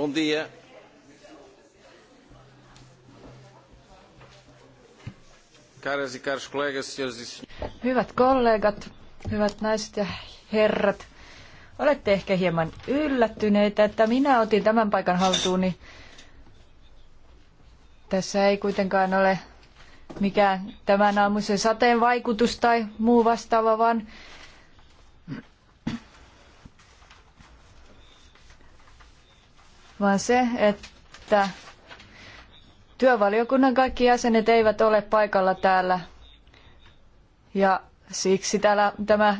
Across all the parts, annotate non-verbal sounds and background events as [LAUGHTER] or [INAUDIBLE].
Bom dia. Caras e caros colegas, senhores e senhores. Hyvät kollegat, hyvät naiset ja herrat. Olette ehkä hieman yllättyneitä, että minä otin tämän paikan haltuuni. Tässä ei kuitenkaan ole mikään tämän aamuisen sateen vaikutus tai muu vastaava, vaan vaan se, että työvaliokunnan kaikki jäsenet eivät ole paikalla täällä ja siksi täällä tämä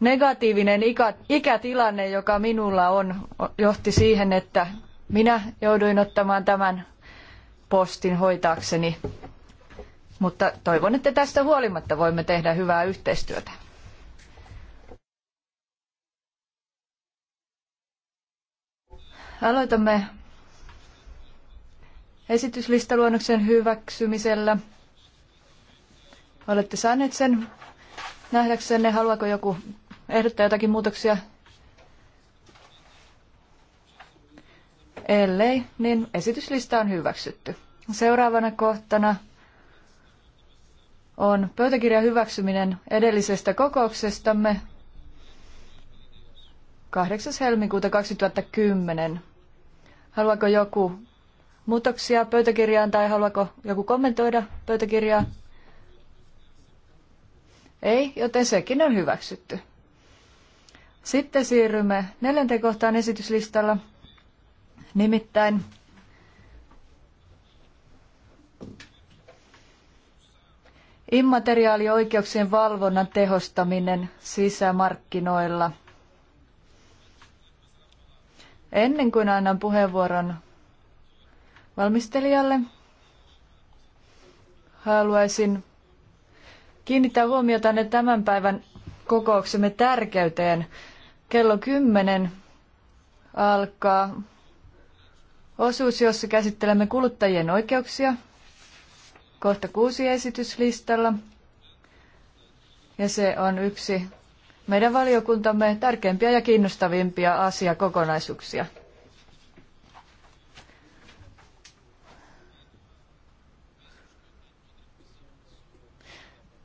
negatiivinen ikä, ikätilanne, joka minulla on, johti siihen, että minä jouduin ottamaan tämän postin hoitaakseni. Mutta toivon, että tästä huolimatta voimme tehdä hyvää yhteistyötä. Aloitamme esityslistaluonnoksen hyväksymisellä. Olette saaneet sen nähdäksenne. Haluaako joku ehdottaa jotakin muutoksia? Ellei, niin esityslista on hyväksytty. Seuraavana kohtana on pöytäkirjan hyväksyminen edellisestä kokouksestamme 8. helmikuuta 2010. Haluaako joku muutoksia pöytäkirjaan tai haluaako joku kommentoida pöytäkirjaa? Ei, joten sekin on hyväksytty. Sitten siirrymme neljänteen kohtaan esityslistalla, nimittäin immateriaalioikeuksien valvonnan tehostaminen sisämarkkinoilla – Ennen kuin annan puheenvuoron valmistelijalle, haluaisin kiinnittää huomiota tämän päivän kokouksemme tärkeyteen. Kello 10 alkaa osuus, jossa käsittelemme kuluttajien oikeuksia. Kohta kuusi esityslistalla. Ja se on yksi meidän valiokuntamme tärkeimpiä ja kiinnostavimpia asiakokonaisuuksia.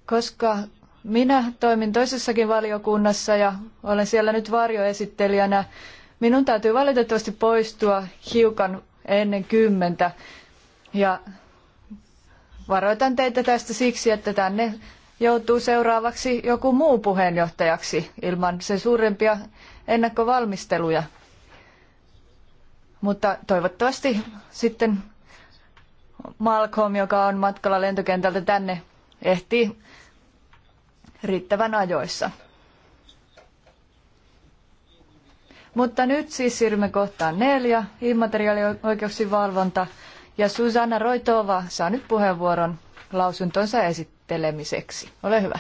Koska minä toimin toisessakin valiokunnassa ja olen siellä nyt varjoesittelijänä, minun täytyy valitettavasti poistua hiukan ennen kymmentä. Ja varoitan teitä tästä siksi, että tänne joutuu seuraavaksi joku muu puheenjohtajaksi ilman sen suurempia ennakkovalmisteluja. Mutta toivottavasti sitten Malcolm, joka on matkalla lentokentältä tänne, ehtii riittävän ajoissa. Mutta nyt siis siirrymme kohtaan neljä, immateriaalioikeuksien valvonta, ja Susanna Roitova saa nyt puheenvuoron lausuntonsa esittää käsittelemiseksi. Ole hyvä.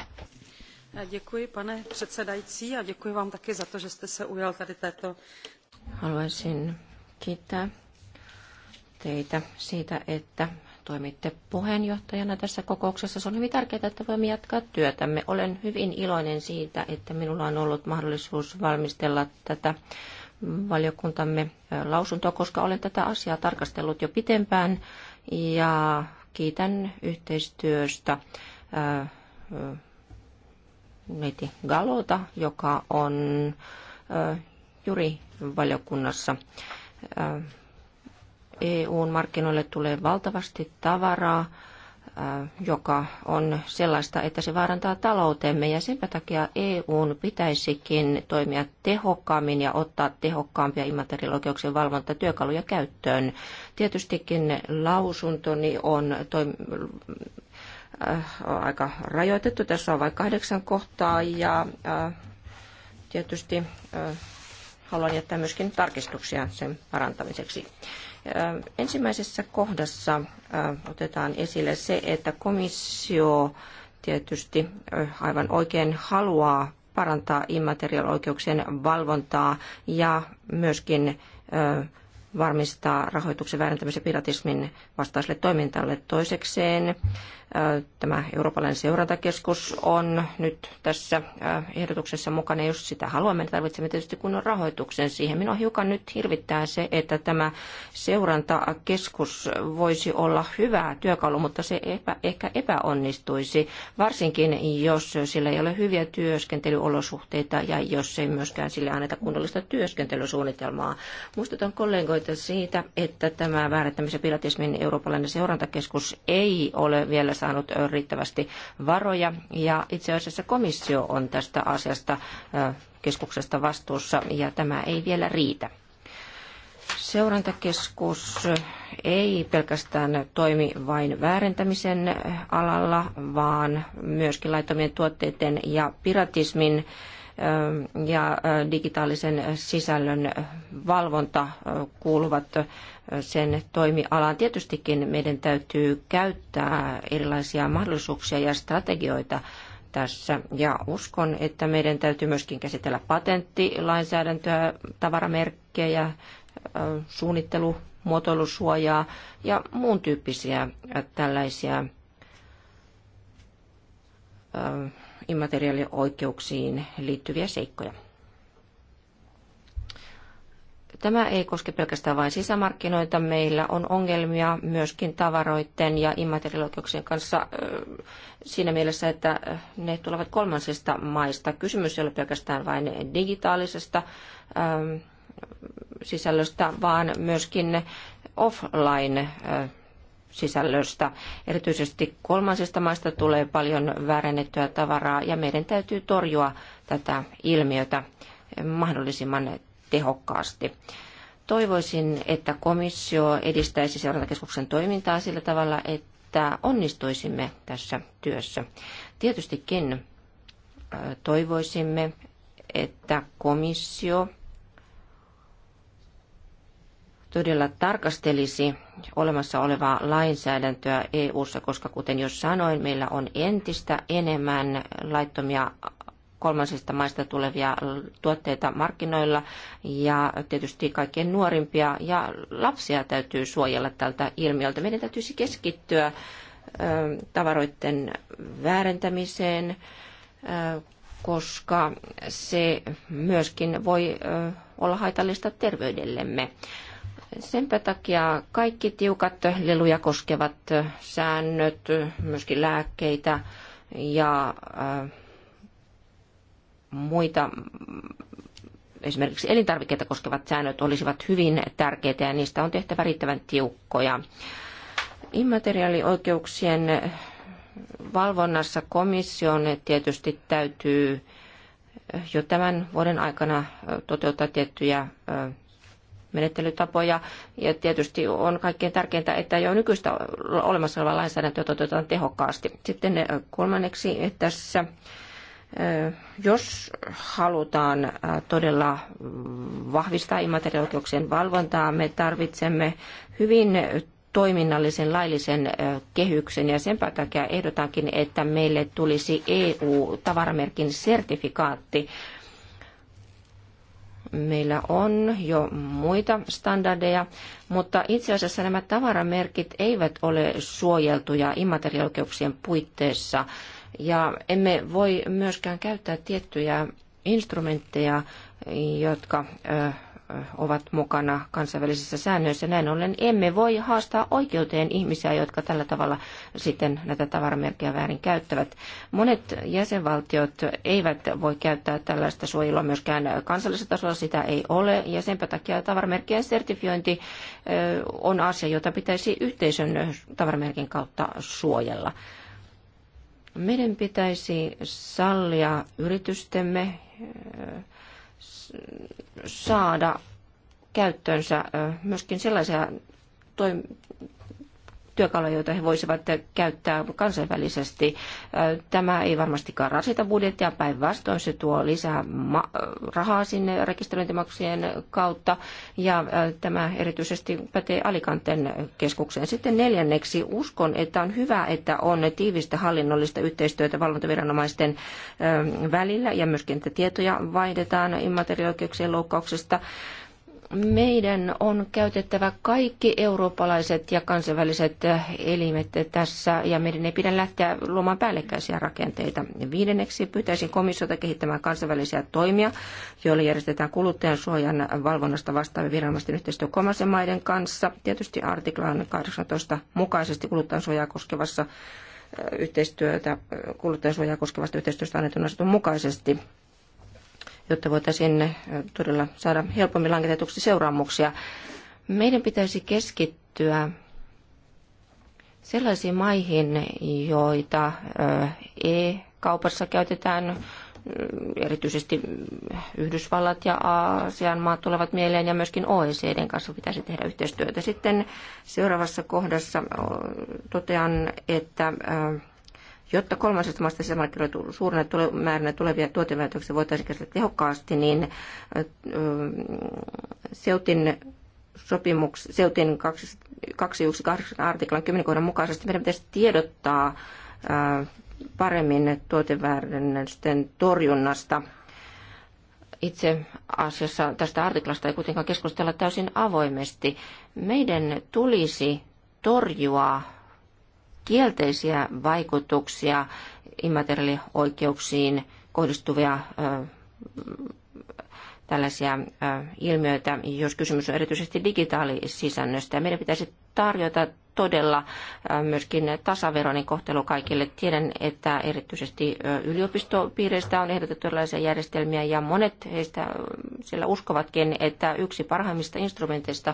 Děkuji, pane předsedající, ja děkuji vám taky za to, že jste se ujal tady této. Haluaisin kiittää teitä siitä, että toimitte puheenjohtajana tässä kokouksessa. Se on hyvin tärkeää, että voimme jatkaa työtämme. Olen hyvin iloinen siitä, että minulla on ollut mahdollisuus valmistella tätä valiokuntamme lausuntoa, koska olen tätä asiaa tarkastellut jo pitempään ja kiitän yhteistyöstä neiti Galota, joka on valiokunnassa. EUn markkinoille tulee valtavasti tavaraa, joka on sellaista, että se vaarantaa taloutemme ja sen takia EUn pitäisikin toimia tehokkaammin ja ottaa tehokkaampia immateriaalioikeuksien valvontatyökaluja käyttöön. Tietystikin lausuntoni on toim- Äh, on aika rajoitettu. Tässä on vain kahdeksan kohtaa ja äh, tietysti äh, haluan jättää myöskin tarkistuksia sen parantamiseksi. Ensimmäisessä kohdassa otetaan esille se, että komissio tietysti aivan oikein haluaa parantaa immateriaalioikeuksien valvontaa ja myöskin varmistaa rahoituksen väärentämisen piratismin vastaiselle toimintalle. Toisekseen Tämä eurooppalainen seurantakeskus on nyt tässä ehdotuksessa mukana. Jos sitä haluamme, niin tarvitsemme tietysti kunnon rahoituksen siihen. Minua hiukan nyt hirvittää se, että tämä seurantakeskus voisi olla hyvä työkalu, mutta se epä, ehkä epäonnistuisi, varsinkin jos sillä ei ole hyviä työskentelyolosuhteita ja jos ei myöskään sille anneta kunnollista työskentelysuunnitelmaa. Muistutan kollegoita siitä, että tämä väärittämisen pilatismin eurooppalainen seurantakeskus ei ole vielä saanut riittävästi varoja. Ja itse asiassa komissio on tästä asiasta keskuksesta vastuussa ja tämä ei vielä riitä. Seurantakeskus ei pelkästään toimi vain väärentämisen alalla, vaan myöskin laittomien tuotteiden ja piratismin ja digitaalisen sisällön valvonta kuuluvat sen toimialaan. Tietystikin meidän täytyy käyttää erilaisia mahdollisuuksia ja strategioita tässä. Ja uskon, että meidän täytyy myöskin käsitellä patenttilainsäädäntöä, tavaramerkkejä, suunnittelu, muotoilusuojaa ja muun tyyppisiä tällaisia immateriaalioikeuksiin liittyviä seikkoja. Tämä ei koske pelkästään vain sisämarkkinoita. Meillä on ongelmia myöskin tavaroiden ja immateriaalioikeuksien kanssa siinä mielessä, että ne tulevat kolmansista maista. Kysymys ei ole pelkästään vain digitaalisesta sisällöstä, vaan myöskin offline sisällöstä. Erityisesti kolmansista maista tulee paljon väärennettyä tavaraa ja meidän täytyy torjua tätä ilmiötä mahdollisimman tehokkaasti. Toivoisin, että komissio edistäisi seurantakeskuksen toimintaa sillä tavalla, että onnistuisimme tässä työssä. Tietystikin toivoisimme, että komissio todella tarkastelisi olemassa olevaa lainsäädäntöä EU:ssa, koska kuten jo sanoin, meillä on entistä enemmän laittomia kolmansista maista tulevia tuotteita markkinoilla ja tietysti kaikkein nuorimpia ja lapsia täytyy suojella tältä ilmiöltä. Meidän täytyisi keskittyä tavaroiden väärentämiseen, koska se myöskin voi olla haitallista terveydellemme. Senpä takia kaikki tiukat leluja koskevat säännöt, myöskin lääkkeitä ja muita esimerkiksi elintarvikkeita koskevat säännöt olisivat hyvin tärkeitä ja niistä on tehtävä riittävän tiukkoja. Immateriaalioikeuksien valvonnassa komission tietysti täytyy jo tämän vuoden aikana toteuttaa tiettyjä menettelytapoja. Ja tietysti on kaikkein tärkeintä, että jo nykyistä olemassa olevaa lainsäädäntöä toteutetaan tehokkaasti. Sitten kolmanneksi tässä jos halutaan todella vahvistaa immateriaalioikeuksien valvontaa, me tarvitsemme hyvin toiminnallisen laillisen kehyksen ja sen takia ehdotankin, että meille tulisi EU-tavaramerkin sertifikaatti. Meillä on jo muita standardeja, mutta itse asiassa nämä tavaramerkit eivät ole suojeltuja immateriaalioikeuksien puitteissa – ja emme voi myöskään käyttää tiettyjä instrumentteja, jotka ovat mukana kansainvälisissä säännöissä. Näin ollen emme voi haastaa oikeuteen ihmisiä, jotka tällä tavalla sitten näitä tavaramerkkejä väärin käyttävät. Monet jäsenvaltiot eivät voi käyttää tällaista suojelua myöskään kansallisella tasolla, sitä ei ole, ja sen takia tavaramerkkien sertifiointi on asia, jota pitäisi yhteisön tavaramerkin kautta suojella. Meidän pitäisi sallia yritystemme saada käyttöönsä myöskin sellaisia työkaluja, joita he voisivat käyttää kansainvälisesti. Tämä ei varmastikaan rasita budjettia, päinvastoin se tuo lisää rahaa sinne rekisteröintimaksujen kautta ja tämä erityisesti pätee Alikanten keskukseen. Sitten neljänneksi uskon, että on hyvä, että on tiivistä hallinnollista yhteistyötä valvontaviranomaisten välillä ja myöskin, että tietoja vaihdetaan immateriaalioikeuksien loukkauksesta meidän on käytettävä kaikki eurooppalaiset ja kansainväliset elimet tässä, ja meidän ei pidä lähteä luomaan päällekkäisiä rakenteita. Viidenneksi pyytäisin komissiota kehittämään kansainvälisiä toimia, joilla järjestetään kuluttajan suojan valvonnasta vastaavien viranomaisten yhteistyö kolmansien maiden kanssa. Tietysti artiklan 18 mukaisesti kuluttajan suojaa koskevassa yhteistyötä, suojaa koskevasta yhteistyöstä annetun asetun mukaisesti jotta voitaisiin eh, todella saada helpommin langetetuksi seuraamuksia. Meidän pitäisi keskittyä sellaisiin maihin, joita eh, e-kaupassa käytetään mm, erityisesti Yhdysvallat ja Aasian maat tulevat mieleen ja myöskin OECDn kanssa pitäisi tehdä yhteistyötä. Sitten seuraavassa kohdassa totean, että eh, Jotta kolmasesta maasta sisämarkkinoilla suurena tule, määränä tulevia tuotevälityksiä voitaisiin käsitellä tehokkaasti, niin Seutin sopimuks, Seutin 218 artiklan 10 kohdan mukaisesti meidän pitäisi tiedottaa paremmin tuoteväärännösten torjunnasta. Itse asiassa tästä artiklasta ei kuitenkaan keskustella täysin avoimesti. Meidän tulisi torjua kielteisiä vaikutuksia immateriaalioikeuksiin kohdistuvia tällaisia ilmiöitä, jos kysymys on erityisesti digitaalisisännöstä. Meidän pitäisi tarjota todella myöskin tasaveroinen kohtelu kaikille. Tiedän, että erityisesti yliopistopiireistä on ehdotettu erilaisia järjestelmiä ja monet heistä siellä uskovatkin, että yksi parhaimmista instrumenteista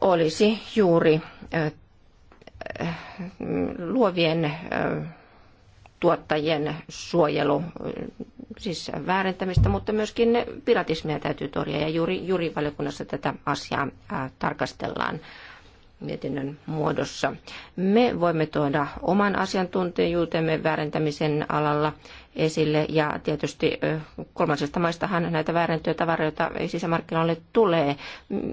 olisi juuri luovien tuottajien suojelu, siis väärentämistä, mutta myöskin piratismia täytyy torjua ja juuri, juuri valiokunnassa tätä asiaa tarkastellaan mietinnön muodossa. Me voimme tuoda oman asiantuntijuutemme väärentämisen alalla esille ja tietysti kolmansista maistahan näitä väärentyjä tavaroita sisämarkkinoille tulee.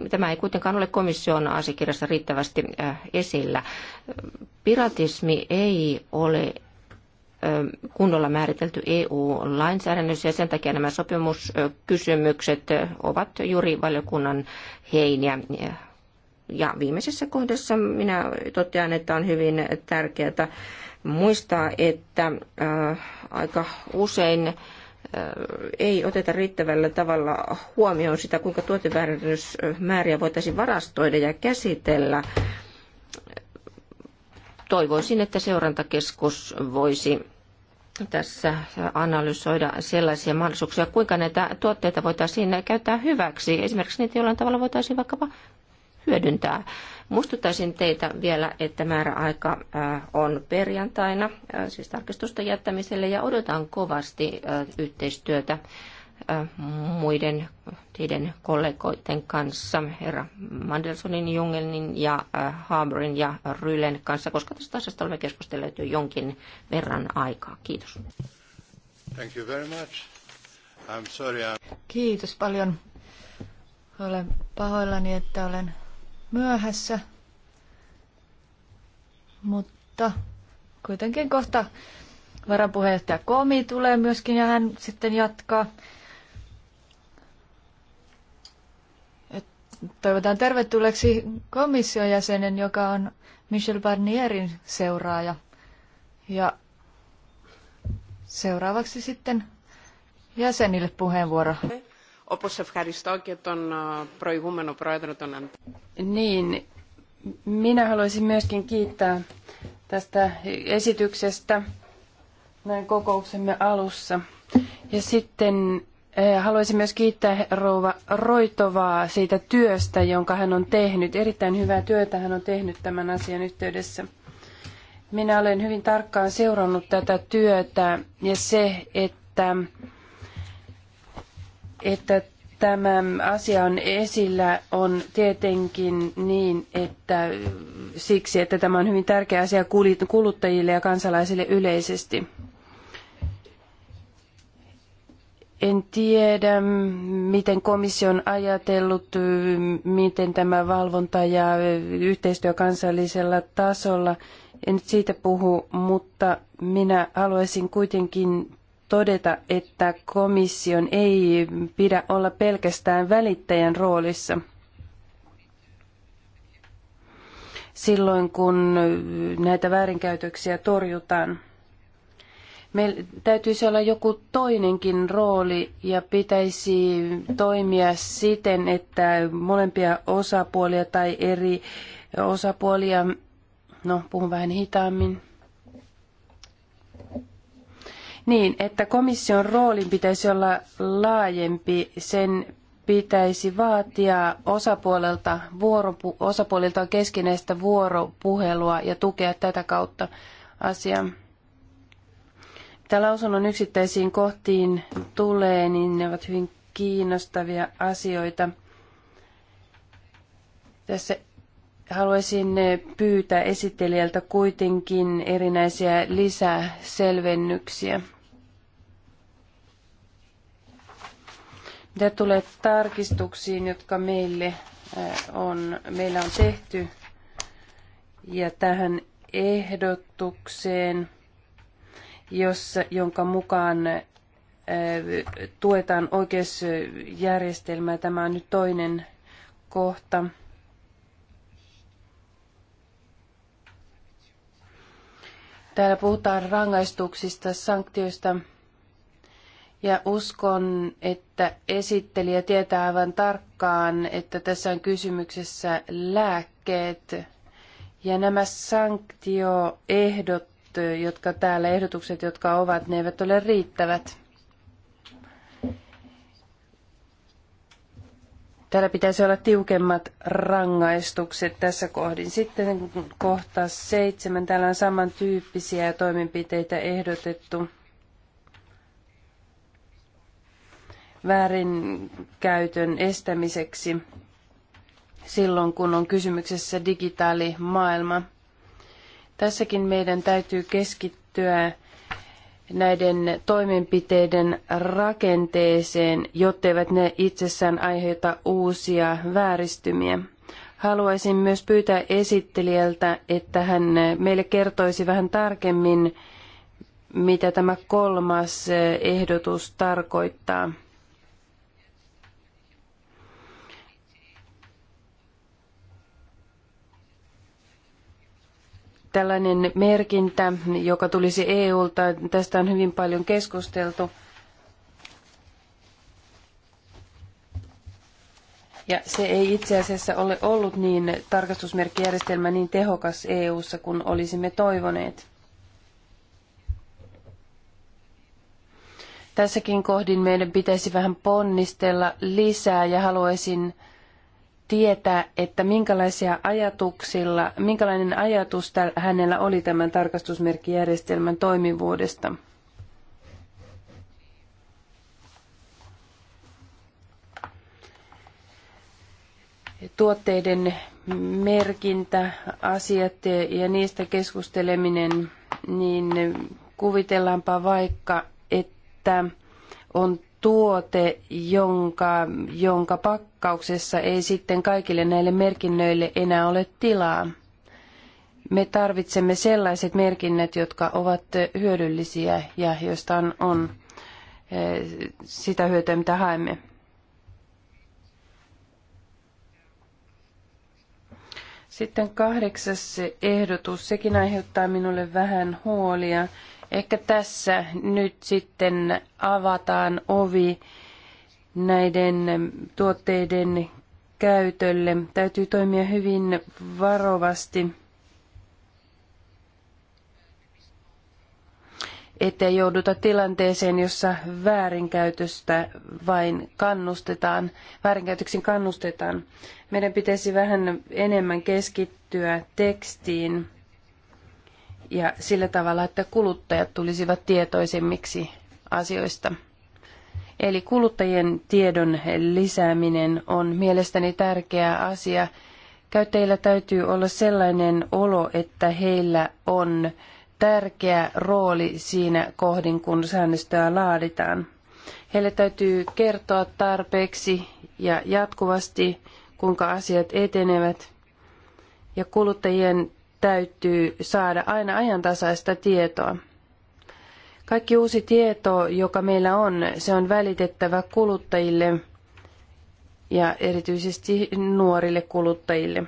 Tämä ei kuitenkaan ole komission asiakirjassa riittävästi esillä. Piratismi ei ole kunnolla määritelty EU-lainsäädännössä ja sen takia nämä sopimuskysymykset ovat juuri valiokunnan heiniä ja viimeisessä kohdassa minä totean, että on hyvin tärkeää muistaa, että äh, aika usein äh, ei oteta riittävällä tavalla huomioon sitä, kuinka tuoteväärennysmääriä voitaisiin varastoida ja käsitellä. Toivoisin, että seurantakeskus voisi tässä analysoida sellaisia mahdollisuuksia, kuinka näitä tuotteita voitaisiin käyttää hyväksi. Esimerkiksi niitä jollain tavalla voitaisiin vaikkapa hyödyntää. Muistuttaisin teitä vielä, että määräaika on perjantaina, siis tarkistusta jättämiselle, ja odotan kovasti yhteistyötä muiden teidän kollegoiden kanssa, herra Mandelsonin, Jungelnin ja Haberin ja Rylen kanssa, koska tästä asiasta olemme keskustelleet jo jonkin verran aikaa. Kiitos. Thank you very much. I'm sorry, I'm... Kiitos paljon. Olen pahoillani, että olen myöhässä, mutta kuitenkin kohta varapuheenjohtaja Komi tulee myöskin ja hän sitten jatkaa. Et toivotan tervetulleeksi komission jäsenen, joka on Michel Barnierin seuraaja. Ja seuraavaksi sitten jäsenille puheenvuoro. Okay. Όπως ευχαριστώ και τον προηγούμενο πρόεδρο τον Niin, minä haluaisin myöskin kiittää tästä esityksestä näin kokouksemme alussa. Ja sitten eh, Haluaisin myös kiittää rouva Roitovaa siitä työstä, jonka hän on tehnyt. Erittäin hyvää työtä hän on tehnyt tämän asian yhteydessä. Minä olen hyvin tarkkaan seurannut tätä työtä ja se, että että tämä asia on esillä, on tietenkin niin, että siksi, että tämä on hyvin tärkeä asia kuluttajille ja kansalaisille yleisesti. En tiedä, miten komissio on ajatellut, miten tämä valvonta ja yhteistyö kansallisella tasolla. En nyt siitä puhu, mutta minä haluaisin kuitenkin todeta, että komission ei pidä olla pelkästään välittäjän roolissa. Silloin kun näitä väärinkäytöksiä torjutaan. Meillä täytyisi olla joku toinenkin rooli ja pitäisi toimia siten, että molempia osapuolia tai eri osapuolia, no puhun vähän hitaammin, niin, että komission roolin pitäisi olla laajempi. Sen pitäisi vaatia osapuolelta vuoropu- osapuolilta keskinäistä vuoropuhelua ja tukea tätä kautta asiaa. Mitä lausunnon yksittäisiin kohtiin tulee, niin ne ovat hyvin kiinnostavia asioita. Tässä haluaisin pyytää esittelijältä kuitenkin erinäisiä lisäselvennyksiä. Mitä tulee tarkistuksiin, jotka meille eh, on, meillä on tehty ja tähän ehdotukseen, jossa, jonka mukaan eh, tuetaan oikeusjärjestelmää. Tämä on nyt toinen kohta. Täällä puhutaan rangaistuksista, sanktioista. Ja uskon, että esittelijä tietää aivan tarkkaan, että tässä on kysymyksessä lääkkeet ja nämä sanktioehdot, jotka täällä ehdotukset, jotka ovat, ne eivät ole riittävät. Täällä pitäisi olla tiukemmat rangaistukset tässä kohdin. Sitten kohta seitsemän. Täällä on samantyyppisiä toimenpiteitä ehdotettu. väärinkäytön estämiseksi silloin, kun on kysymyksessä digitaalimaailma. Tässäkin meidän täytyy keskittyä näiden toimenpiteiden rakenteeseen, jotteivät ne itsessään aiheuta uusia vääristymiä. Haluaisin myös pyytää esittelijältä, että hän meille kertoisi vähän tarkemmin, mitä tämä kolmas ehdotus tarkoittaa. tällainen merkintä, joka tulisi EUlta. Tästä on hyvin paljon keskusteltu. Ja se ei itse asiassa ole ollut niin tarkastusmerkkijärjestelmä niin tehokas EU:ssa kuin olisimme toivoneet. Tässäkin kohdin meidän pitäisi vähän ponnistella lisää ja haluaisin tietää, että minkälaisia ajatuksilla, minkälainen ajatus hänellä oli tämän tarkastusmerkkijärjestelmän toimivuudesta. Tuotteiden merkintä, asiat ja niistä keskusteleminen, niin kuvitellaanpa vaikka, että on tuote, jonka, jonka pakkauksessa ei sitten kaikille näille merkinnöille enää ole tilaa. Me tarvitsemme sellaiset merkinnät, jotka ovat hyödyllisiä ja joista on, on eh, sitä hyötyä, mitä haemme. Sitten kahdeksas ehdotus, sekin aiheuttaa minulle vähän huolia. Ehkä tässä nyt sitten avataan ovi näiden tuotteiden käytölle. Täytyy toimia hyvin varovasti, ettei jouduta tilanteeseen, jossa väärinkäytöstä vain kannustetaan, väärinkäytöksiin kannustetaan. Meidän pitäisi vähän enemmän keskittyä tekstiin ja sillä tavalla, että kuluttajat tulisivat tietoisemmiksi asioista. Eli kuluttajien tiedon lisääminen on mielestäni tärkeä asia. Käyttäjillä täytyy olla sellainen olo, että heillä on tärkeä rooli siinä kohdin, kun säännöstöä laaditaan. Heille täytyy kertoa tarpeeksi ja jatkuvasti, kuinka asiat etenevät. Ja kuluttajien täytyy saada aina ajantasaista tietoa. Kaikki uusi tieto, joka meillä on, se on välitettävä kuluttajille ja erityisesti nuorille kuluttajille.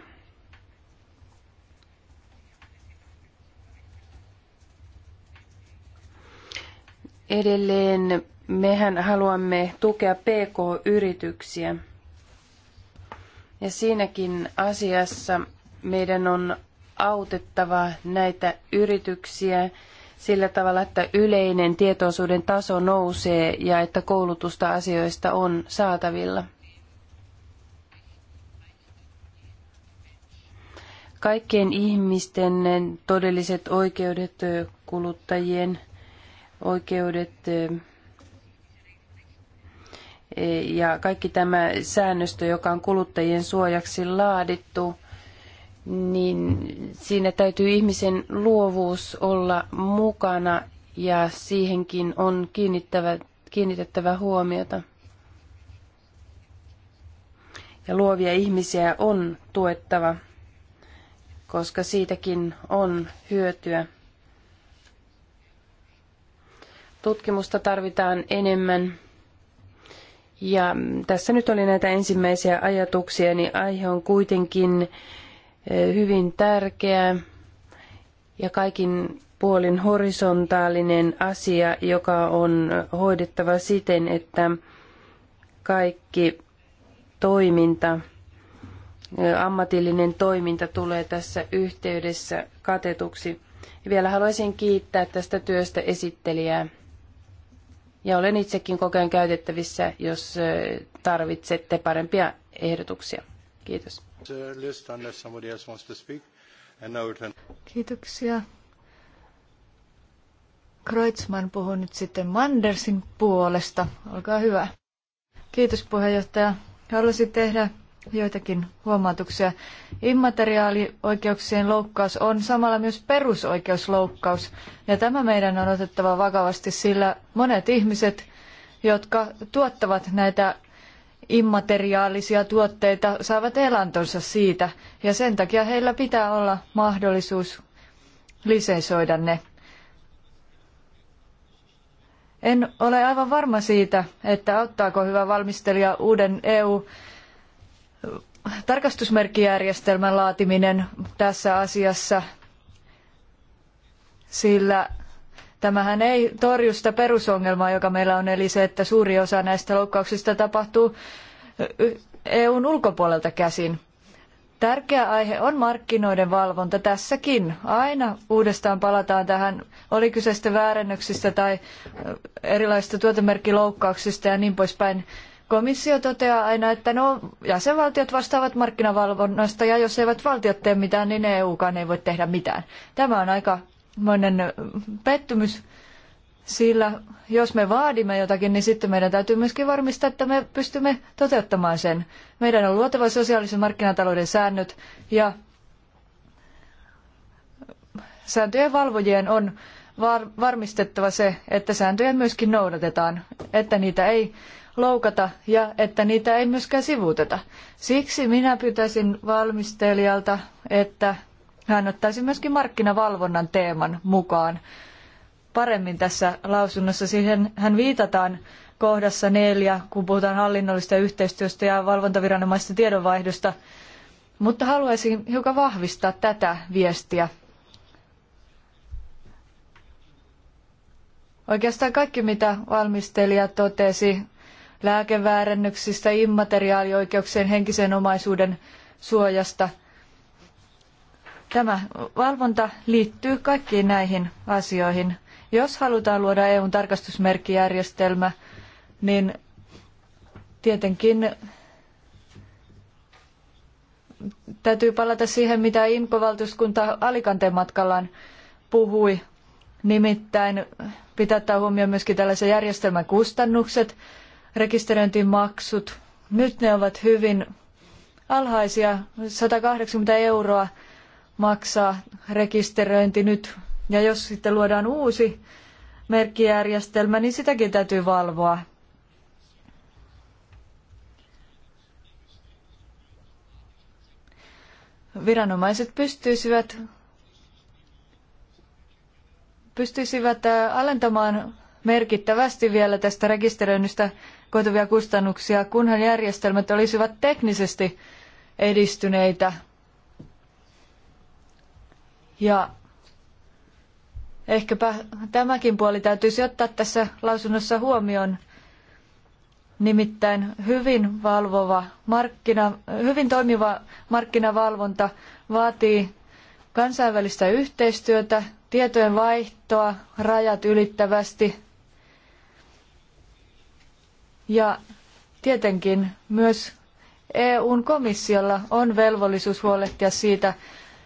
Edelleen mehän haluamme tukea PK-yrityksiä. Ja siinäkin asiassa meidän on autettava näitä yrityksiä sillä tavalla, että yleinen tietoisuuden taso nousee ja että koulutusta asioista on saatavilla. Kaikkien ihmisten todelliset oikeudet, kuluttajien oikeudet eh, ja kaikki tämä säännöstö, joka on kuluttajien suojaksi laadittu, niin siinä täytyy ihmisen luovuus olla mukana ja siihenkin on kiinnittävä, kiinnitettävä huomiota. Ja luovia ihmisiä on tuettava, koska siitäkin on hyötyä. Tutkimusta tarvitaan enemmän. Ja tässä nyt oli näitä ensimmäisiä ajatuksia, niin aihe on kuitenkin hyvin tärkeä ja kaikin puolin horisontaalinen asia, joka on hoidettava siten, että kaikki toiminta, ammatillinen toiminta tulee tässä yhteydessä katetuksi. Vielä haluaisin kiittää tästä työstä esittelijää. Ja olen itsekin kokeen käytettävissä, jos tarvitsette parempia ehdotuksia. Kiitos. Kiitoksia. Kreutzmann puhuu nyt sitten Mandersin puolesta. Olkaa hyvä. Kiitos puheenjohtaja. Haluaisin tehdä joitakin huomautuksia. Immateriaalioikeuksien loukkaus on samalla myös perusoikeusloukkaus, ja tämä meidän on otettava vakavasti, sillä monet ihmiset, jotka tuottavat näitä immateriaalisia tuotteita saavat elantonsa siitä ja sen takia heillä pitää olla mahdollisuus lisensoida ne. En ole aivan varma siitä, että auttaako hyvä valmistelija uuden EU tarkastusmerkkijärjestelmän laatiminen tässä asiassa, sillä Tämähän ei torju sitä perusongelmaa, joka meillä on, eli se, että suuri osa näistä loukkauksista tapahtuu EUn ulkopuolelta käsin. Tärkeä aihe on markkinoiden valvonta tässäkin. Aina uudestaan palataan tähän, oli kyse sitten väärennöksistä tai erilaisista tuotemerkkiloukkauksista ja niin poispäin. Komissio toteaa aina, että no, jäsenvaltiot vastaavat markkinavalvonnasta ja jos eivät valtiot tee mitään, niin EUkaan ei voi tehdä mitään. Tämä on aika monen pettymys, sillä jos me vaadimme jotakin, niin sitten meidän täytyy myöskin varmistaa, että me pystymme toteuttamaan sen. Meidän on luotava sosiaalisen markkinatalouden säännöt ja sääntöjen valvojien on varmistettava se, että sääntöjä myöskin noudatetaan, että niitä ei loukata ja että niitä ei myöskään sivuuteta. Siksi minä pyytäisin valmistelijalta, että hän ottaisi myöskin markkinavalvonnan teeman mukaan. Paremmin tässä lausunnossa siihen hän viitataan kohdassa neljä, kun puhutaan hallinnollista yhteistyöstä ja valvontaviranomaisten tiedonvaihdosta, mutta haluaisin hiukan vahvistaa tätä viestiä. Oikeastaan kaikki, mitä valmistelija totesi lääkeväärännyksistä, immateriaalioikeuksien, henkisen omaisuuden suojasta – Tämä valvonta liittyy kaikkiin näihin asioihin. Jos halutaan luoda EUn tarkastusmerkkijärjestelmä, niin tietenkin täytyy palata siihen, mitä Inkovaltuuskunta Alikanteen matkallaan puhui. Nimittäin pitää ottaa huomioon myöskin tällaisen järjestelmän kustannukset, rekisteröintimaksut. Nyt ne ovat hyvin alhaisia, 180 euroa maksaa rekisteröinti nyt. Ja jos sitten luodaan uusi merkkijärjestelmä, niin sitäkin täytyy valvoa. Viranomaiset pystyisivät, pystyisivät äh, alentamaan merkittävästi vielä tästä rekisteröinnistä koituvia kustannuksia, kunhan järjestelmät olisivat teknisesti edistyneitä – ja ehkäpä tämäkin puoli täytyisi ottaa tässä lausunnossa huomioon. Nimittäin hyvin, valvova markkina, hyvin toimiva markkinavalvonta vaatii kansainvälistä yhteistyötä, tietojen vaihtoa rajat ylittävästi ja tietenkin myös EUn komissiolla on velvollisuus huolehtia siitä,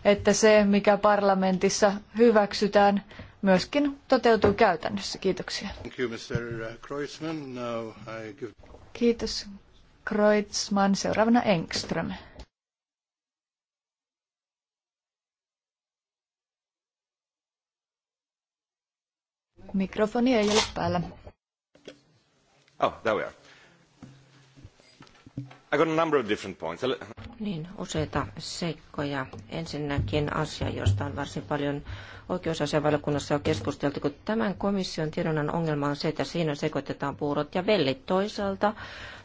että se, mikä parlamentissa hyväksytään, myöskin toteutuu käytännössä. Kiitoksia. Uh, Kiitos, Kreutzmann. Seuraavana Engström. Mikrofoni ei ole päällä. Oh, there we are. I got a number of different points. Niin, useita seikkoja. Ensinnäkin asia, josta on varsin paljon oikeusasianvaliokunnassa jo keskusteltu, kun tämän komission tiedonnan ongelma on se, että siinä sekoitetaan puurot ja vellit toisaalta.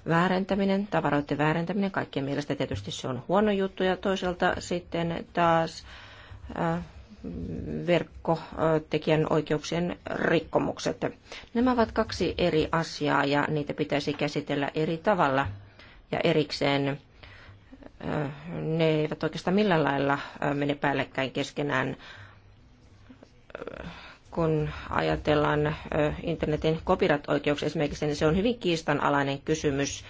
Väärentäminen, tavaroiden väärentäminen, kaikkien mielestä tietysti se on huono juttu, ja toisaalta sitten taas äh, verkkotekijän oikeuksien rikkomukset. Nämä ovat kaksi eri asiaa ja niitä pitäisi käsitellä eri tavalla ja erikseen äh, ne eivät oikeastaan millään lailla äh, mene päällekkäin keskenään, äh, kun ajatellaan internetin copyright-oikeuksia esimerkiksi, niin se on hyvin kiistanalainen kysymys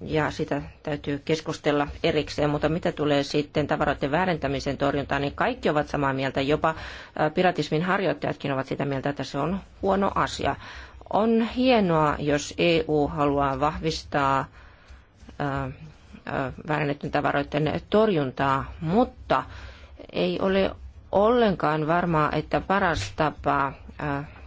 ja sitä täytyy keskustella erikseen, mutta mitä tulee sitten tavaroiden väärentämisen torjuntaan, niin kaikki ovat samaa mieltä, jopa piratismin harjoittajatkin ovat sitä mieltä, että se on huono asia. On hienoa, jos EU haluaa vahvistaa väärennetyn tavaroiden torjuntaa, mutta ei ole ollenkaan varmaa, että paras tapa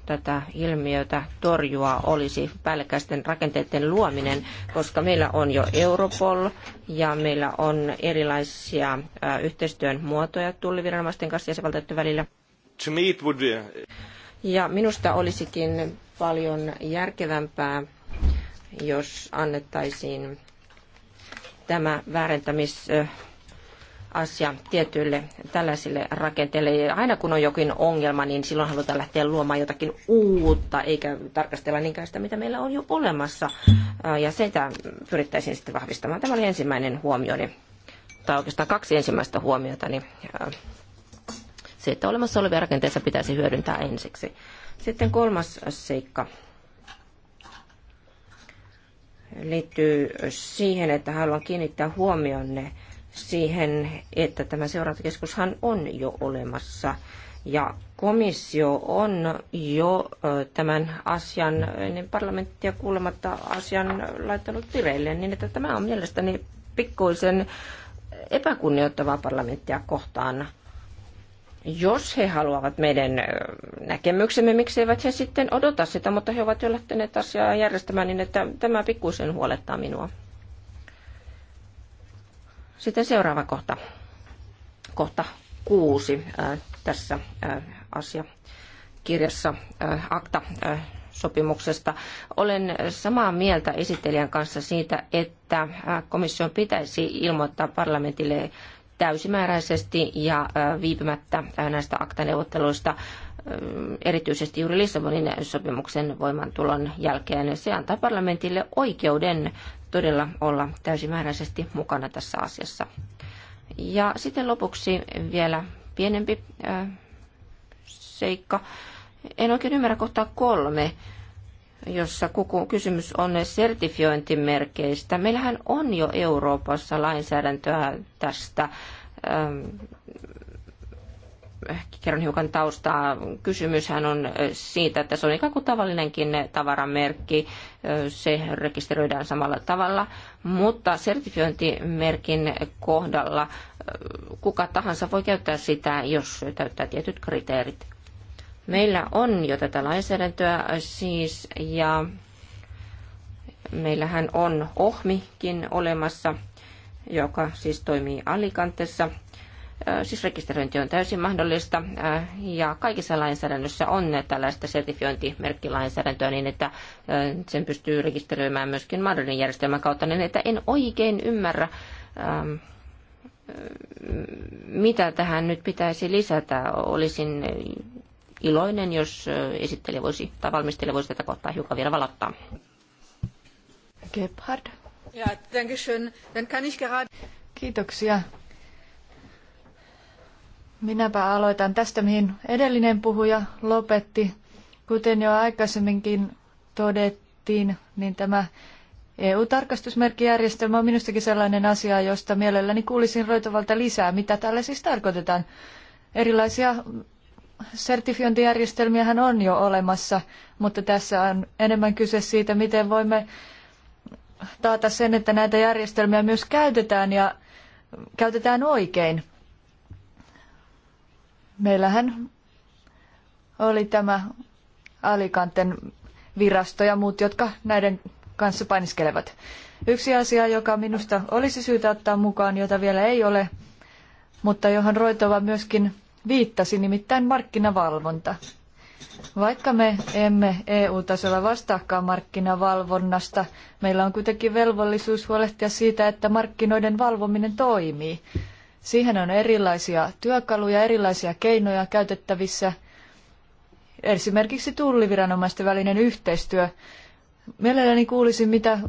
tätä ilmiötä torjua olisi päällekkäisten rakenteiden luominen, koska meillä on jo Europol ja meillä on erilaisia yhteistyön muotoja tulliviranomaisten kanssa jäsenvaltioiden välillä. Ja minusta olisikin paljon järkevämpää, jos annettaisiin tämä väärentämis asia tietyille tällaisille rakenteille. Ja aina kun on jokin ongelma, niin silloin halutaan lähteä luomaan jotakin uutta, eikä tarkastella niinkään sitä, mitä meillä on jo olemassa. Ja sitä pyrittäisiin sitten vahvistamaan. Tämä oli ensimmäinen huomioni, tai oikeastaan kaksi ensimmäistä huomiota, niin se, että olemassa olevia rakenteita pitäisi hyödyntää ensiksi. Sitten kolmas seikka liittyy siihen, että haluan kiinnittää huomionne siihen, että tämä seurantakeskushan on jo olemassa. Ja komissio on jo tämän asian ennen parlamenttia kuulematta asian laittanut vireille, niin että tämä on mielestäni pikkuisen epäkunnioittavaa parlamenttia kohtaan jos he haluavat meidän näkemyksemme, miksi eivät he sitten odota sitä, mutta he ovat jo lähteneet asiaa järjestämään, niin että tämä pikkuisen huolettaa minua. Sitten seuraava kohta. Kohta kuusi äh, tässä äh, asiakirjassa äh, akta äh, sopimuksesta. Olen samaa mieltä esittelijän kanssa siitä, että komission pitäisi ilmoittaa parlamentille täysimääräisesti ja viipymättä näistä aktaneuvotteluista erityisesti juuri Lissabonin sopimuksen voimantulon jälkeen. Se antaa parlamentille oikeuden todella olla täysimääräisesti mukana tässä asiassa. Ja sitten lopuksi vielä pienempi seikka. En oikein ymmärrä kohtaa kolme jossa kysymys on sertifiointimerkeistä. Meillähän on jo Euroopassa lainsäädäntöä tästä. Kerron hiukan taustaa. Kysymyshän on siitä, että se on ikään kuin tavallinenkin tavaramerkki. Se rekisteröidään samalla tavalla, mutta sertifiointimerkin kohdalla kuka tahansa voi käyttää sitä, jos täyttää tietyt kriteerit. Meillä on jo tätä lainsäädäntöä siis ja meillähän on ohmikin olemassa, joka siis toimii Alicantessa. Siis rekisteröinti on täysin mahdollista ja kaikissa lainsäädännössä on tällaista sertifiointimerkkilainsäädäntöä niin, että sen pystyy rekisteröimään myöskin Madridin järjestelmän kautta, niin että en oikein ymmärrä, ähm, mitä tähän nyt pitäisi lisätä. Olisin iloinen, jos esittelijä voisi tai valmistelija voisi tätä kohtaa hiukan vielä valottaa. Gebhard. Ja, danke schön. Dann kann ich gerade... Kiitoksia. Minäpä aloitan tästä, mihin edellinen puhuja lopetti. Kuten jo aikaisemminkin todettiin, niin tämä EU-tarkastusmerkkijärjestelmä on minustakin sellainen asia, josta mielelläni kuulisin Roitovalta lisää, mitä tällä siis tarkoitetaan. Erilaisia sertifiointijärjestelmiähän on jo olemassa, mutta tässä on enemmän kyse siitä, miten voimme taata sen, että näitä järjestelmiä myös käytetään ja käytetään oikein. Meillähän oli tämä Alicanten virasto ja muut, jotka näiden kanssa painiskelevat. Yksi asia, joka minusta olisi syytä ottaa mukaan, jota vielä ei ole, mutta johon Roitova myöskin viittasi, nimittäin markkinavalvonta. Vaikka me emme EU-tasolla vastaakaan markkinavalvonnasta, meillä on kuitenkin velvollisuus huolehtia siitä, että markkinoiden valvominen toimii. Siihen on erilaisia työkaluja, erilaisia keinoja käytettävissä. Esimerkiksi tulliviranomaisten välinen yhteistyö. Mielelläni kuulisin, mitä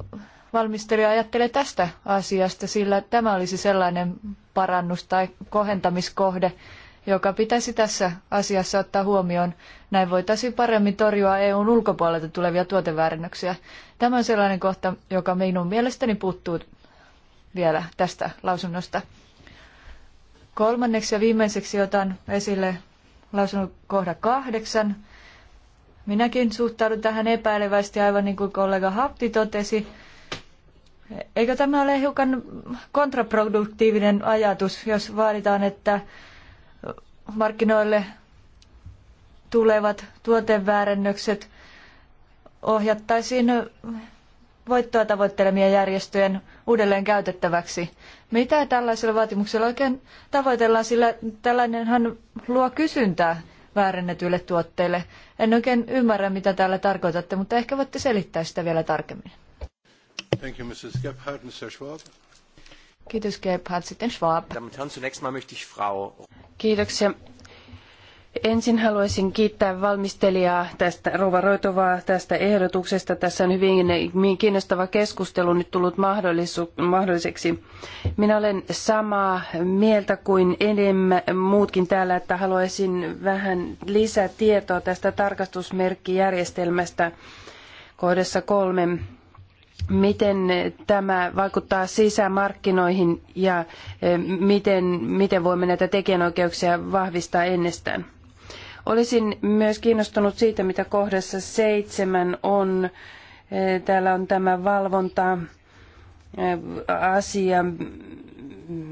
valmistelija ajattelee tästä asiasta, sillä tämä olisi sellainen parannus tai kohentamiskohde, joka pitäisi tässä asiassa ottaa huomioon. Näin voitaisiin paremmin torjua EUn ulkopuolelta tulevia tuoteväärennöksiä. Tämä on sellainen kohta, joka minun mielestäni puuttuu vielä tästä lausunnosta. Kolmanneksi ja viimeiseksi otan esille lausunnon kohda kahdeksan. Minäkin suhtaudun tähän epäilevästi, aivan niin kuin kollega Hapti totesi. Eikö tämä ole hiukan kontraproduktiivinen ajatus, jos vaaditaan, että markkinoille tulevat tuoteväärennökset ohjattaisiin voittoa tavoittelemien järjestöjen uudelleen käytettäväksi. Mitä tällaisella vaatimuksella oikein tavoitellaan, sillä tällainenhan luo kysyntää väärennetyille tuotteille. En oikein ymmärrä, mitä täällä tarkoitatte, mutta ehkä voitte selittää sitä vielä tarkemmin. Thank you, Mrs. Mr. Schwab. Kiitos Gebhard. Sitten Schwab. Kiitoksia. Ensin haluaisin kiittää valmistelijaa tästä Rova Roitovaa tästä ehdotuksesta. Tässä on hyvin kiinnostava keskustelu nyt tullut mahdolliseksi. Minä olen samaa mieltä kuin enemmän muutkin täällä, että haluaisin vähän lisätietoa tästä tarkastusmerkkijärjestelmästä kohdassa kolmen miten tämä vaikuttaa sisämarkkinoihin ja eh, miten, miten voimme näitä tekijänoikeuksia vahvistaa ennestään. Olisin myös kiinnostunut siitä, mitä kohdassa seitsemän on. Eh, täällä on tämä valvonta eh, asia mm,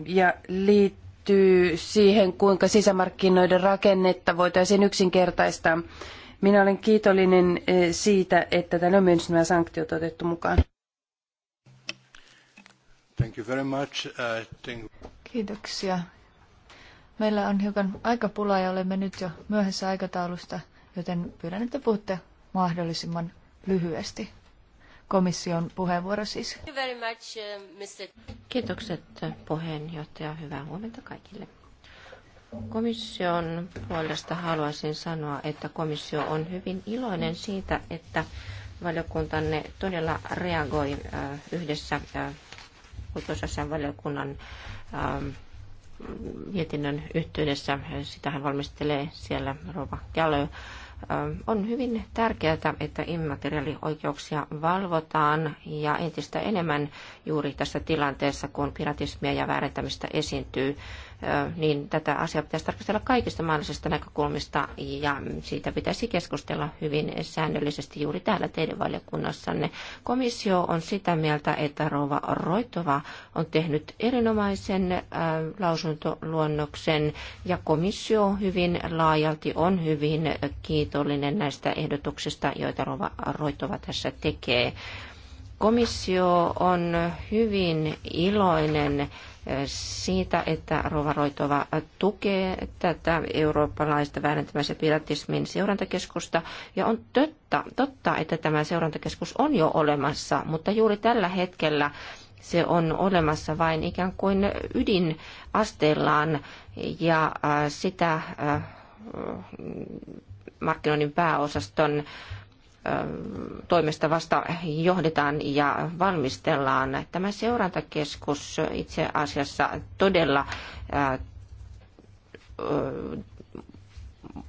ja liittyy siihen, kuinka sisämarkkinoiden rakennetta voitaisiin yksinkertaistaa. Minä olen kiitollinen siitä, että täällä on myös nämä sanktiot otettu mukaan. Thank you very much. Uh, thank... Kiitoksia. Meillä on hiukan aikapula ja olemme nyt jo myöhässä aikataulusta, joten pyydän, että puhutte mahdollisimman lyhyesti. Komission puheenvuoro siis. Thank you very much, uh, Mr. Kiitokset puheenjohtaja. Hyvää huomenta kaikille. Komission puolesta haluaisin sanoa, että komissio on hyvin iloinen siitä, että valiokuntanne todella reagoi yhdessä oikeusasian valiokunnan ähm, mietinnön yhteydessä. Sitähän valmistelee siellä Rova Kälö. Ähm, on hyvin tärkeää, että immateriaalioikeuksia valvotaan ja entistä enemmän juuri tässä tilanteessa, kun piratismia ja väärentämistä esiintyy niin tätä asiaa pitäisi tarkastella kaikista mahdollisista näkökulmista ja siitä pitäisi keskustella hyvin säännöllisesti juuri täällä teidän valiokunnassanne. Komissio on sitä mieltä, että Rova Roitova on tehnyt erinomaisen lausuntoluonnoksen ja komissio hyvin laajalti on hyvin kiitollinen näistä ehdotuksista, joita Rova Roitova tässä tekee. Komissio on hyvin iloinen siitä, että Rovaroitova tukee tätä eurooppalaista väärentämis- ja piratismin seurantakeskusta. Ja on totta, totta, että tämä seurantakeskus on jo olemassa, mutta juuri tällä hetkellä se on olemassa vain ikään kuin ydinasteellaan ja äh, sitä äh, markkinoinnin pääosaston toimesta vasta johdetaan ja valmistellaan. Tämä seurantakeskus itse asiassa todella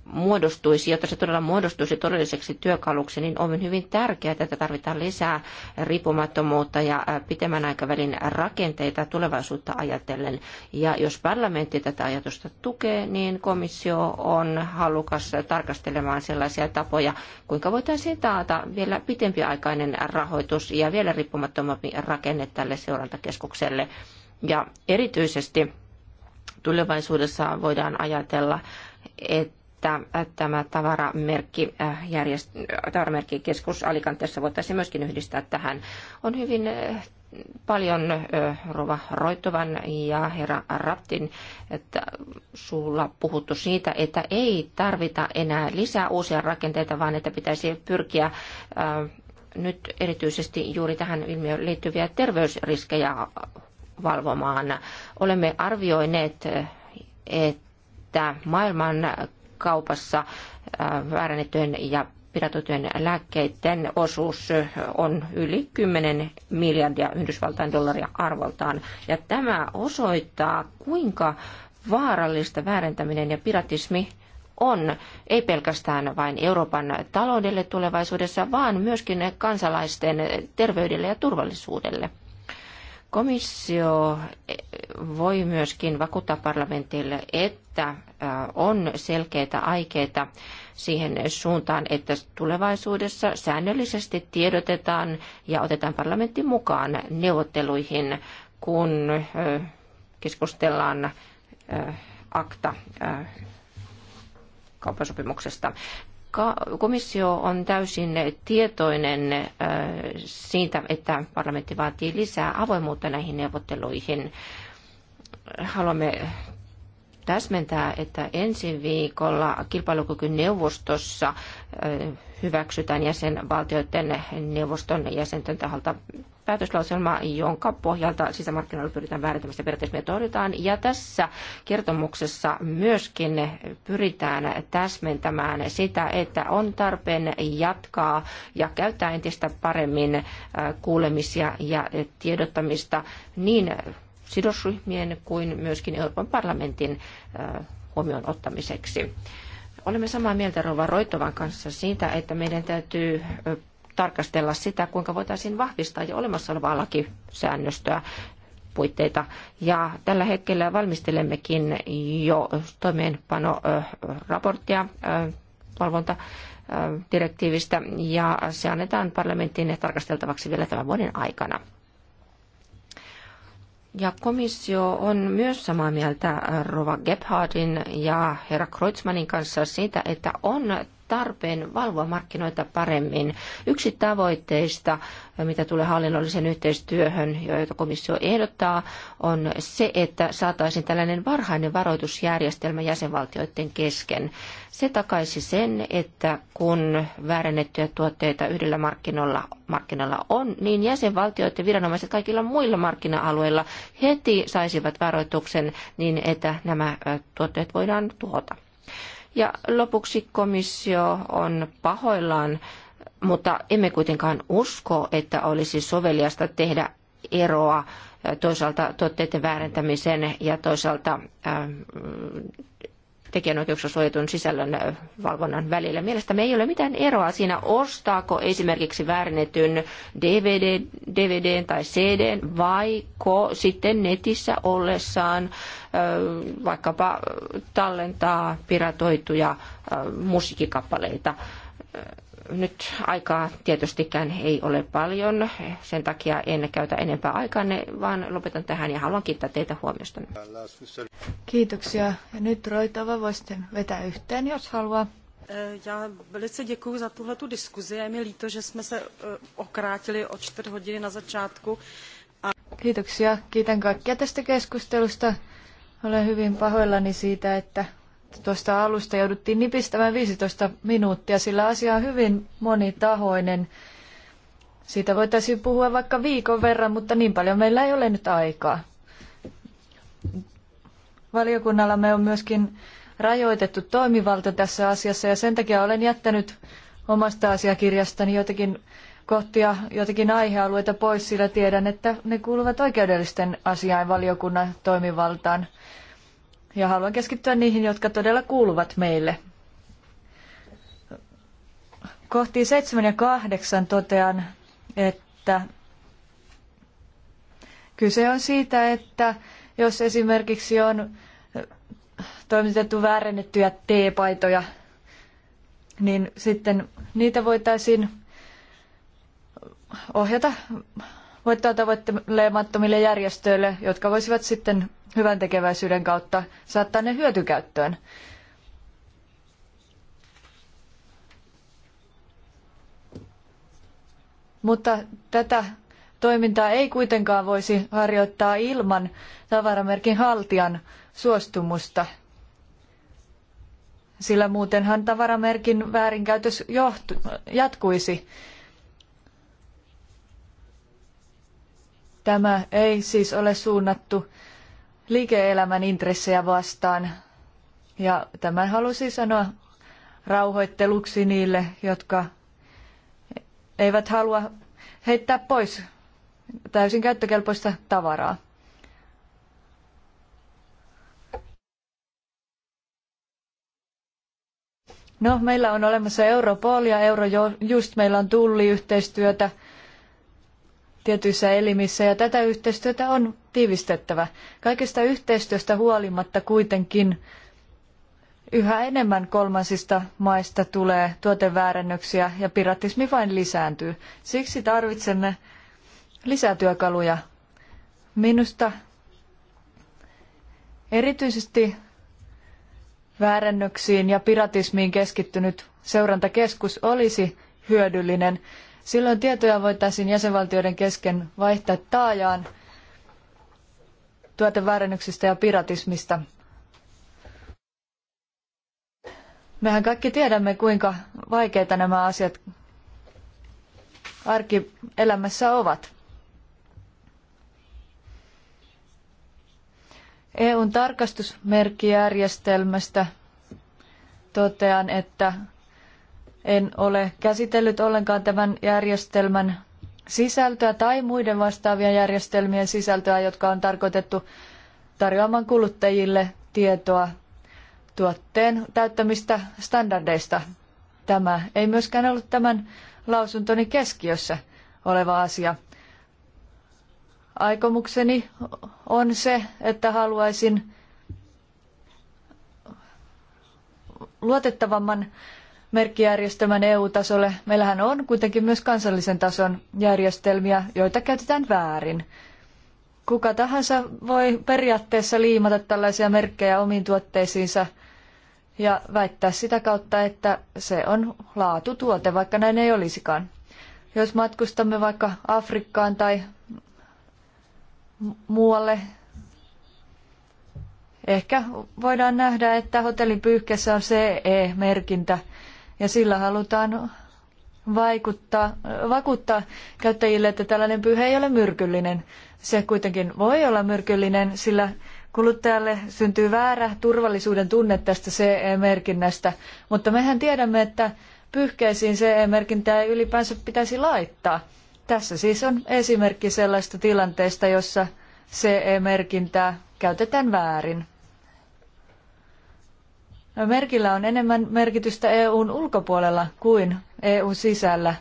muodostuisi, jotta se todella muodostuisi todelliseksi työkaluksi, niin on hyvin tärkeää, että tarvitaan lisää riippumattomuutta ja pitemmän aikavälin rakenteita tulevaisuutta ajatellen. Ja jos parlamentti tätä ajatusta tukee, niin komissio on halukas tarkastelemaan sellaisia tapoja, kuinka voitaisiin taata vielä pitempiaikainen rahoitus ja vielä riippumattomampi rakenne tälle seurantakeskukselle. Ja erityisesti tulevaisuudessa voidaan ajatella, että että äh, tämä tavaramerkki, äh, järjest, äh, tavaramerkkikeskus Alicanteessa voitaisiin myöskin yhdistää tähän. On hyvin paljon Rova Roitovan ja herra Raptin että suulla puhuttu siitä, että ei tarvita enää lisää uusia rakenteita, vaan että pitäisi pyrkiä nyt erityisesti juuri tähän ilmiöön liittyviä terveysriskejä valvomaan. Olemme arvioineet, että maailman kaupassa väärännettyjen ja pidätettyjen lääkkeiden osuus on yli 10 miljardia Yhdysvaltain dollaria arvoltaan. Ja tämä osoittaa, kuinka vaarallista väärentäminen ja piratismi on, ei pelkästään vain Euroopan taloudelle tulevaisuudessa, vaan myöskin kansalaisten terveydelle ja turvallisuudelle. Komissio eh, voi myöskin vakuuttaa parlamentille, että on selkeitä aikeita siihen suuntaan, että tulevaisuudessa säännöllisesti tiedotetaan ja otetaan parlamentti mukaan neuvotteluihin, kun keskustellaan akta kauppasopimuksesta komissio on täysin tietoinen äh, siitä, että parlamentti vaatii lisää avoimuutta näihin neuvotteluihin. Haluamme täsmentää, että ensi viikolla kilpailukykyneuvostossa hyväksytään jäsenvaltioiden neuvoston jäsenten taholta päätöslauselma, jonka pohjalta sisämarkkinoilla pyritään sitä periaatteessa torjutaan. Ja tässä kertomuksessa myöskin pyritään täsmentämään sitä, että on tarpeen jatkaa ja käyttää entistä paremmin kuulemisia ja tiedottamista niin sidosryhmien kuin myöskin Euroopan parlamentin äh, huomioon ottamiseksi. Olemme samaa mieltä Rova Roitovan kanssa siitä, että meidän täytyy äh, tarkastella sitä, kuinka voitaisiin vahvistaa jo olemassa olevaa lakisäännöstöä puitteita. Ja tällä hetkellä valmistelemmekin jo toimeenpanoraporttia äh, valvonta direktiivistä ja se annetaan parlamenttiin tarkasteltavaksi vielä tämän vuoden aikana. Ja komissio on myös samaa mieltä Rova Gebhardin ja herra Kreutzmannin kanssa siitä, että on tarpeen valvoa markkinoita paremmin. Yksi tavoitteista, mitä tulee hallinnollisen yhteistyöhön, joita komissio ehdottaa, on se, että saataisiin tällainen varhainen varoitusjärjestelmä jäsenvaltioiden kesken. Se takaisi sen, että kun väärennettyjä tuotteita yhdellä markkinoilla, markkinoilla on, niin jäsenvaltioiden ja viranomaiset kaikilla muilla markkina-alueilla heti saisivat varoituksen niin, että nämä tuotteet voidaan tuhota. Ja lopuksi komissio on pahoillaan, mutta emme kuitenkaan usko, että olisi soveliasta tehdä eroa toisaalta tuotteiden väärentämisen ja toisaalta ähm, tekijänoikeuksia suojatun sisällön valvonnan välillä. Mielestäni ei ole mitään eroa siinä, ostaako esimerkiksi väärennetyn DVD, DVDn tai CDn ko sitten netissä ollessaan vaikkapa tallentaa piratoituja musiikkikappaleita nyt aikaa tietystikään ei ole paljon, sen takia en käytä enempää aikaa, vaan lopetan tähän ja haluan kiittää teitä huomiosta. Kiitoksia. Ja nyt Roitava voi sitten vetää yhteen, jos haluaa. Eh, já velice děkuji za tu diskuzi. Je mi líto, že jsme se eh, okrátili o čtvrt hodiny na začátku. Kiitoksia. Kiitän kaikkia tästä keskustelusta. Olen hyvin pahoillani siitä, että tuosta alusta jouduttiin nipistämään 15 minuuttia, sillä asia on hyvin monitahoinen. Siitä voitaisiin puhua vaikka viikon verran, mutta niin paljon meillä ei ole nyt aikaa. Valiokunnallamme on myöskin rajoitettu toimivalta tässä asiassa ja sen takia olen jättänyt omasta asiakirjastani joitakin kohtia, joitakin aihealueita pois, sillä tiedän, että ne kuuluvat oikeudellisten asiainvaliokunnan toimivaltaan ja haluan keskittyä niihin, jotka todella kuuluvat meille. Kohti 7 ja 8 totean, että kyse on siitä, että jos esimerkiksi on toimitettu väärennettyjä teepaitoja, niin sitten niitä voitaisiin ohjata voittoa tavoittelemattomille järjestöille, jotka voisivat sitten hyvän tekeväisyyden kautta saattaa ne hyötykäyttöön. Mutta tätä toimintaa ei kuitenkaan voisi harjoittaa ilman tavaramerkin haltijan suostumusta, sillä muutenhan tavaramerkin väärinkäytös johtu, jatkuisi. Tämä ei siis ole suunnattu liike-elämän intressejä vastaan. Ja tämän halusin sanoa rauhoitteluksi niille, jotka eivät halua heittää pois täysin käyttökelpoista tavaraa. No, meillä on olemassa Europol ja Eurojust, meillä on tulliyhteistyötä, tietyissä elimissä ja tätä yhteistyötä on tiivistettävä. Kaikesta yhteistyöstä huolimatta kuitenkin yhä enemmän kolmansista maista tulee tuoteväärennöksiä ja piratismi vain lisääntyy. Siksi tarvitsemme lisätyökaluja. Minusta erityisesti väärennöksiin ja piratismiin keskittynyt seurantakeskus olisi hyödyllinen Silloin tietoja voitaisiin jäsenvaltioiden kesken vaihtaa taajaan tuoteväärännyksistä ja piratismista. Mehän kaikki tiedämme, kuinka vaikeita nämä asiat arkielämässä ovat. EUn tarkastusmerkkijärjestelmästä totean, että en ole käsitellyt ollenkaan tämän järjestelmän sisältöä tai muiden vastaavien järjestelmien sisältöä, jotka on tarkoitettu tarjoamaan kuluttajille tietoa tuotteen täyttämistä standardeista. Tämä ei myöskään ollut tämän lausuntoni keskiössä oleva asia. Aikomukseni on se, että haluaisin luotettavamman merkkijärjestelmän EU-tasolle. Meillähän on kuitenkin myös kansallisen tason järjestelmiä, joita käytetään väärin. Kuka tahansa voi periaatteessa liimata tällaisia merkkejä omiin tuotteisiinsa ja väittää sitä kautta, että se on laatutuote, vaikka näin ei olisikaan. Jos matkustamme vaikka Afrikkaan tai muualle Ehkä voidaan nähdä, että hotellin pyyhkeessä on CE-merkintä ja sillä halutaan vaikuttaa, vakuuttaa käyttäjille, että tällainen pyyhe ei ole myrkyllinen. Se kuitenkin voi olla myrkyllinen, sillä kuluttajalle syntyy väärä turvallisuuden tunne tästä CE-merkinnästä, mutta mehän tiedämme, että pyyhkeisiin CE-merkintää ei ylipäänsä pitäisi laittaa. Tässä siis on esimerkki sellaista tilanteesta, jossa CE-merkintää käytetään väärin. Merkillä on enemmän merkitystä EUn ulkopuolella kuin EUn sisällä.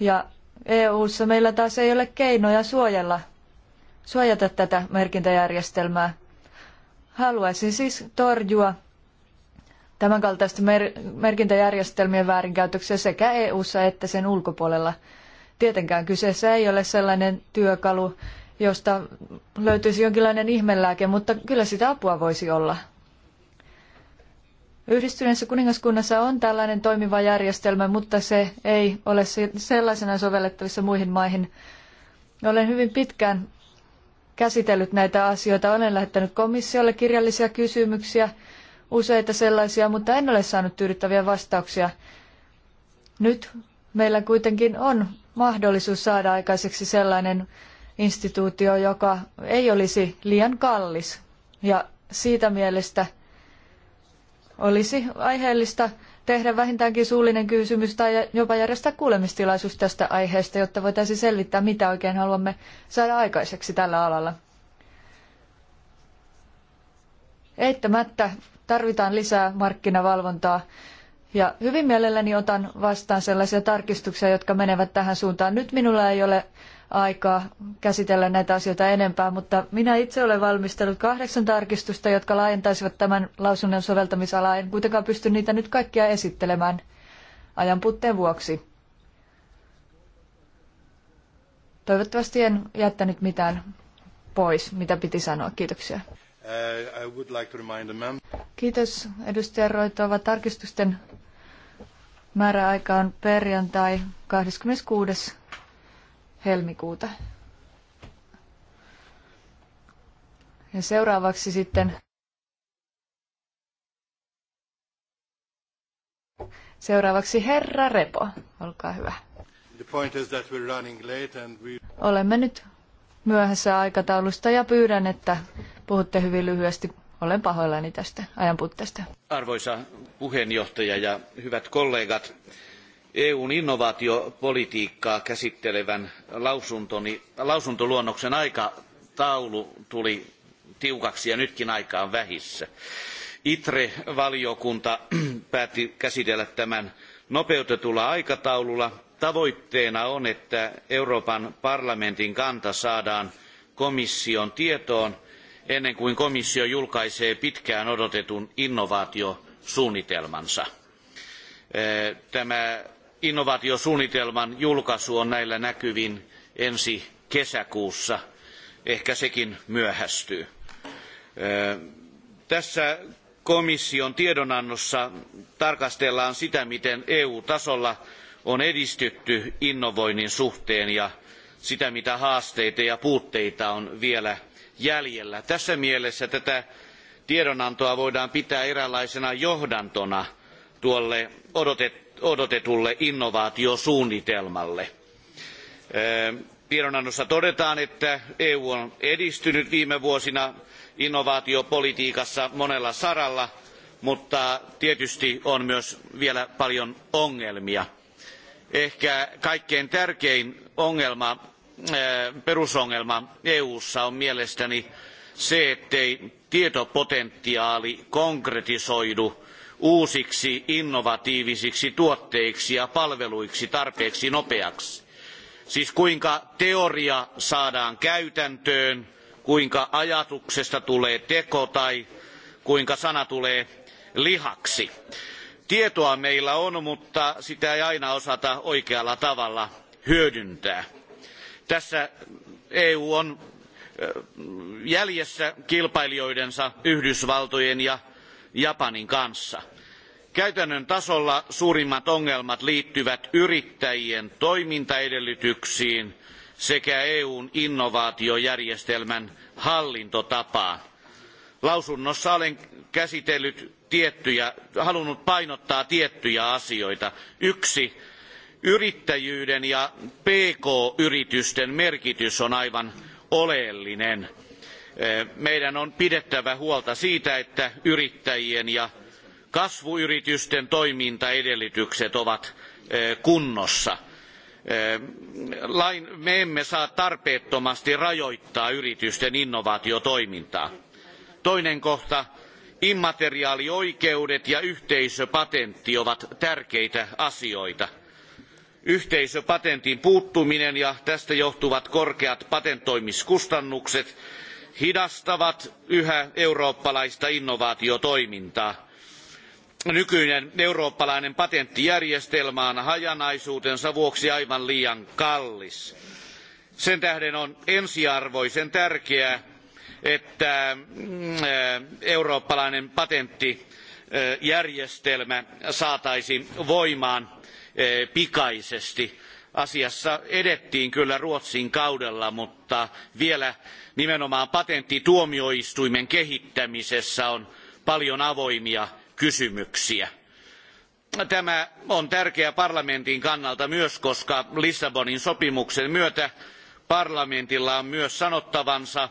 Ja EUssa meillä taas ei ole keinoja suojella, suojata tätä merkintäjärjestelmää. Haluaisin siis torjua tämän mer- merkintäjärjestelmien väärinkäytöksiä sekä EUssa että sen ulkopuolella. Tietenkään kyseessä ei ole sellainen työkalu, josta löytyisi jonkinlainen ihmelääke, mutta kyllä sitä apua voisi olla. Yhdistyneessä kuningaskunnassa on tällainen toimiva järjestelmä, mutta se ei ole sellaisena sovellettavissa muihin maihin. Olen hyvin pitkään käsitellyt näitä asioita. Olen lähettänyt komissiolle kirjallisia kysymyksiä, useita sellaisia, mutta en ole saanut tyydyttäviä vastauksia. Nyt meillä kuitenkin on mahdollisuus saada aikaiseksi sellainen instituutio, joka ei olisi liian kallis. Ja siitä mielestä olisi aiheellista tehdä vähintäänkin suullinen kysymys tai jopa järjestää kuulemistilaisuus tästä aiheesta, jotta voitaisiin selvittää, mitä oikein haluamme saada aikaiseksi tällä alalla. Eittämättä tarvitaan lisää markkinavalvontaa ja hyvin mielelläni otan vastaan sellaisia tarkistuksia, jotka menevät tähän suuntaan. Nyt minulla ei ole aikaa käsitellä näitä asioita enempää, mutta minä itse olen valmistellut kahdeksan tarkistusta, jotka laajentaisivat tämän lausunnon soveltamisalaa. En kuitenkaan pysty niitä nyt kaikkia esittelemään ajan puutteen vuoksi. Toivottavasti en jättänyt mitään pois, mitä piti sanoa. Kiitoksia. Uh, Kiitos edustaja Roitova. Tarkistusten määräaika on perjantai 26 helmikuuta. Ja seuraavaksi sitten Seuraavaksi herra Repo, olkaa hyvä. Olemme nyt myöhässä aikataulusta ja pyydän, että puhutte hyvin lyhyesti. Olen pahoillani tästä ajanpuutteesta. Arvoisa puheenjohtaja ja hyvät kollegat, EUn innovaatiopolitiikkaa käsittelevän lausuntoluonnoksen aikataulu tuli tiukaksi ja nytkin aika on vähissä. ITRE-valiokunta [CLEARS THROAT] päätti käsitellä tämän nopeutetulla aikataululla. Tavoitteena on, että Euroopan parlamentin kanta saadaan komission tietoon ennen kuin komissio julkaisee pitkään odotetun innovaatiosuunnitelmansa. Tämä innovaatiosuunnitelman julkaisu on näillä näkymin ensi kesäkuussa. Ehkä sekin myöhästyy. Tässä komission tiedonannossa tarkastellaan sitä, miten EU-tasolla on edistytty innovoinnin suhteen ja sitä, mitä haasteita ja puutteita on vielä jäljellä. Tässä mielessä tätä tiedonantoa voidaan pitää eräänlaisena johdantona tuolle odotettavalle odotetulle innovaatiosuunnitelmalle. tiedonannossa todetaan että eu on edistynyt viime vuosina innovaatiopolitiikassa monella saralla mutta tietysti on myös vielä paljon ongelmia. ehkä kaikkein tärkein ongelma, perusongelma eussa on mielestäni se ettei tietopotentiaali konkretisoidu uusiksi innovatiivisiksi tuotteiksi ja palveluiksi tarpeeksi nopeaksi. Siis kuinka teoria saadaan käytäntöön, kuinka ajatuksesta tulee teko tai kuinka sana tulee lihaksi. Tietoa meillä on, mutta sitä ei aina osata oikealla tavalla hyödyntää. Tässä EU on jäljessä kilpailijoidensa Yhdysvaltojen ja japanin kanssa. käytännön tasolla suurimmat ongelmat liittyvät yrittäjien toimintaedellytyksiin sekä eun innovaatiojärjestelmän hallintotapaan. lausunnossa olen käsitellyt tiettyjä, halunnut painottaa tiettyjä asioita. yksi yrittäjyyden ja pk yritysten merkitys on aivan oleellinen Eh, meidän on pidettävä huolta siitä että yrittäjien ja kasvuyritysten toimintaedellytykset ovat eh, kunnossa. Eh, me emme saa tarpeettomasti rajoittaa yritysten innovaatiotoimintaa. Toinen kohta. Immateriaalioikeudet ja yhteisöpatentti ovat tärkeitä asioita. Yhteisöpatentin puuttuminen ja tästä johtuvat korkeat patentoimiskustannukset hidastavat yhä eurooppalaista innovaatiotoimintaa. nykyinen eurooppalainen patenttijärjestelmä on hajanaisuutensa vuoksi aivan liian kallis. sen tähden on ensiarvoisen tärkeää että mm, eh, eurooppalainen patenttijärjestelmä eh, saataisiin voimaan eh, pikaisesti. asiassa edettiin kyllä ruotsin kaudella mutta vielä nimenomaan patenttituomioistuimen kehittämisessä on paljon avoimia kysymyksiä. tämä on tärkeää parlamentin kannalta myös koska lissabonin sopimuksen myötä parlamentilla on myös sanottavansa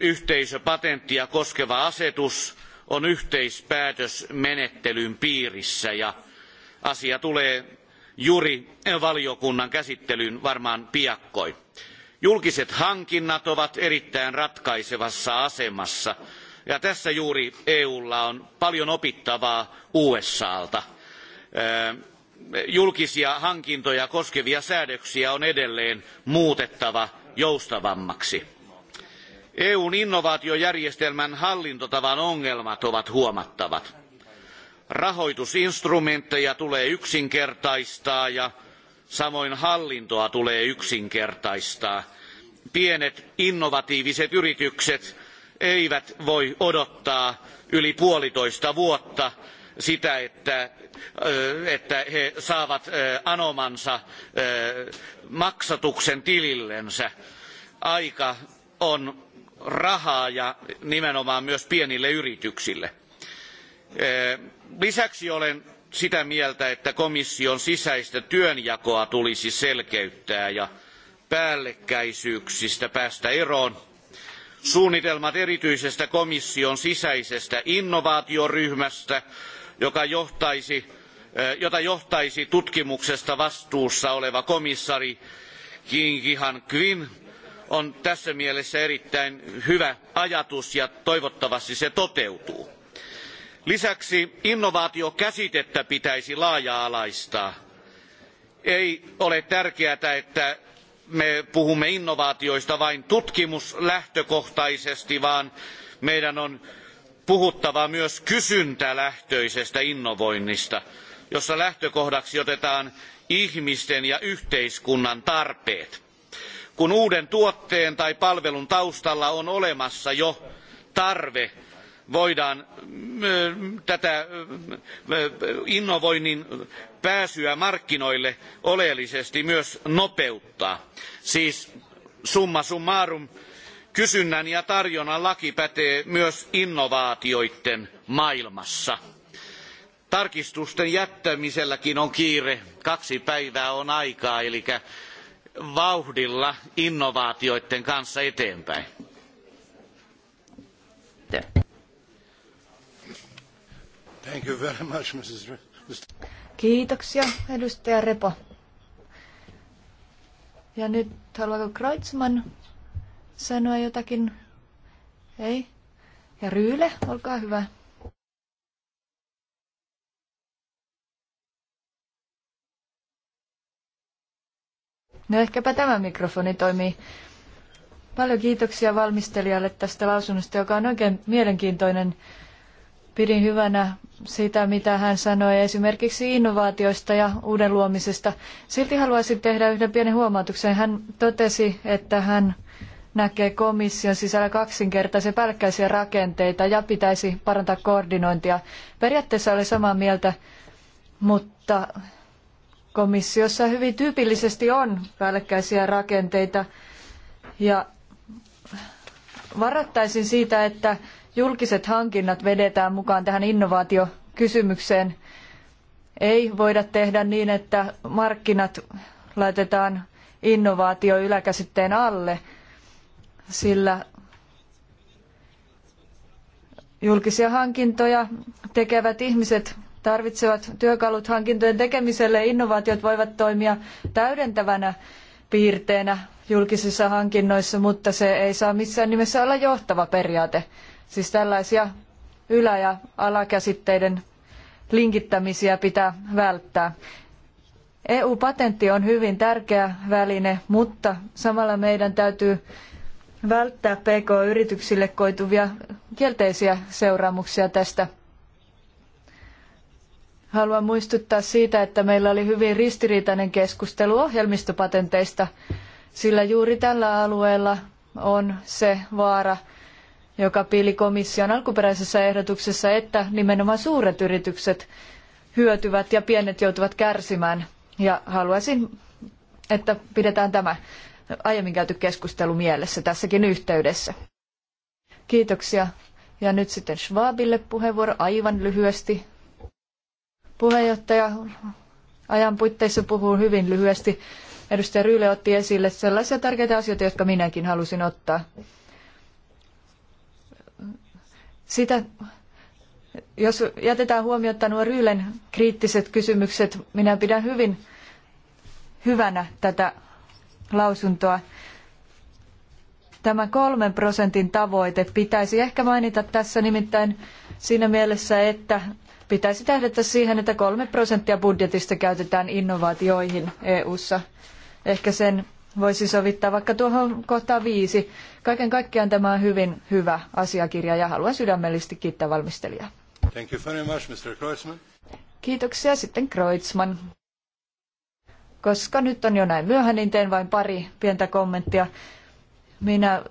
yhteisöpatenttia koskeva asetus on yhteispäätösmenettelyn piirissä ja asia tulee juri valiokunnan käsittelyyn varmaan piakkoin julkiset hankinnat ovat erittäin ratkaisevassa asemassa ja tässä juuri eulla on paljon opittavaa usalta. julkisia hankintoja koskevia säädöksiä on edelleen muutettava joustavammiksi. eun innovaatiojärjestelmän hallintotavan ongelmat ovat huomattavat. rahoitusinstrumentteja tulee yksinkertaistaa ja Samoin hallintoa tulee yksinkertaistaa. Pienet innovatiiviset yritykset eivät voi odottaa yli puolitoista vuotta sitä, että, että he saavat anomansa maksatuksen tilillensä. Aika on rahaa ja nimenomaan myös pienille yrityksille. Lisäksi olen sitä mieltä että komission sisäistä työnjakoa tulisi selkeyttää ja päällekkäisyyksistä päästä eroon. suunnitelmat erityisestä komission sisäisestä innovaatioryhmästä joka johtaisi, jota johtaisi tutkimuksesta vastuussa oleva komissaari kinghan quinn on tässä mielessä erittäin hyvä ajatus ja toivottavasti se toteutuu lisäksi innovaatiokäsitettä pitäisi laaja alaistaa. ei ole tärkeää että me puhumme innovaatioista vain tutkimuslähtökohtaisesti vaan meidän on puhuttava myös kysyntälähtöisestä innovoinnista jossa lähtökohdaksi otetaan ihmisten ja yhteiskunnan tarpeet. kun uuden tuotteen tai palvelun taustalla on olemassa jo tarve voidaan tätä innovoinnin pääsyä markkinoille oleellisesti myös nopeuttaa. siis summa summarum kysynnän ja tarjonnan laki pätee myös innovaatioiden maailmassa. tarkistusten jättämiselläkin on kiire kaksi päivää on aikaa eli vauhdilla innovaatioiden kanssa eteenpäin Thank you very much, Mrs. Kiitoksia, edustaja Repo. Ja nyt haluaako Kreutzmann sanoa jotakin? Ei? Ja Ryyle, olkaa hyvä. No ehkäpä tämä mikrofoni toimii. Paljon kiitoksia valmistelijalle tästä lausunnosta, joka on oikein mielenkiintoinen pidin hyvänä sitä, mitä hän sanoi esimerkiksi innovaatioista ja uuden luomisesta. Silti haluaisin tehdä yhden pienen huomautuksen. Hän totesi, että hän näkee komission sisällä kaksinkertaisia pälkkäisiä rakenteita ja pitäisi parantaa koordinointia. Periaatteessa oli samaa mieltä, mutta komissiossa hyvin tyypillisesti on päällekkäisiä rakenteita ja varoittaisin siitä, että julkiset hankinnat vedetään mukaan tähän innovaatiokysymykseen. Ei voida tehdä niin, että markkinat laitetaan innovaatio yläkäsitteen alle, sillä julkisia hankintoja tekevät ihmiset tarvitsevat työkalut hankintojen tekemiselle. Innovaatiot voivat toimia täydentävänä piirteenä julkisissa hankinnoissa, mutta se ei saa missään nimessä olla johtava periaate. Siis tällaisia ylä- ja alakäsitteiden linkittämisiä pitää välttää. EU-patentti on hyvin tärkeä väline, mutta samalla meidän täytyy välttää PK-yrityksille koituvia kielteisiä seuraamuksia tästä. Haluan muistuttaa siitä, että meillä oli hyvin ristiriitainen keskustelu ohjelmistopatenteista, sillä juuri tällä alueella on se vaara, joka piili komission alkuperäisessä ehdotuksessa, että nimenomaan suuret yritykset hyötyvät ja pienet joutuvat kärsimään. Ja haluaisin, että pidetään tämä aiemmin käyty keskustelu mielessä tässäkin yhteydessä. Kiitoksia. Ja nyt sitten Schwabille puheenvuoro aivan lyhyesti. Puheenjohtaja ajan puitteissa puhuu hyvin lyhyesti. Edustaja Ryyle otti esille sellaisia tärkeitä asioita, jotka minäkin halusin ottaa sitä, jos jätetään huomiota nuo Ryylen kriittiset kysymykset, minä pidän hyvin hyvänä tätä lausuntoa. Tämä kolmen prosentin tavoite pitäisi ehkä mainita tässä nimittäin siinä mielessä, että pitäisi tähdätä siihen, että kolme prosenttia budjetista käytetään innovaatioihin EU:ssa. Ehkä sen voisi sovittaa vaikka tuohon kohtaan viisi. Kaiken kaikkiaan tämä on hyvin hyvä asiakirja ja haluan sydämellisesti kiittää valmistelijaa. Thank you very much, Mr. Kreutzmann. Kiitoksia sitten Kreutzmann. Koska nyt on jo näin myöhä, niin teen vain pari pientä kommenttia. Minä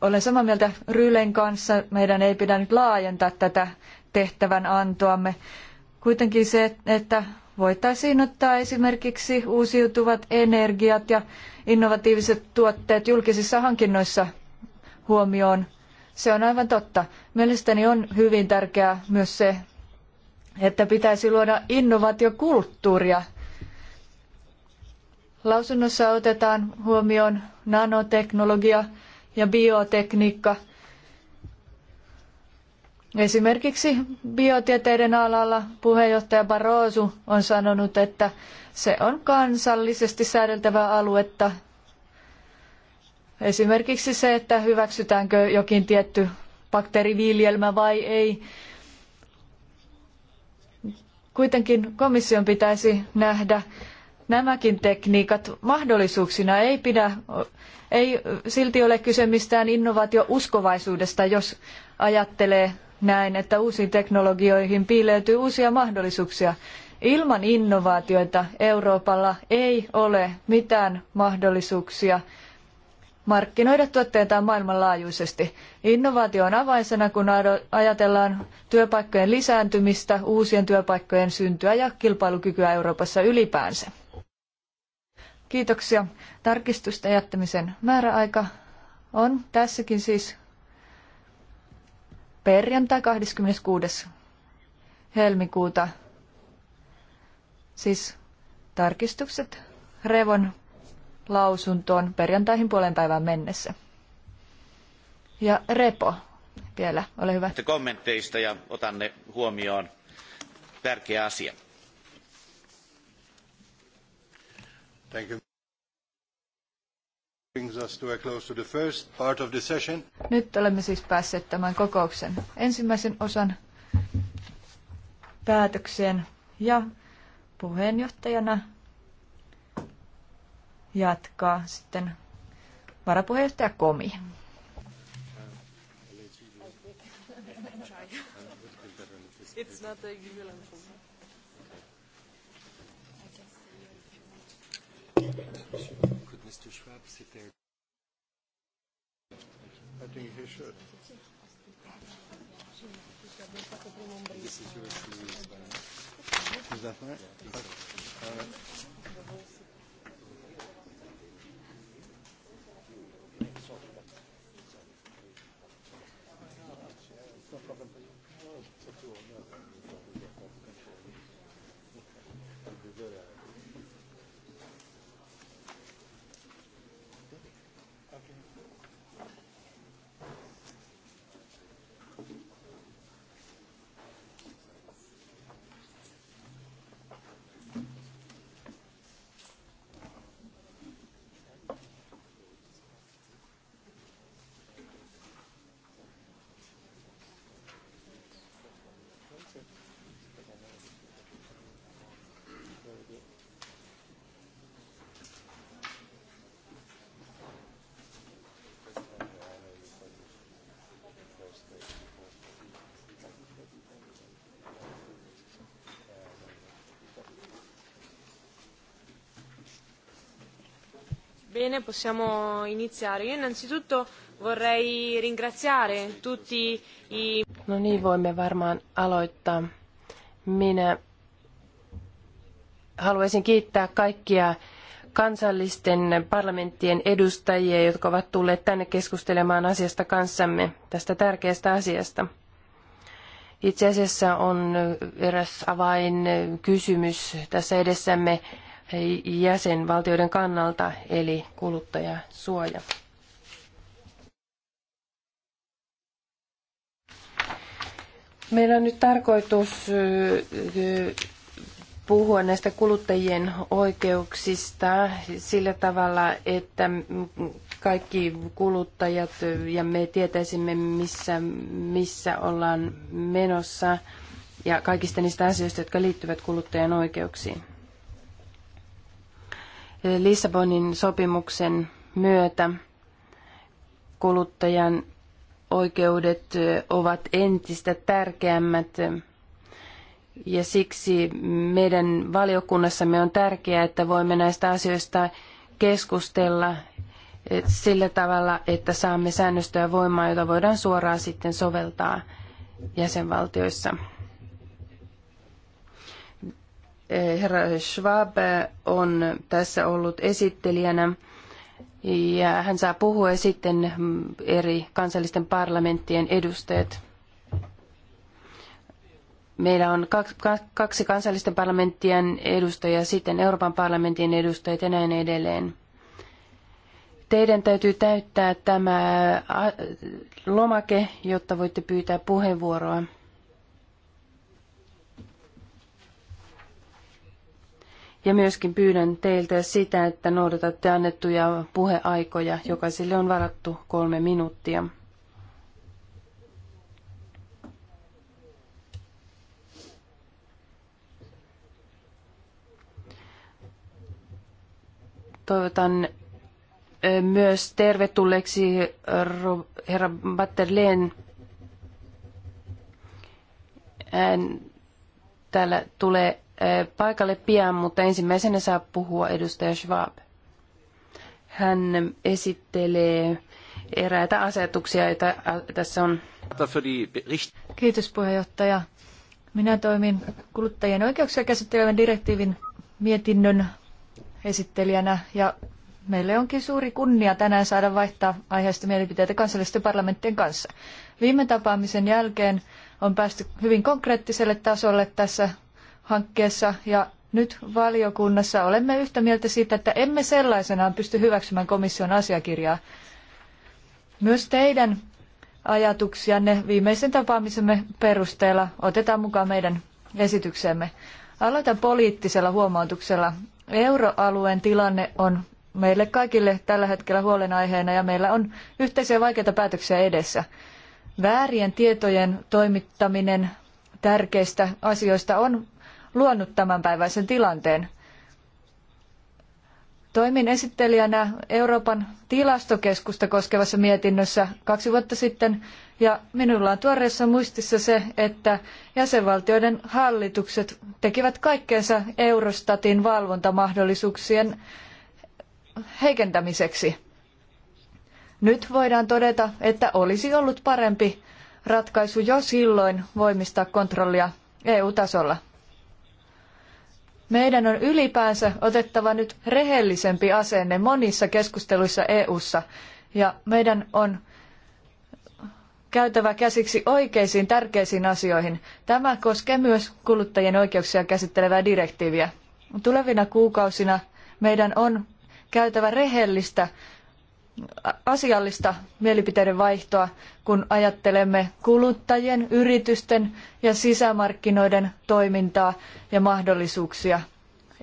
olen samaa mieltä Rylen kanssa. Meidän ei pidä nyt laajentaa tätä tehtävän antoamme. Kuitenkin se, että voitaisiin ottaa esimerkiksi uusiutuvat energiat ja innovatiiviset tuotteet julkisissa hankinnoissa huomioon. Se on aivan totta. Mielestäni on hyvin tärkeää myös se, että pitäisi luoda innovaatiokulttuuria. Lausunnossa otetaan huomioon nanoteknologia ja biotekniikka – Esimerkiksi biotieteiden alalla puheenjohtaja Barroso on sanonut, että se on kansallisesti säädeltävää aluetta. Esimerkiksi se, että hyväksytäänkö jokin tietty bakteeriviljelmä vai ei. Kuitenkin komission pitäisi nähdä nämäkin tekniikat mahdollisuuksina. Ei, pidä, ei silti ole kyse mistään innovaatiouskovaisuudesta, jos ajattelee näen, että uusiin teknologioihin piileytyy uusia mahdollisuuksia. Ilman innovaatioita Euroopalla ei ole mitään mahdollisuuksia markkinoida tuotteitaan maailmanlaajuisesti. Innovaatio on avainsana, kun ajatellaan työpaikkojen lisääntymistä, uusien työpaikkojen syntyä ja kilpailukykyä Euroopassa ylipäänsä. Kiitoksia. Tarkistusten jättämisen määräaika on tässäkin siis perjantai 26. helmikuuta. Siis tarkistukset Revon lausuntoon perjantaihin puolen päivään mennessä. Ja Repo vielä, ole hyvä. Kommenteista ja otan ne huomioon. Tärkeä asia. Thank you. Nyt olemme siis päässeet tämän kokouksen ensimmäisen osan päätökseen ja puheenjohtajana jatkaa sitten varapuheenjohtaja Komi. It's not the Could Mr. Schwab sit there think he should. Is that right? Yeah, Bene, possiamo iniziare. Io innanzitutto vorrei ringraziare tutti i... No niin, voimme varmaan aloittaa. Minä haluaisin kiittää kaikkia kansallisten parlamenttien edustajia, jotka ovat tulleet tänne keskustelemaan asiasta kanssamme, tästä tärkeästä asiasta. Itse asiassa on eräs avainkysymys tässä edessämme jäsenvaltioiden kannalta, eli kuluttajasuoja. Meillä on nyt tarkoitus puhua näistä kuluttajien oikeuksista sillä tavalla, että kaikki kuluttajat ja me tietäisimme, missä, missä ollaan menossa ja kaikista niistä asioista, jotka liittyvät kuluttajan oikeuksiin. Lissabonin sopimuksen myötä kuluttajan oikeudet ovat entistä tärkeämmät ja siksi meidän valiokunnassamme on tärkeää, että voimme näistä asioista keskustella sillä tavalla, että saamme säännöstöä voimaan, jota voidaan suoraan sitten soveltaa jäsenvaltioissa herra Schwab on tässä ollut esittelijänä ja hän saa puhua sitten eri kansallisten parlamenttien edustajat. Meillä on kaksi kansallisten parlamenttien edustajaa, sitten Euroopan parlamentin edustajat ja näin edelleen. Teidän täytyy täyttää tämä äh, lomake, jotta voitte pyytää puheenvuoroa. Ja myöskin pyydän teiltä sitä, että noudatatte annettuja puheaikoja. Jokaiselle on varattu kolme minuuttia. Toivotan myös tervetulleeksi herra Batterleen. Hän täällä tulee Eh, paikalle pian, mutta ensimmäisenä saa puhua edustaja Schwab. Hän esittelee eräitä asetuksia, joita tässä on. Kiitos puheenjohtaja. Minä toimin kuluttajien oikeuksia käsittelevän direktiivin mietinnön esittelijänä ja meille onkin suuri kunnia tänään saada vaihtaa aiheesta mielipiteitä kansallisten parlamenttien kanssa. Viime tapaamisen jälkeen on päästy hyvin konkreettiselle tasolle tässä hankkeessa ja nyt valiokunnassa olemme yhtä mieltä siitä, että emme sellaisenaan pysty hyväksymään komission asiakirjaa. Myös teidän ajatuksianne viimeisen tapaamisemme perusteella otetaan mukaan meidän esityksemme. Aloitan poliittisella huomautuksella. Euroalueen tilanne on meille kaikille tällä hetkellä huolenaiheena ja meillä on yhteisiä vaikeita päätöksiä edessä. Väärien tietojen toimittaminen tärkeistä asioista on luonut tämänpäiväisen tilanteen. Toimin esittelijänä Euroopan tilastokeskusta koskevassa mietinnössä kaksi vuotta sitten, ja minulla on tuoreessa muistissa se, että jäsenvaltioiden hallitukset tekivät kaikkeensa Eurostatin valvontamahdollisuuksien heikentämiseksi. Nyt voidaan todeta, että olisi ollut parempi ratkaisu jo silloin voimistaa kontrollia EU-tasolla. Meidän on ylipäänsä otettava nyt rehellisempi asenne monissa keskusteluissa EU:ssa ja meidän on käytävä käsiksi oikeisiin tärkeisiin asioihin. Tämä koskee myös kuluttajien oikeuksia käsittelevää direktiiviä. Tulevina kuukausina meidän on käytävä rehellistä asiallista mielipiteiden vaihtoa, kun ajattelemme kuluttajien, yritysten ja sisämarkkinoiden toimintaa ja mahdollisuuksia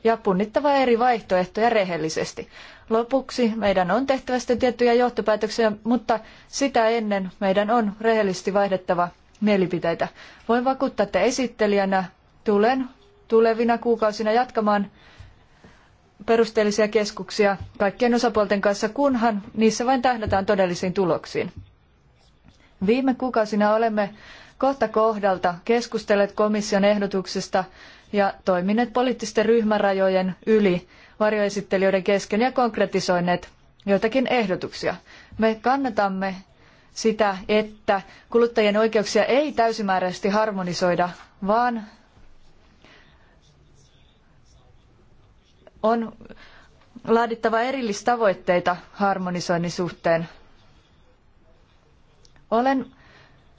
ja punnittava eri vaihtoehtoja rehellisesti. Lopuksi meidän on tehtävä sitten tiettyjä johtopäätöksiä, mutta sitä ennen meidän on rehellisesti vaihdettava mielipiteitä. Voin vakuuttaa, että esittelijänä tulen tulevina kuukausina jatkamaan perusteellisia keskuksia kaikkien osapuolten kanssa, kunhan niissä vain tähdätään todellisiin tuloksiin. Viime kuukausina olemme kohta kohdalta keskustelleet komission ehdotuksesta ja toimineet poliittisten ryhmärajojen yli varjoesittelijöiden kesken ja konkretisoineet joitakin ehdotuksia. Me kannatamme sitä, että kuluttajien oikeuksia ei täysimääräisesti harmonisoida, vaan on laadittava erillistavoitteita harmonisoinnin suhteen. Olen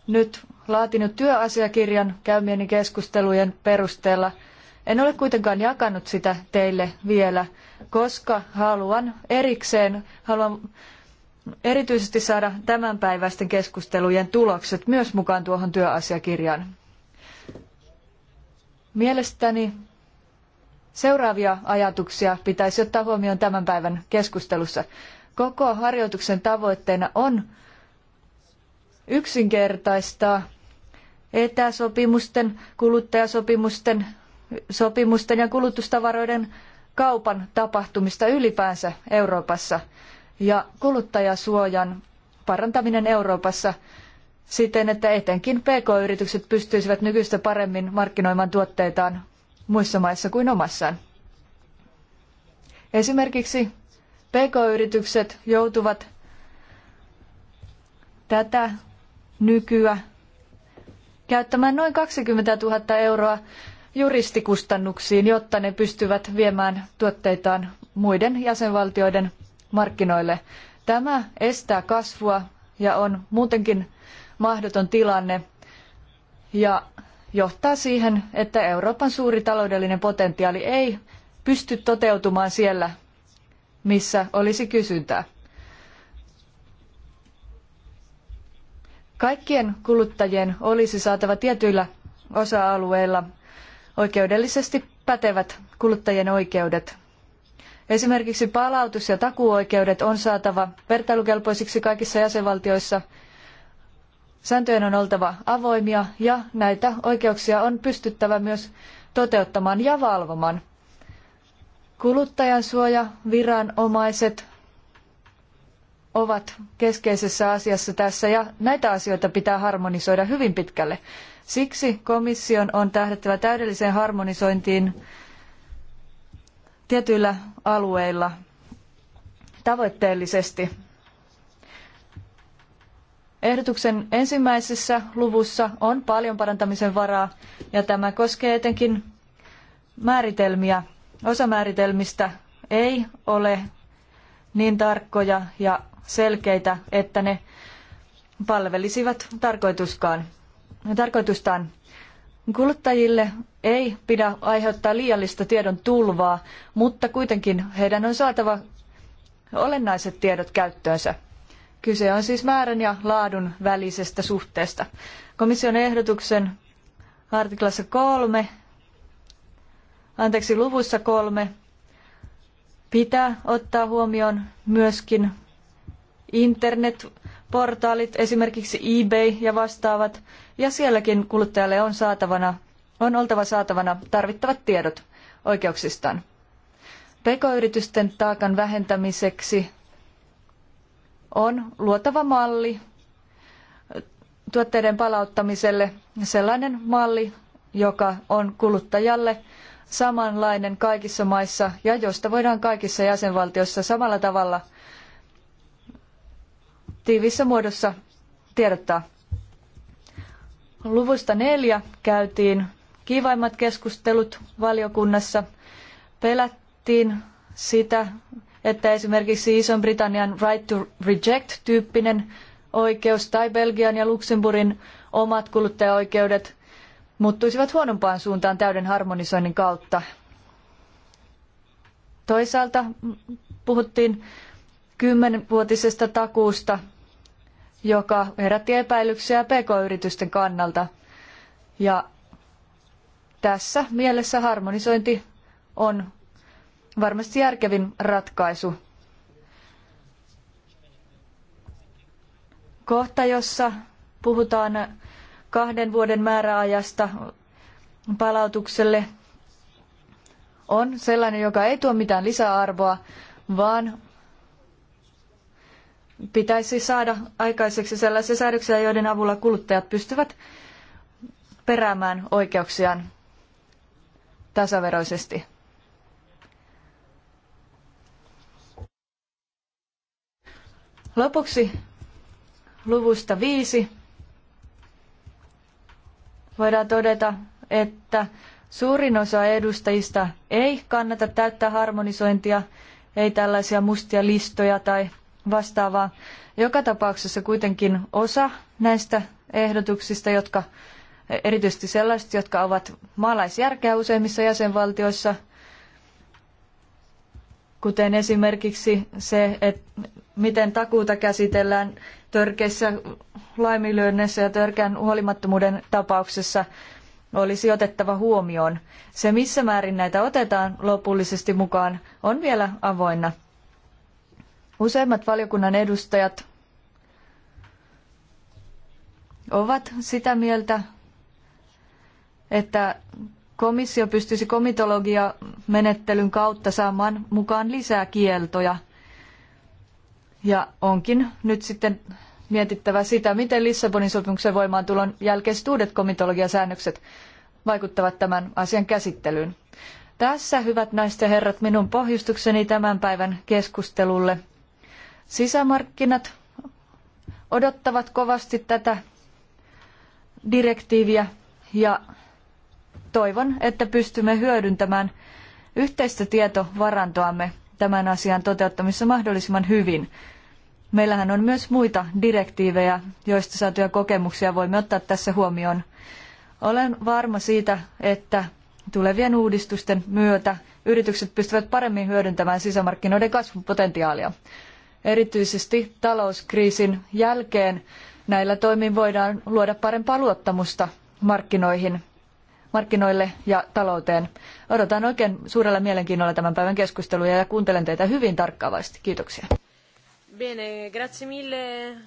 nyt laatinut työasiakirjan käymieni keskustelujen perusteella. En ole kuitenkaan jakanut sitä teille vielä, koska haluan erikseen, haluan erityisesti saada tämänpäiväisten keskustelujen tulokset myös mukaan tuohon työasiakirjaan. Mielestäni Seuraavia ajatuksia pitäisi ottaa huomioon tämän päivän keskustelussa. Koko harjoituksen tavoitteena on yksinkertaistaa etäsopimusten, kuluttajasopimusten, sopimusten ja kulutustavaroiden kaupan tapahtumista ylipäänsä Euroopassa ja kuluttajasuojan parantaminen Euroopassa siten, että etenkin PK-yritykset pystyisivät nykyistä paremmin markkinoimaan tuotteitaan muissa maissa kuin omassaan. Esimerkiksi PK-yritykset joutuvat tätä nykyä käyttämään noin 20 000 euroa juristikustannuksiin, jotta ne pystyvät viemään tuotteitaan muiden jäsenvaltioiden markkinoille. Tämä estää kasvua ja on muutenkin mahdoton tilanne ja johtaa siihen, että Euroopan suuri taloudellinen potentiaali ei pysty toteutumaan siellä, missä olisi kysyntää. Kaikkien kuluttajien olisi saatava tietyillä osa-alueilla oikeudellisesti pätevät kuluttajien oikeudet. Esimerkiksi palautus- ja takuuoikeudet on saatava vertailukelpoisiksi kaikissa jäsenvaltioissa – Sääntöjen on oltava avoimia ja näitä oikeuksia on pystyttävä myös toteuttamaan ja valvomaan. Kuluttajansuoja, viranomaiset ovat keskeisessä asiassa tässä ja näitä asioita pitää harmonisoida hyvin pitkälle. Siksi komission on tähdettävä täydelliseen harmonisointiin tietyillä alueilla tavoitteellisesti Ehdotuksen ensimmäisessä luvussa on paljon parantamisen varaa ja tämä koskee etenkin määritelmiä. Osa määritelmistä ei ole niin tarkkoja ja selkeitä, että ne palvelisivat tarkoituskaan, tarkoitustaan. Kuluttajille ei pidä aiheuttaa liiallista tiedon tulvaa, mutta kuitenkin heidän on saatava olennaiset tiedot käyttöönsä. Kyse on siis määrän ja laadun välisestä suhteesta. Komission ehdotuksen artiklassa kolme, anteeksi luvussa kolme, pitää ottaa huomioon myöskin internetportaalit, esimerkiksi eBay ja vastaavat, ja sielläkin kuluttajalle on, saatavana, on oltava saatavana tarvittavat tiedot oikeuksistaan. PK-yritysten taakan vähentämiseksi on luotava malli tuotteiden palauttamiselle, sellainen malli, joka on kuluttajalle samanlainen kaikissa maissa ja josta voidaan kaikissa jäsenvaltioissa samalla tavalla tiivissä muodossa tiedottaa. Luvusta neljä käytiin kiivaimmat keskustelut valiokunnassa. Pelättiin sitä, että esimerkiksi Ison-Britannian Right to Reject-tyyppinen oikeus tai Belgian ja Luxemburgin omat kuluttajaoikeudet muuttuisivat huonompaan suuntaan täyden harmonisoinnin kautta. Toisaalta puhuttiin kymmenvuotisesta takuusta, joka herätti epäilyksiä pk-yritysten kannalta. Ja tässä mielessä harmonisointi on varmasti järkevin ratkaisu. Kohta, jossa puhutaan kahden vuoden määräajasta palautukselle, on sellainen, joka ei tuo mitään lisäarvoa, vaan pitäisi saada aikaiseksi sellaisia säädöksiä, joiden avulla kuluttajat pystyvät peräämään oikeuksiaan tasaveroisesti. Lopuksi luvusta viisi voidaan todeta, että suurin osa edustajista ei kannata täyttää harmonisointia, ei tällaisia mustia listoja tai vastaavaa. Joka tapauksessa kuitenkin osa näistä ehdotuksista, jotka erityisesti sellaiset, jotka ovat maalaisjärkeä useimmissa jäsenvaltioissa, kuten esimerkiksi se, että miten takuuta käsitellään törkeissä laiminlyönneissä ja törkeän huolimattomuuden tapauksessa olisi otettava huomioon. Se, missä määrin näitä otetaan lopullisesti mukaan, on vielä avoinna. Useimmat valiokunnan edustajat ovat sitä mieltä, että komissio pystyisi komitologia menettelyn kautta saamaan mukaan lisää kieltoja – ja onkin nyt sitten mietittävä sitä, miten Lissabonin sopimuksen voimaantulon jälkeiset uudet komitologiasäännökset vaikuttavat tämän asian käsittelyyn. Tässä, hyvät naiset ja herrat, minun pohjustukseni tämän päivän keskustelulle. Sisämarkkinat odottavat kovasti tätä direktiiviä ja toivon, että pystymme hyödyntämään yhteistä tietovarantoamme tämän asian toteuttamisessa mahdollisimman hyvin. Meillähän on myös muita direktiivejä, joista saatuja kokemuksia voimme ottaa tässä huomioon. Olen varma siitä, että tulevien uudistusten myötä yritykset pystyvät paremmin hyödyntämään sisämarkkinoiden kasvupotentiaalia. Erityisesti talouskriisin jälkeen näillä toimin voidaan luoda parempaa luottamusta markkinoihin markkinoille ja talouteen. Odotan oikein suurella mielenkiinnolla tämän päivän keskusteluja ja kuuntelen teitä hyvin tarkkaavasti. Kiitoksia. Bene, grazie mille. Eh,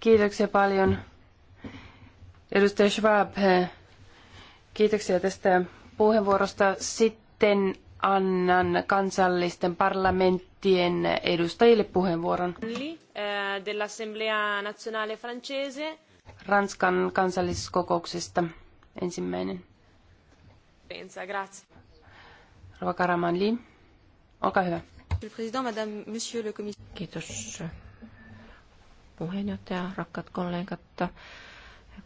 kiitoksia paljon. Edustaja Schwab, eh, kiitoksia tästä puheenvuorosta. Sitten annan kansallisten parlamenttien edustajille puheenvuoron. Eh, Dell'Assemblea Nazionale Francese. Ranskan kansalliskokouksesta ensimmäinen. Pensa, grazie. Rova Karamanli, olkaa hyvä. Kiitos puheenjohtaja, rakkaat kollegat.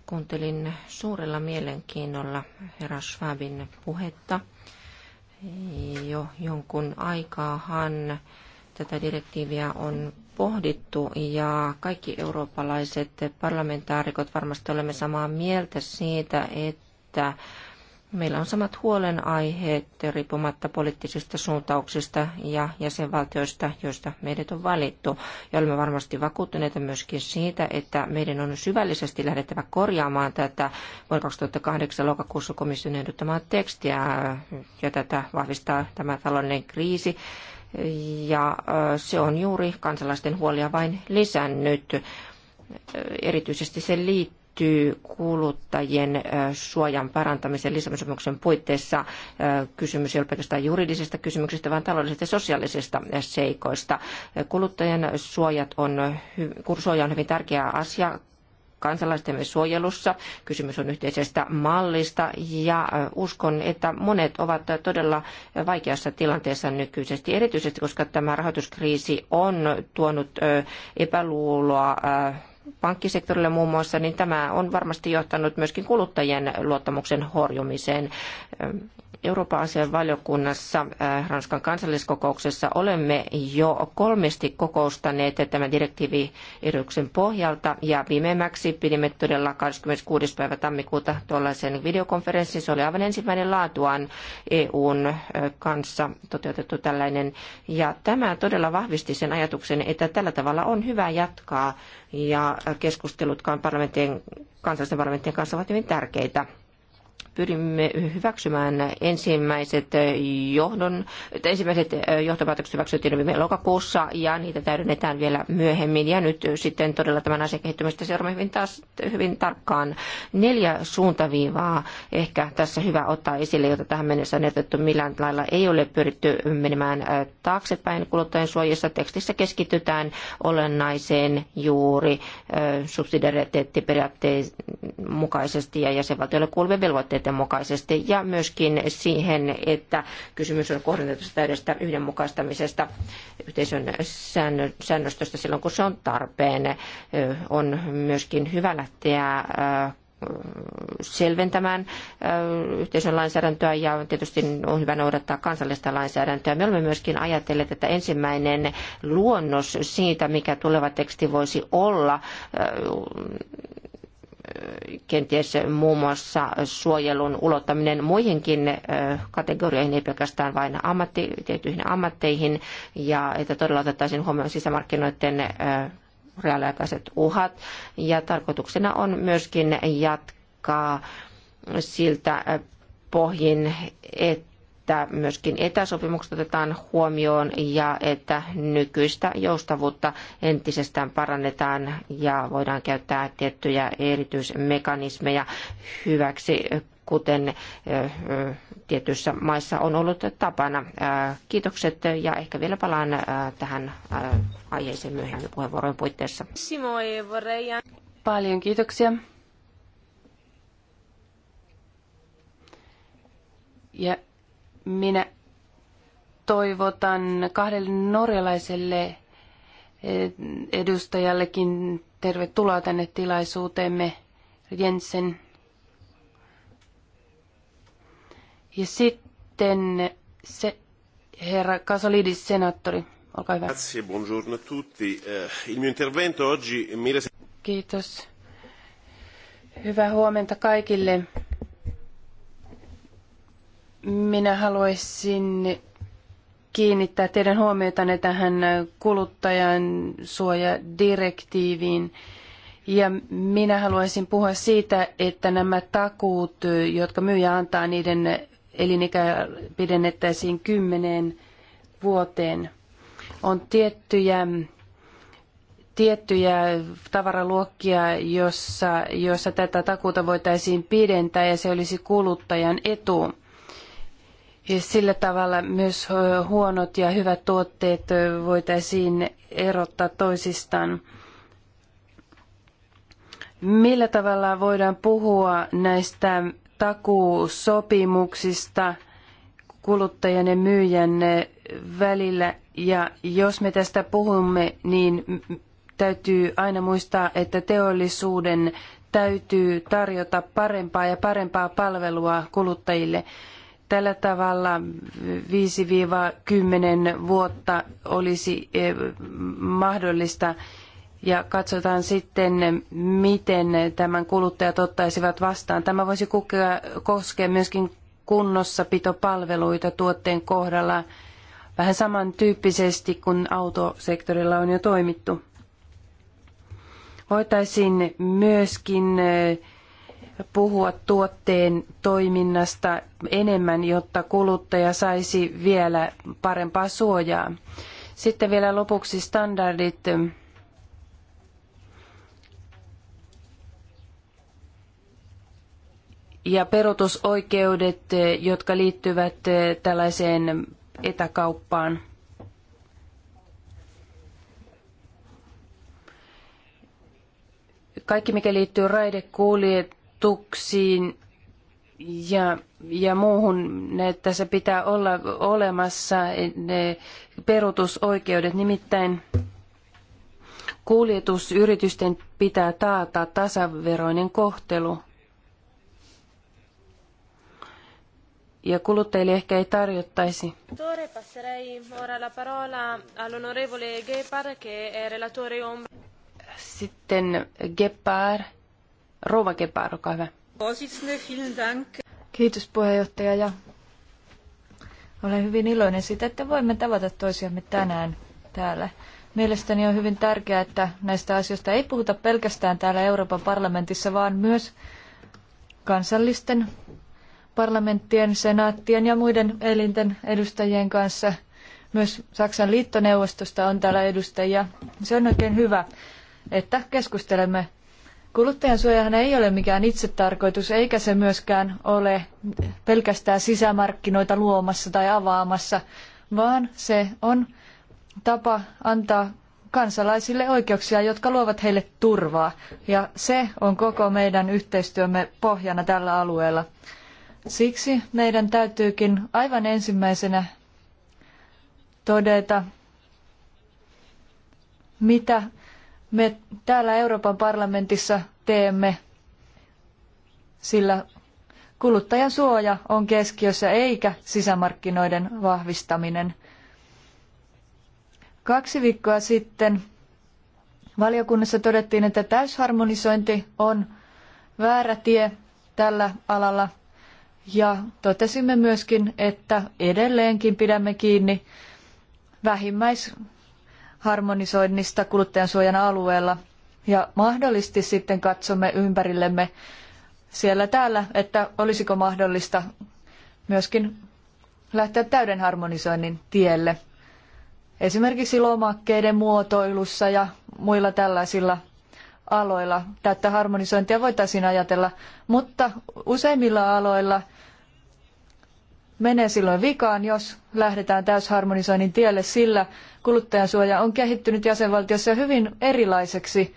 Kuuntelin suurella mielenkiinnolla herra Schwabin puhetta. Jo jonkun aikaa hän tätä direktiiviä on pohdittu ja kaikki eurooppalaiset parlamentaarikot varmasti olemme samaa mieltä siitä, että meillä on samat huolenaiheet riippumatta poliittisista suuntauksista ja jäsenvaltioista, joista meidät on valittu. Ja olemme varmasti vakuuttuneita myöskin siitä, että meidän on syvällisesti lähdettävä korjaamaan tätä vuonna 2008 lokakuussa komission ehdottamaa tekstiä ja tätä vahvistaa tämä taloudellinen kriisi ja se on juuri kansalaisten huolia vain lisännyt. Erityisesti se liittyy kuluttajien suojan parantamiseen lisämisopimuksen puitteissa. Kysymys ei ole pelkästään juridisesta kysymyksestä, vaan taloudellisista ja sosiaalisista seikoista. Kuluttajien suojat on, suoja on hyvin tärkeä asia kansalaistemme suojelussa. Kysymys on yhteisestä mallista ja uskon, että monet ovat todella vaikeassa tilanteessa nykyisesti, erityisesti koska tämä rahoituskriisi on tuonut epäluuloa pankkisektorilla muun muassa, niin tämä on varmasti johtanut myöskin kuluttajien luottamuksen horjumiseen. Euroopan asian valiokunnassa äh, Ranskan kansalliskokouksessa olemme jo kolmesti kokoustaneet tämän direktiiviehdotuksen pohjalta ja viimeimmäksi pidimme todella 26. päivä tammikuuta tuollaisen videokonferenssin. Se oli aivan ensimmäinen laatuaan EUn äh, kanssa toteutettu tällainen ja tämä todella vahvisti sen ajatuksen, että tällä tavalla on hyvä jatkaa ja keskustelutkaan parlamenttien, kansallisten parlamenttien kanssa ovat hyvin tärkeitä pyrimme hyväksymään ensimmäiset, eh, johdon, ensimmäiset eh, johtopäätökset hyväksyttiin viime lokakuussa ja niitä täydennetään vielä myöhemmin. Ja nyt sitten todella tämän asian kehittymistä seuraamme hyvin, taas, hyvin tarkkaan. Neljä suuntaviivaa ehkä tässä hyvä ottaa esille, jota tähän mennessä on jätetty millään lailla ei ole pyritty menemään eh, taaksepäin kuluttajan suojassa. Tekstissä keskitytään olennaiseen juuri subsidiariteettiperiaatteen mukaisesti ja jäsenvaltioille kuuluvien velvoitteiden periaatteiden mukaisesti ja myöskin siihen, että kysymys on kohdennetusta täydestä yhdenmukaistamisesta yhteisön säännöstöstä silloin, kun se on tarpeen. On myöskin hyvä lähteä selventämään yhteisön lainsäädäntöä ja tietysti on hyvä noudattaa kansallista lainsäädäntöä. Me olemme myöskin ajatelleet, että ensimmäinen luonnos siitä, mikä tuleva teksti voisi olla, kenties muun muassa suojelun ulottaminen muihinkin kategorioihin, ei pelkästään vain ammatti, tiettyihin ammatteihin, ja että todella otettaisiin huomioon sisämarkkinoiden reaaliaikaiset uhat. Ja tarkoituksena on myöskin jatkaa siltä pohjin, että että myöskin etäsopimukset otetaan huomioon ja että nykyistä joustavuutta entisestään parannetaan ja voidaan käyttää tiettyjä erityismekanismeja hyväksi kuten tietyissä maissa on ollut tapana. Kiitokset ja ehkä vielä palaan tähän aiheeseen myöhemmin puheenvuorojen puitteissa. Paljon kiitoksia. Ja minä toivotan kahdelle norjalaiselle eh, edustajallekin tervetuloa tänne tilaisuuteemme, Jensen. Ja sitten se herra Kasolidis, senaattori, olkaa hyvä. Grazie, buongiorno a tutti. Eh, il mio intervento oggi... Kiitos. Hyvää huomenta kaikille. Minä haluaisin kiinnittää teidän huomiotanne tähän kuluttajan suojadirektiiviin. Ja minä haluaisin puhua siitä, että nämä takuut, jotka myyjä antaa, niiden elinikä pidennettäisiin kymmeneen vuoteen. On tiettyjä, tiettyjä tavaraluokkia, jossa, jossa tätä takuuta voitaisiin pidentää ja se olisi kuluttajan etu. Sillä tavalla myös huonot ja hyvät tuotteet voitaisiin erottaa toisistaan. Millä tavalla voidaan puhua näistä takuusopimuksista kuluttajan ja myyjän välillä? Ja jos me tästä puhumme, niin täytyy aina muistaa, että teollisuuden täytyy tarjota parempaa ja parempaa palvelua kuluttajille. Tällä tavalla 5-10 vuotta olisi eh, mahdollista ja katsotaan sitten, miten tämän kuluttajat ottaisivat vastaan. Tämä voisi koskea myöskin kunnossapitopalveluita tuotteen kohdalla vähän samantyyppisesti kuin autosektorilla on jo toimittu. Voitaisiin myöskin eh, puhua tuotteen toiminnasta enemmän, jotta kuluttaja saisi vielä parempaa suojaa. Sitten vielä lopuksi standardit. Ja perutusoikeudet, jotka liittyvät tällaiseen etäkauppaan. Kaikki, mikä liittyy raidekuljetuksiin, vakuutuksiin ja, ja muuhun, että se pitää olla olemassa ne perutusoikeudet. Nimittäin kuljetusyritysten pitää taata tasaveroinen kohtelu. ja kuluttajille ehkä ei tarjottaisi. Sitten Gepard, Rouva Gebhard, olkaa hyvä. Kiitos puheenjohtaja ja olen hyvin iloinen siitä, että voimme tavata toisiamme tänään täällä. Mielestäni on hyvin tärkeää, että näistä asioista ei puhuta pelkästään täällä Euroopan parlamentissa, vaan myös kansallisten parlamenttien, senaattien ja muiden elinten edustajien kanssa. Myös Saksan liittoneuvostosta on täällä edustajia. Se on oikein hyvä, että keskustelemme Kuluttajansuojahan ei ole mikään itsetarkoitus, eikä se myöskään ole pelkästään sisämarkkinoita luomassa tai avaamassa, vaan se on tapa antaa kansalaisille oikeuksia, jotka luovat heille turvaa. Ja se on koko meidän yhteistyömme pohjana tällä alueella. Siksi meidän täytyykin aivan ensimmäisenä todeta, mitä me täällä Euroopan parlamentissa teemme, sillä kuluttajan suoja on keskiössä eikä sisämarkkinoiden vahvistaminen. Kaksi viikkoa sitten valiokunnassa todettiin, että täysharmonisointi on väärä tie tällä alalla ja totesimme myöskin, että edelleenkin pidämme kiinni vähimmäis harmonisoinnista kuluttajansuojan alueella ja mahdollisesti sitten katsomme ympärillemme siellä täällä, että olisiko mahdollista myöskin lähteä täyden harmonisoinnin tielle. Esimerkiksi lomakkeiden muotoilussa ja muilla tällaisilla aloilla täyttä harmonisointia voitaisiin ajatella, mutta useimmilla aloilla menee silloin vikaan, jos lähdetään täysharmonisoinnin tielle sillä, kuluttajansuoja on kehittynyt jäsenvaltiossa hyvin erilaiseksi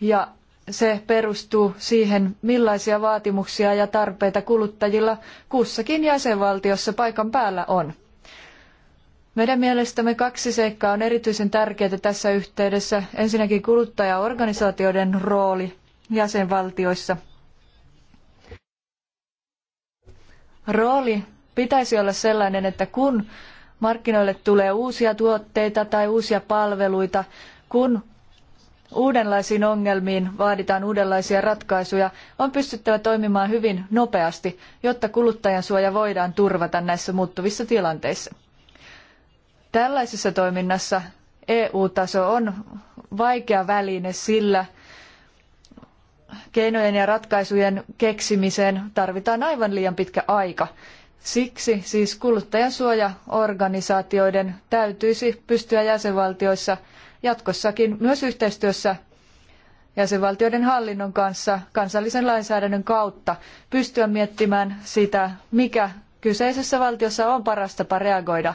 ja se perustuu siihen, millaisia vaatimuksia ja tarpeita kuluttajilla kussakin jäsenvaltiossa paikan päällä on. Meidän mielestämme kaksi seikkaa on erityisen tärkeää tässä yhteydessä. Ensinnäkin kuluttajaorganisaatioiden rooli jäsenvaltioissa. Rooli pitäisi olla sellainen, että kun markkinoille tulee uusia tuotteita tai uusia palveluita, kun uudenlaisiin ongelmiin vaaditaan uudenlaisia ratkaisuja, on pystyttävä toimimaan hyvin nopeasti, jotta kuluttajan suoja voidaan turvata näissä muuttuvissa tilanteissa. Tällaisessa toiminnassa EU-taso on vaikea väline, sillä keinojen ja ratkaisujen keksimiseen tarvitaan aivan liian pitkä aika. Siksi siis kuluttajansuojaorganisaatioiden täytyisi pystyä jäsenvaltioissa jatkossakin myös yhteistyössä jäsenvaltioiden hallinnon kanssa kansallisen lainsäädännön kautta pystyä miettimään sitä, mikä kyseisessä valtiossa on paras tapa reagoida.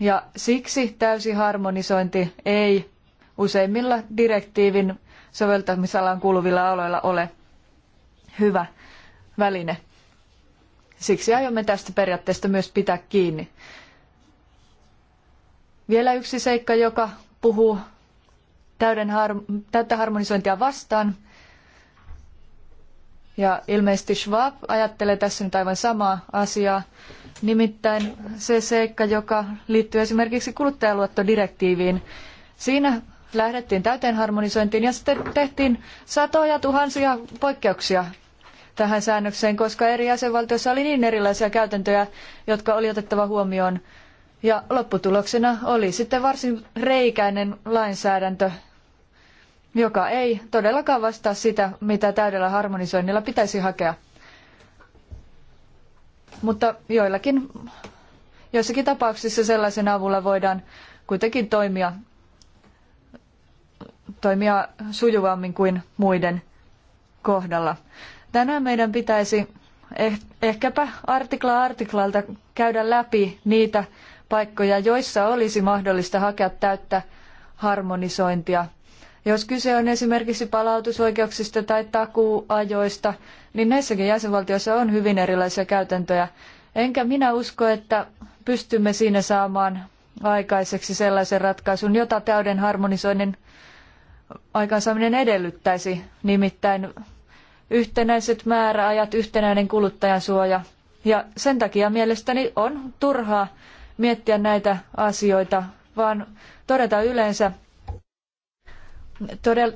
Ja siksi täysi harmonisointi ei useimmilla direktiivin soveltamisalaan kuuluvilla aloilla ole hyvä väline. Siksi aiomme tästä periaatteesta myös pitää kiinni. Vielä yksi seikka, joka puhuu täyden har- täyttä harmonisointia vastaan. Ja ilmeisesti Schwab ajattelee tässä nyt aivan samaa asiaa. Nimittäin se seikka, joka liittyy esimerkiksi kuluttajaluottodirektiiviin. Siinä lähdettiin täyteen harmonisointiin ja sitten tehtiin satoja tuhansia poikkeuksia tähän säännökseen, koska eri jäsenvaltioissa oli niin erilaisia käytäntöjä, jotka oli otettava huomioon. Ja lopputuloksena oli sitten varsin reikäinen lainsäädäntö, joka ei todellakaan vastaa sitä, mitä täydellä harmonisoinnilla pitäisi hakea. Mutta joillakin, joissakin tapauksissa sellaisen avulla voidaan kuitenkin toimia, toimia sujuvammin kuin muiden kohdalla. Tänään meidän pitäisi eh, ehkäpä artikla artiklalta käydä läpi niitä paikkoja, joissa olisi mahdollista hakea täyttä harmonisointia. Jos kyse on esimerkiksi palautusoikeuksista tai takuuajoista, niin näissäkin jäsenvaltioissa on hyvin erilaisia käytäntöjä. Enkä minä usko, että pystymme siinä saamaan aikaiseksi sellaisen ratkaisun, jota täyden harmonisoinnin aikaansaaminen edellyttäisi, nimittäin yhtenäiset määräajat, yhtenäinen kuluttajansuoja. Ja sen takia mielestäni on turhaa miettiä näitä asioita, vaan todeta yleensä,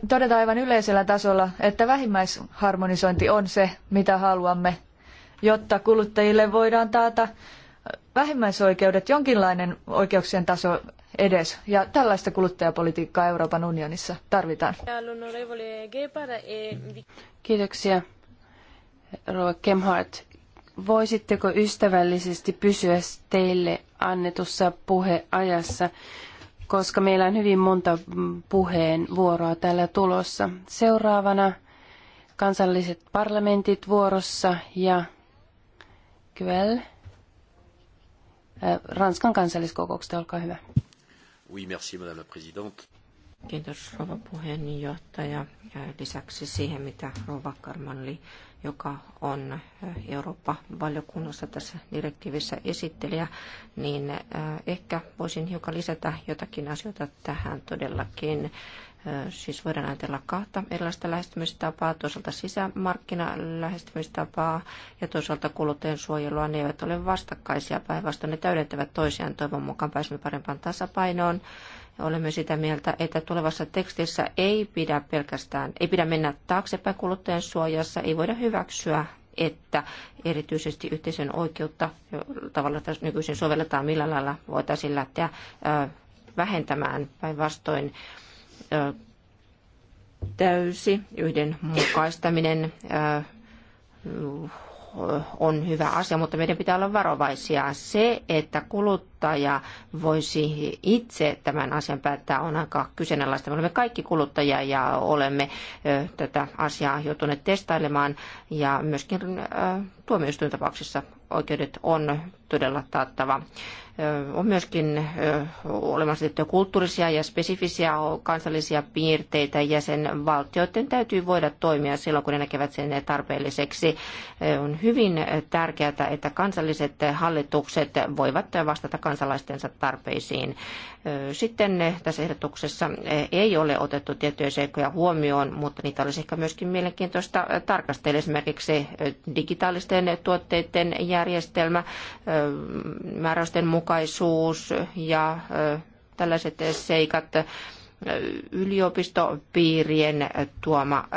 todeta aivan yleisellä tasolla, että vähimmäisharmonisointi on se, mitä haluamme, jotta kuluttajille voidaan taata vähimmäisoikeudet, jonkinlainen oikeuksien taso edes. Ja tällaista kuluttajapolitiikkaa Euroopan unionissa tarvitaan. Kiitoksia, Rova Kemhart. Voisitteko ystävällisesti pysyä teille annetussa puheajassa, koska meillä on hyvin monta puheen vuoroa täällä tulossa. Seuraavana kansalliset parlamentit vuorossa ja Kyel. Ranskan kansalliskokouksesta. Olkaa hyvä. Oui, merci, madame la présidente. Kiitos rouva puheenjohtaja. Lisäksi siihen, mitä rouva Karmanli, joka on Eurooppa-valiokunnassa tässä direktiivissä esittelijä, niin ehkä voisin hiukan lisätä jotakin asioita tähän todellakin Siis voidaan ajatella kahta erilaista lähestymistapaa, toisaalta sisämarkkinalähestymistapaa ja toisaalta kuluttajien suojelua. Ne eivät ole vastakkaisia, päinvastoin ne täydentävät toisiaan. Toivon mukaan pääsemme parempaan tasapainoon olemme sitä mieltä, että tulevassa tekstissä ei pidä pelkästään, ei pidä mennä taaksepäin kuluttajien suojassa, ei voida hyväksyä että erityisesti yhteisön oikeutta tavalla nykyisin sovelletaan millä lailla voitaisiin lähteä vähentämään päinvastoin. vastoin täysi yhdenmukaistaminen on hyvä asia, mutta meidän pitää olla varovaisia. Se, että kuluttaja voisi itse tämän asian päättää, on aika kyseenalaista. Me olemme kaikki kuluttajia ja olemme tätä asiaa joutuneet testailemaan ja myöskin tuomioistuintapauksissa oikeudet on todella taattava on myöskin olemassa tiettyjä kulttuurisia ja spesifisiä kansallisia piirteitä. Jäsenvaltioiden täytyy voida toimia silloin, kun ne näkevät sen tarpeelliseksi. On hyvin tärkeää, että kansalliset hallitukset voivat vastata kansalaistensa tarpeisiin. Sitten tässä ehdotuksessa ei ole otettu tiettyjä seikkoja huomioon, mutta niitä olisi ehkä myöskin mielenkiintoista tarkastella. Esimerkiksi digitaalisten tuotteiden järjestelmä määräysten mukaan johdonmukaisuus ja tällaiset seikat, yliopistopiirien tuoma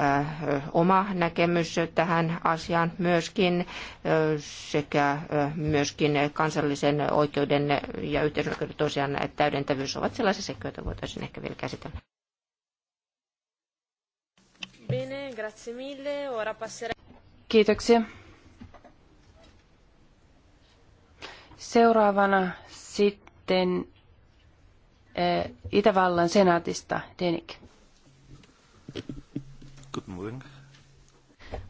oma näkemys tähän asiaan myöskin sekä myöskin kansallisen oikeuden ja yhteisöoikeuden tosiaan täydentävyys ovat sellaisia seikkoja, joita voitaisiin ehkä vielä käsitellä. Bene, grazie mille. Ora Kiitoksia. Seuraavana sitten eh, Itävallan senaatista Denik. Good morning.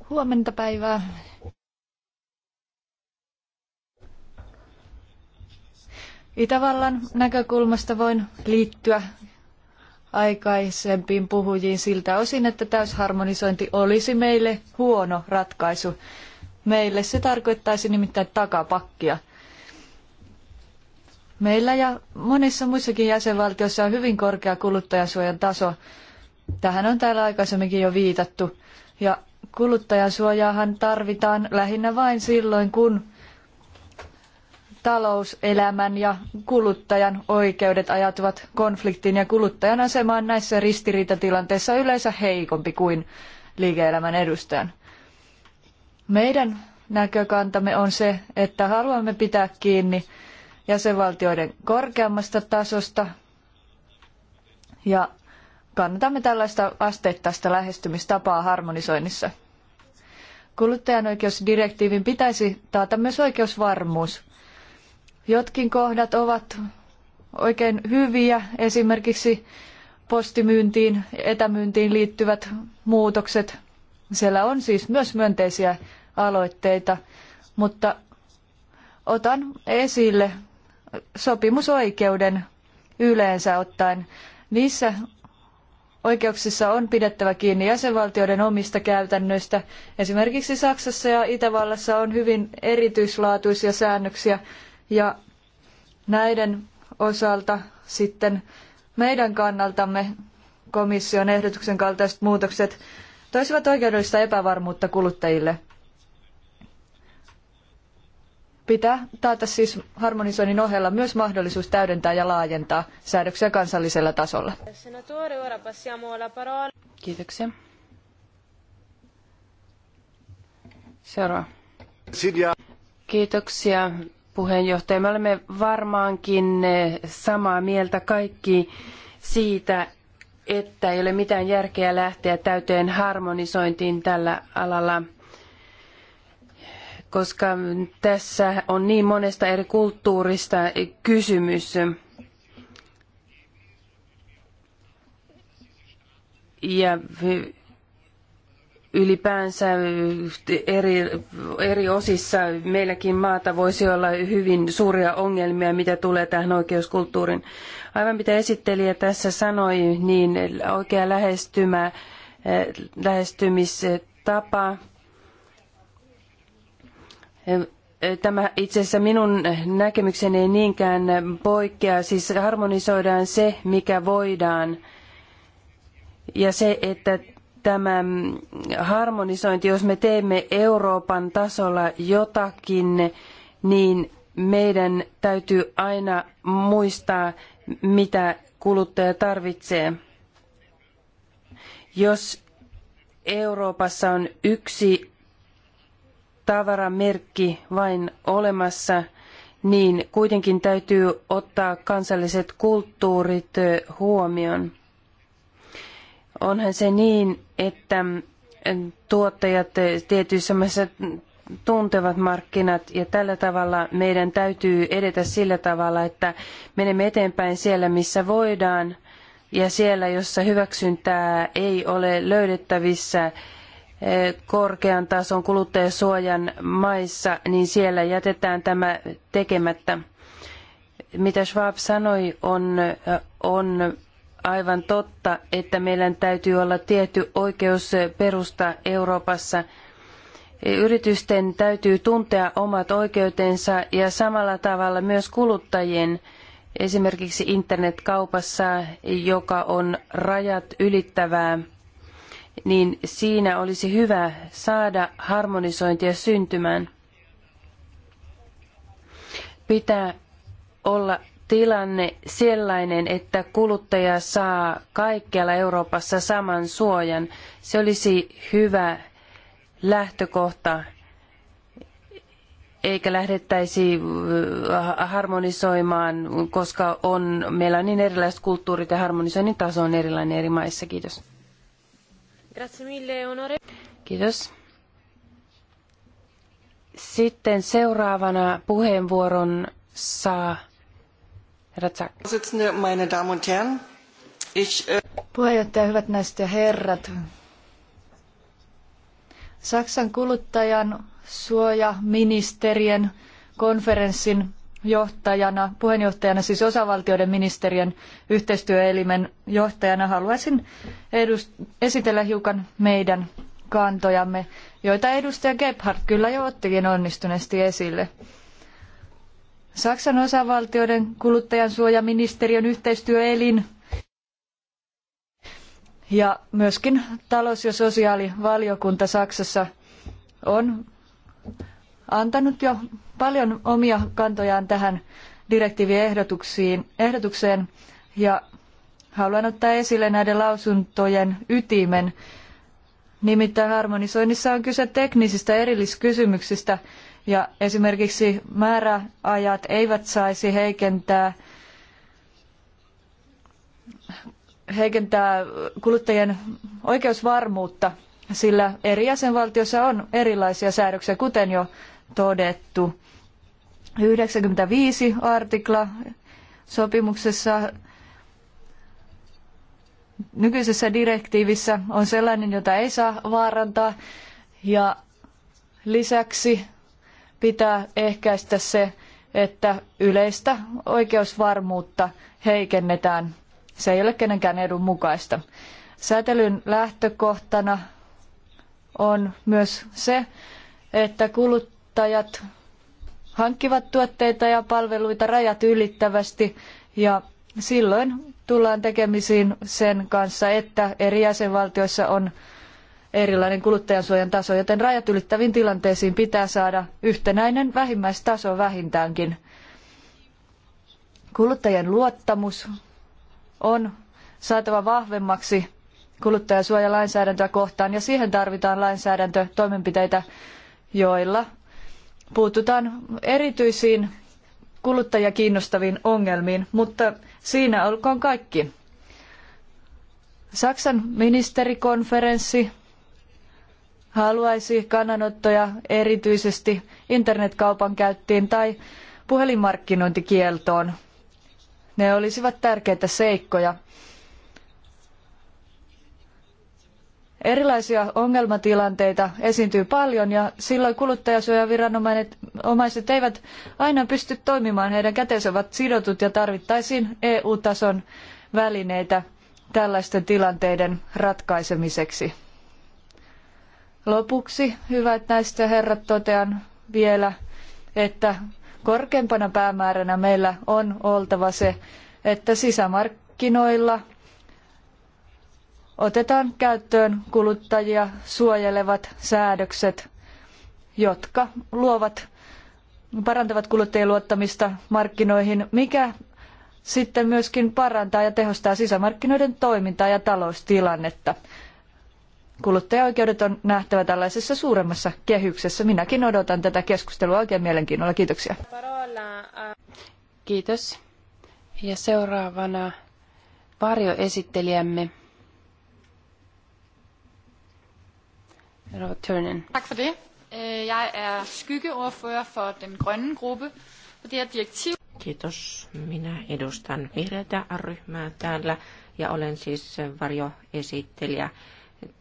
Huomenta päivää. Itävallan näkökulmasta voin liittyä aikaisempiin puhujiin siltä osin, että täysharmonisointi olisi meille huono ratkaisu. Meille se tarkoittaisi nimittäin takapakkia – Meillä ja monissa muissakin jäsenvaltioissa on hyvin korkea kuluttajansuojan taso. Tähän on täällä aikaisemminkin jo viitattu. Ja kuluttajansuojaahan tarvitaan lähinnä vain silloin, kun talouselämän ja kuluttajan oikeudet ajatuvat konfliktiin ja kuluttajan asema on näissä ristiriitatilanteissa yleensä heikompi kuin liike-elämän edustajan. Meidän näkökantamme on se, että haluamme pitää kiinni jäsenvaltioiden korkeammasta tasosta ja kannatamme tällaista asteittaista lähestymistapaa harmonisoinnissa. Kuluttajan oikeusdirektiivin pitäisi taata myös oikeusvarmuus. Jotkin kohdat ovat oikein hyviä, esimerkiksi postimyyntiin, etämyyntiin liittyvät muutokset. Siellä on siis myös myönteisiä aloitteita, mutta otan esille sopimusoikeuden yleensä ottaen. Niissä oikeuksissa on pidettävä kiinni jäsenvaltioiden omista käytännöistä. Esimerkiksi Saksassa ja Itävallassa on hyvin erityislaatuisia säännöksiä ja näiden osalta sitten meidän kannaltamme komission ehdotuksen kaltaiset muutokset toisivat oikeudellista epävarmuutta kuluttajille. Pitää taata siis harmonisoinnin ohella myös mahdollisuus täydentää ja laajentaa säädöksiä kansallisella tasolla. Kiitoksia. Seuraava. Kiitoksia puheenjohtaja. Me olemme varmaankin eh, samaa mieltä kaikki siitä, että ei ole mitään järkeä lähteä täyteen harmonisointiin tällä alalla – koska tässä on niin monesta eri kulttuurista kysymys. Ja ylipäänsä eri, eri osissa meilläkin maata voisi olla hyvin suuria ongelmia, mitä tulee tähän oikeuskulttuuriin. Aivan mitä esittelijä tässä sanoi, niin oikea lähestymä, eh, lähestymistapa E, tämä itse asiassa minun näkemykseni ei niinkään poikkea, siis harmonisoidaan se, mikä voidaan. Ja se, että tämä mm, harmonisointi, jos me teemme Euroopan tasolla jotakin, niin meidän täytyy aina muistaa, mitä kuluttaja tarvitsee. Jos Euroopassa on yksi tavaramerkki vain olemassa, niin kuitenkin täytyy ottaa kansalliset kulttuurit huomioon. Onhan se niin, että tuottajat tietyissä maissa tuntevat markkinat ja tällä tavalla meidän täytyy edetä sillä tavalla, että menemme eteenpäin siellä, missä voidaan ja siellä, jossa hyväksyntää ei ole löydettävissä, korkean tason kuluttajasuojan maissa, niin siellä jätetään tämä tekemättä. Mitä Schwab sanoi, on, on aivan totta, että meillä täytyy olla tietty oikeusperusta Euroopassa. Yritysten täytyy tuntea omat oikeutensa ja samalla tavalla myös kuluttajien esimerkiksi internetkaupassa, joka on rajat ylittävää niin siinä olisi hyvä saada harmonisointia syntymään. Pitää olla tilanne sellainen, että kuluttaja saa kaikkialla Euroopassa saman suojan. Se olisi hyvä lähtökohta, eikä lähdettäisi äh, harmonisoimaan, koska on, meillä on niin erilaiset kulttuurit ja harmonisoinnin taso on erilainen eri maissa. Kiitos. Kiitos. Sitten seuraavana puheenvuoron saa Ratsak. Meine Damen und Herren, ich, äh, Puheenjohtaja, hyvät naiset ja herrat. Saksan kuluttajan suojaministerien konferenssin johtajana, puheenjohtajana, siis osavaltioiden ministerien yhteistyöelimen johtajana haluaisin esitellä hiukan meidän kantojamme, joita edustaja Gebhardt kyllä jo ottikin onnistuneesti esille. Saksan osavaltioiden kuluttajansuojaministeriön yhteistyöelin ja myöskin talous- ja sosiaalivaliokunta Saksassa on antanut jo paljon omia kantojaan tähän direktiiviehdotuksiin ehdotukseen ja haluan ottaa esille näiden lausuntojen ytimen. Nimittäin harmonisoinnissa on kyse teknisistä erilliskysymyksistä ja esimerkiksi määräajat eivät saisi heikentää heikentää kuluttajien oikeusvarmuutta, sillä eri jäsenvaltioissa on erilaisia säädöksiä, kuten jo todettu. 95 artikla sopimuksessa nykyisessä direktiivissä on sellainen, jota ei saa vaarantaa ja lisäksi pitää ehkäistä se, että yleistä oikeusvarmuutta heikennetään. Se ei ole kenenkään edun mukaista. Säätelyn lähtökohtana on myös se, että kulut kuluttajat hankkivat tuotteita ja palveluita rajat ylittävästi ja silloin tullaan tekemisiin sen kanssa, että eri jäsenvaltioissa on erilainen kuluttajansuojan taso, joten rajat ylittäviin tilanteisiin pitää saada yhtenäinen vähimmäistaso vähintäänkin. Kuluttajien luottamus on saatava vahvemmaksi kuluttajansuojalainsäädäntöä kohtaan ja siihen tarvitaan lainsäädäntötoimenpiteitä, joilla puututaan erityisiin kuluttajia kiinnostaviin ongelmiin, mutta siinä olkoon kaikki. Saksan ministerikonferenssi haluaisi kannanottoja erityisesti internetkaupan käyttiin tai puhelinmarkkinointikieltoon. Ne olisivat tärkeitä seikkoja. Erilaisia ongelmatilanteita esiintyy paljon ja silloin kuluttajasuojaviranomaiset eivät aina pysty toimimaan. Heidän kätensä ovat sidotut ja tarvittaisiin EU-tason välineitä tällaisten tilanteiden ratkaisemiseksi. Lopuksi, hyvät naiset ja herrat, totean vielä, että korkeimpana päämääränä meillä on oltava se, että sisämarkkinoilla – otetaan käyttöön kuluttajia suojelevat säädökset, jotka luovat, parantavat kuluttajien luottamista markkinoihin, mikä sitten myöskin parantaa ja tehostaa sisämarkkinoiden toimintaa ja taloustilannetta. Kuluttajaoikeudet on nähtävä tällaisessa suuremmassa kehyksessä. Minäkin odotan tätä keskustelua oikein mielenkiinnolla. Kiitoksia. Kiitos. Ja seuraavana varjoesittelijämme Turnen. Tak for det. Øh, jeg er skyggeordfører for den grønne gruppe det her direktiv. Kiitos. Minä edustan vihreätä ryhmää täällä ja olen siis varjoesittelijä.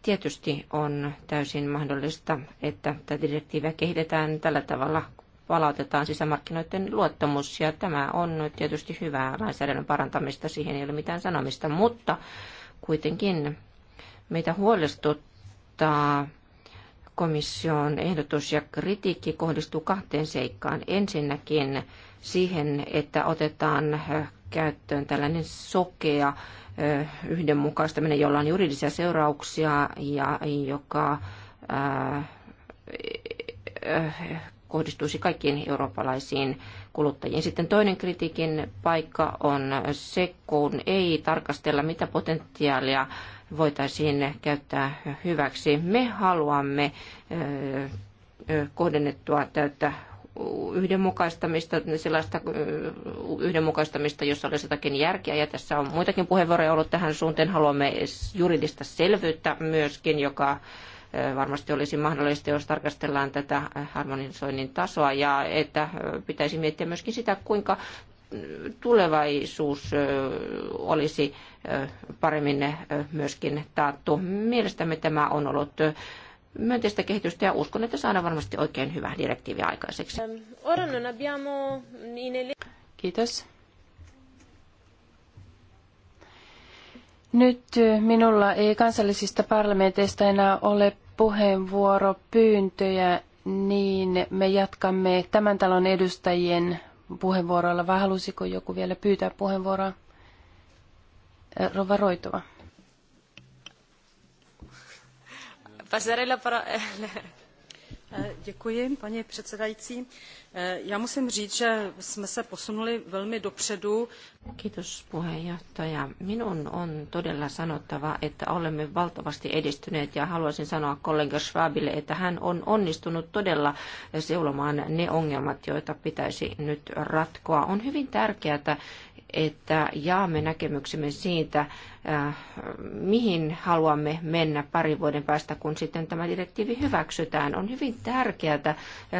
Tietysti on täysin mahdollista, että tätä direktiiviä kehitetään tällä tavalla, palautetaan sisämarkkinoiden luottamus ja tämä on tietysti hyvää lainsäädännön parantamista, siihen ei ole mitään sanomista, mutta kuitenkin meitä huolestuttaa komission ehdotus ja kritiikki kohdistuu kahteen seikkaan. Ensinnäkin siihen, että otetaan äh, käyttöön tällainen sokea äh, yhdenmukaistaminen, jolla on juridisia seurauksia ja joka äh, kohdistuisi kaikkiin eurooppalaisiin kuluttajiin. Sitten toinen kritiikin paikka on se, kun ei tarkastella, mitä potentiaalia voitaisiin käyttää hyväksi. Me haluamme kohdennettua täyttä yhdenmukaistamista, sellaista yhdenmukaistamista, jossa olisi jotakin järkeä. Ja tässä on muitakin puheenvuoroja ollut tähän suuntaan. Haluamme juridista selvyyttä myöskin, joka varmasti olisi mahdollista, jos tarkastellaan tätä harmonisoinnin tasoa ja että pitäisi miettiä myöskin sitä, kuinka tulevaisuus olisi paremmin myöskin taattu. Mielestämme tämä on ollut myönteistä kehitystä ja uskon, että saadaan varmasti oikein hyvä direktiivi aikaiseksi. Kiitos. Nyt minulla ei kansallisista parlamenteista enää ole puheenvuoropyyntöjä, niin me jatkamme tämän talon edustajien puheenvuoroilla, vai halusiko joku vielä pyytää puheenvuoroa? Rova Roitova. Pasarella para... [LAUGHS] Eh, paní předsedající. Eh, já musím říct, že jsme se posunuli velmi dopředu. Kiitos Minun on todella sanottava, että olemme valtavasti edistyneet ja haluaisin sanoa kollega Schwabille, että hän on onnistunut todella seulomaan ne ongelmat, joita pitäisi nyt ratkoa. On hyvin tärkeää, että jaamme näkemyksemme siitä, äh, mihin haluamme mennä parin vuoden päästä, kun sitten tämä direktiivi hyväksytään. On hyvin tärkeää äh,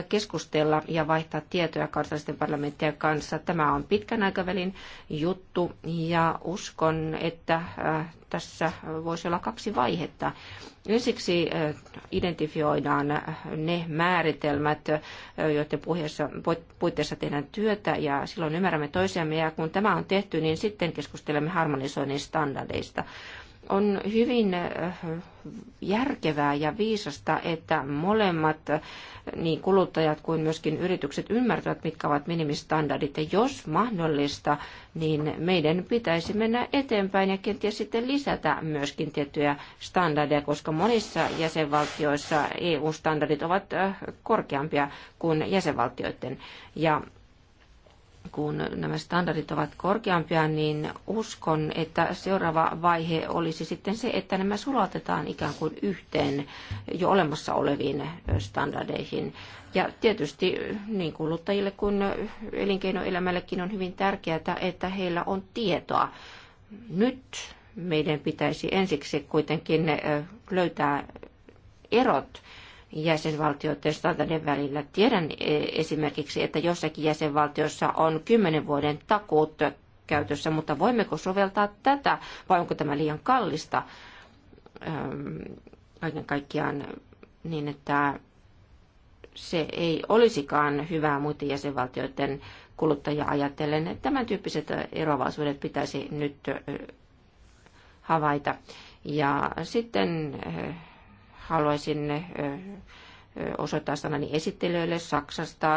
keskustella ja vaihtaa tietoja kansallisten parlamenttien kanssa. Tämä on pitkän aikavälin juttu ja uskon, että äh, tässä voisi olla kaksi vaihetta. Ensiksi identifioidaan ne määritelmät, joiden puitteissa tehdään työtä ja silloin ymmärrämme toisiamme ja kun tämä on tehty, niin sitten keskustelemme harmonisoinnin standardeista on hyvin eh, järkevää ja viisasta, että molemmat, eh, niin kuluttajat kuin myöskin yritykset, ymmärtävät, mitkä ovat minimistandardit. Ja jos mahdollista, niin meidän pitäisi mennä eteenpäin ja kenties sitten lisätä myöskin tiettyjä standardeja, koska monissa jäsenvaltioissa EU-standardit ovat eh, korkeampia kuin jäsenvaltioiden. Ja kun nämä standardit ovat korkeampia, niin uskon, että seuraava vaihe olisi sitten se, että nämä sulatetaan ikään kuin yhteen jo olemassa oleviin standardeihin. Ja tietysti niin kuluttajille kuin elinkeinoelämällekin on hyvin tärkeää, että heillä on tietoa. Nyt meidän pitäisi ensiksi kuitenkin löytää erot jäsenvaltioiden standardien välillä. Tiedän e, esimerkiksi, että jossakin jäsenvaltiossa on 10 vuoden takuut käytössä, mutta voimmeko soveltaa tätä vai onko tämä liian kallista kaiken kaikkiaan niin, että se ei olisikaan hyvää muiden jäsenvaltioiden kuluttajia ajatellen. tämän tyyppiset eroavaisuudet pitäisi nyt havaita. Ja sitten haluaisin osoittaa sanani esittelijöille Saksasta,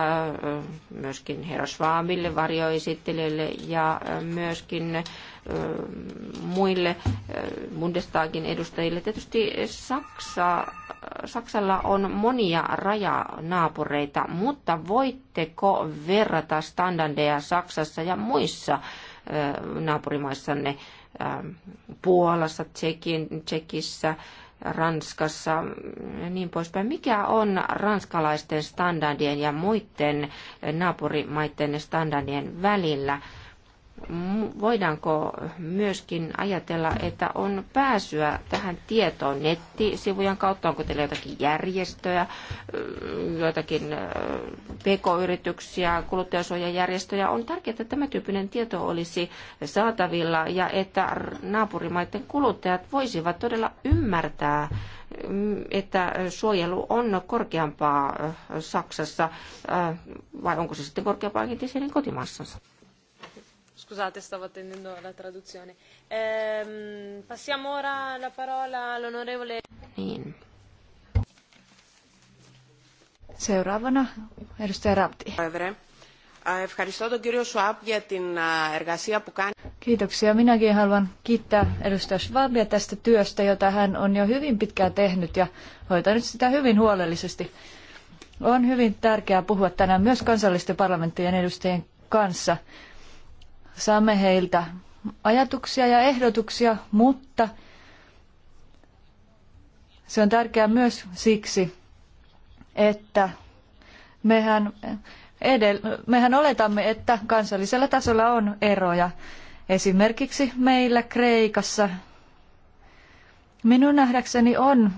myöskin herra Schwabille, varjoesittelijöille ja myöskin muille Bundestagin edustajille. Tietysti Saksa, Saksalla on monia rajanaapureita, mutta voitteko verrata standardeja Saksassa ja muissa naapurimaissanne Puolassa, Tsekin, Tsekissä, Ranskassa ja niin poispäin. Mikä on ranskalaisten standardien ja muiden naapurimaiden standardien välillä? voidaanko myöskin ajatella, että on pääsyä tähän tietoon nettisivujen kautta? Onko teillä jotakin järjestöjä, joitakin pk-yrityksiä, kuluttajasuojajärjestöjä? On tärkeää, että tämä tyyppinen tieto olisi saatavilla ja että naapurimaiden kuluttajat voisivat todella ymmärtää, että suojelu on korkeampaa Saksassa, vai onko se sitten korkeampaa entisen kotimaassansa? Scusate, stavo attendendo la traduzione. Ehm, passiamo ora la parola all'onorevole... Niin. Seuraavana edustaja Rapti. Kiitoksia. Minäkin haluan kiittää edustaja Schwabia tästä työstä, jota hän on jo hyvin pitkään tehnyt ja hoitanut sitä hyvin huolellisesti. On hyvin tärkeää puhua tänään myös kansallisten parlamenttien edustajien kanssa. Saamme heiltä ajatuksia ja ehdotuksia, mutta se on tärkeää myös siksi, että mehän, edel- mehän oletamme, että kansallisella tasolla on eroja. Esimerkiksi meillä Kreikassa minun nähdäkseni on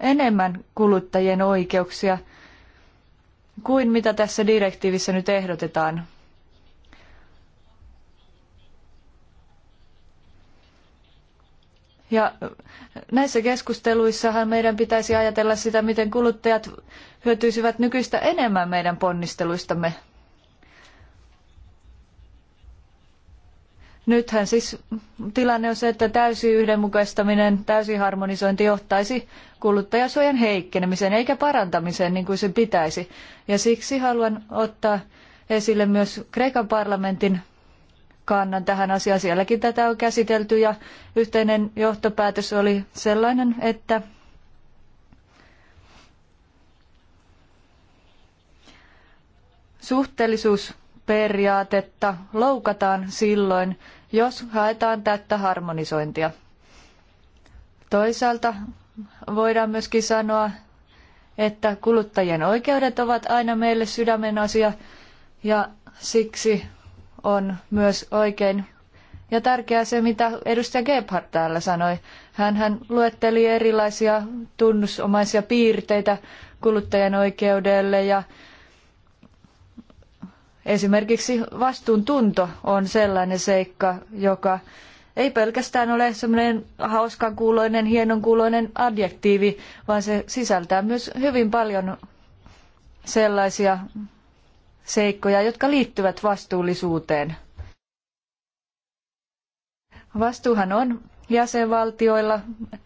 enemmän kuluttajien oikeuksia kuin mitä tässä direktiivissä nyt ehdotetaan. Ja äh, näissä keskusteluissahan meidän pitäisi ajatella sitä, miten kuluttajat hyötyisivät nykyistä enemmän meidän ponnisteluistamme. Nythän siis tilanne on se, että täysi yhdenmukaistaminen, täysi harmonisointi johtaisi kuluttajasuojan heikkenemiseen eikä parantamiseen niin kuin se pitäisi. Ja siksi haluan ottaa esille myös Kreikan parlamentin kannan tähän asiaan. Sielläkin tätä on käsitelty ja yhteinen johtopäätös oli sellainen, että suhteellisuusperiaatetta loukataan silloin, jos haetaan täyttä harmonisointia. Toisaalta voidaan myöskin sanoa, että kuluttajien oikeudet ovat aina meille sydämenasia ja siksi on myös oikein ja tärkeää se, mitä edustaja Gebhardt täällä sanoi. Hän luetteli erilaisia tunnusomaisia piirteitä kuluttajan oikeudelle ja esimerkiksi vastuuntunto on sellainen seikka, joka ei pelkästään ole semmoinen hauskan kuuloinen, hienon kuuloinen adjektiivi, vaan se sisältää myös hyvin paljon sellaisia seikkoja, jotka liittyvät vastuullisuuteen. Vastuuhan on jäsenvaltioilla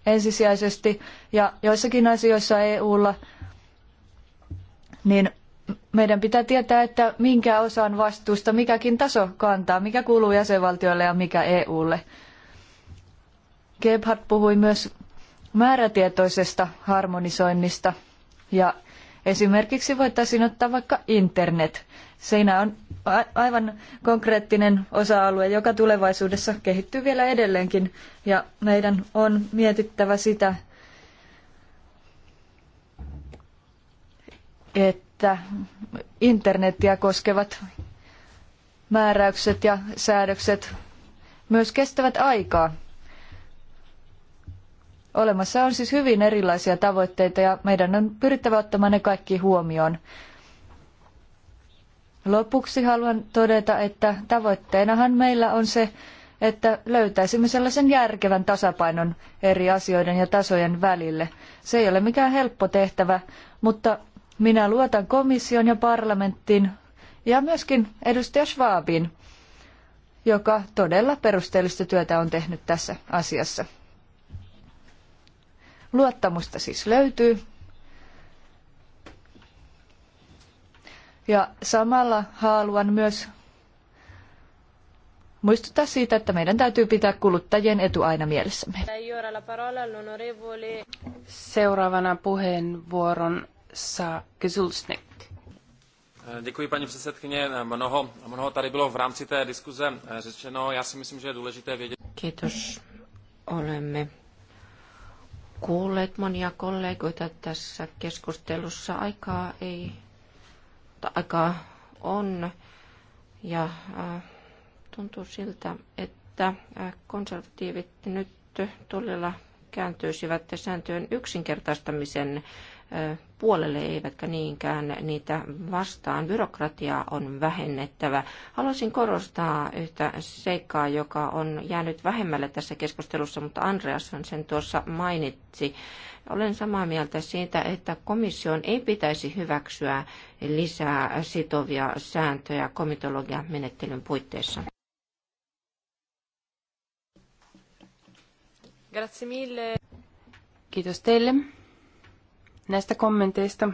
ensisijaisesti ja joissakin asioissa EUlla, niin meidän pitää tietää, että minkä osan vastuusta mikäkin taso kantaa, mikä kuuluu jäsenvaltioille ja mikä EUlle. Gebhardt puhui myös määrätietoisesta harmonisoinnista ja esimerkiksi voitaisiin ottaa vaikka internet. Seinä on aivan konkreettinen osa-alue, joka tulevaisuudessa kehittyy vielä edelleenkin ja meidän on mietittävä sitä, että internetiä koskevat määräykset ja säädökset myös kestävät aikaa. Olemassa on siis hyvin erilaisia tavoitteita ja meidän on pyrittävä ottamaan ne kaikki huomioon. Lopuksi haluan todeta, että tavoitteenahan meillä on se, että löytäisimme sellaisen järkevän tasapainon eri asioiden ja tasojen välille. Se ei ole mikään helppo tehtävä, mutta minä luotan komission ja parlamenttiin ja myöskin edustaja Schwabin, joka todella perusteellista työtä on tehnyt tässä asiassa. Luottamusta siis löytyy Ja samalla haluan myös muistuttaa siitä, että meidän täytyy pitää kuluttajien etu aina mielessämme. Seuraavana puheenvuoron saa Kysulsnik. Děkuji, paní předsedkyně. Mnoho, mnoho tady bylo v rámci té diskuze eh, řečeno. Já si myslím, že je důležité vědět. Kiitos. Olemme kuulleet monia kollegoita tässä keskustelussa. Aikaa ei aikaa on ja äh, tuntuu siltä, että äh, konservatiivit nyt todella kääntyisivät sääntöjen yksinkertaistamisen puolelle eivätkä niinkään niitä vastaan. Byrokratiaa on vähennettävä. Haluaisin korostaa yhtä seikkaa, joka on jäänyt vähemmälle tässä keskustelussa, mutta Andreas on sen tuossa mainitsi. Olen samaa mieltä siitä, että komission ei pitäisi hyväksyä lisää sitovia sääntöjä komitologian menettelyn puitteissa. Grazie mille. Kiitos teille näistä kommenteista.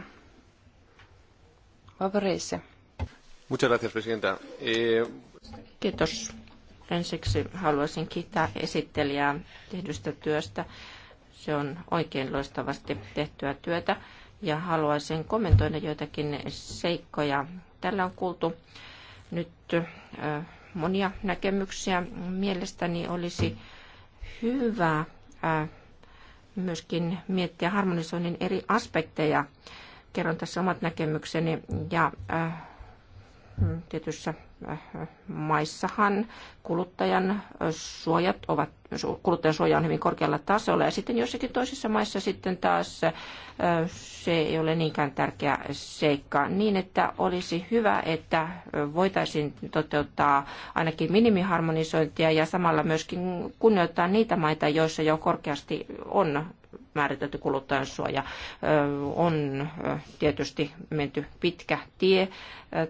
Vapareisse. Muchas gracias, presidenta. Eh, Kiitos. Ensiksi haluaisin kiittää esittelijää tehdystä työstä. Se on oikein loistavasti tehtyä työtä ja haluaisin kommentoida joitakin seikkoja. Tällä on kuultu nyt monia näkemyksiä. Mielestäni olisi hyvä myöskin miettiä harmonisoinnin eri aspekteja. Kerron tässä omat näkemykseni ja äh, mm, tietyssä maissahan kuluttajan suojat ovat, kuluttajan suoja on hyvin korkealla tasolla ja sitten jossakin toisissa maissa sitten taas se ei ole niinkään tärkeä seikka niin, että olisi hyvä, että voitaisiin toteuttaa ainakin minimiharmonisointia ja samalla myöskin kunnioittaa niitä maita, joissa jo korkeasti on määritelty kuluttajansuoja. On tietysti menty pitkä tie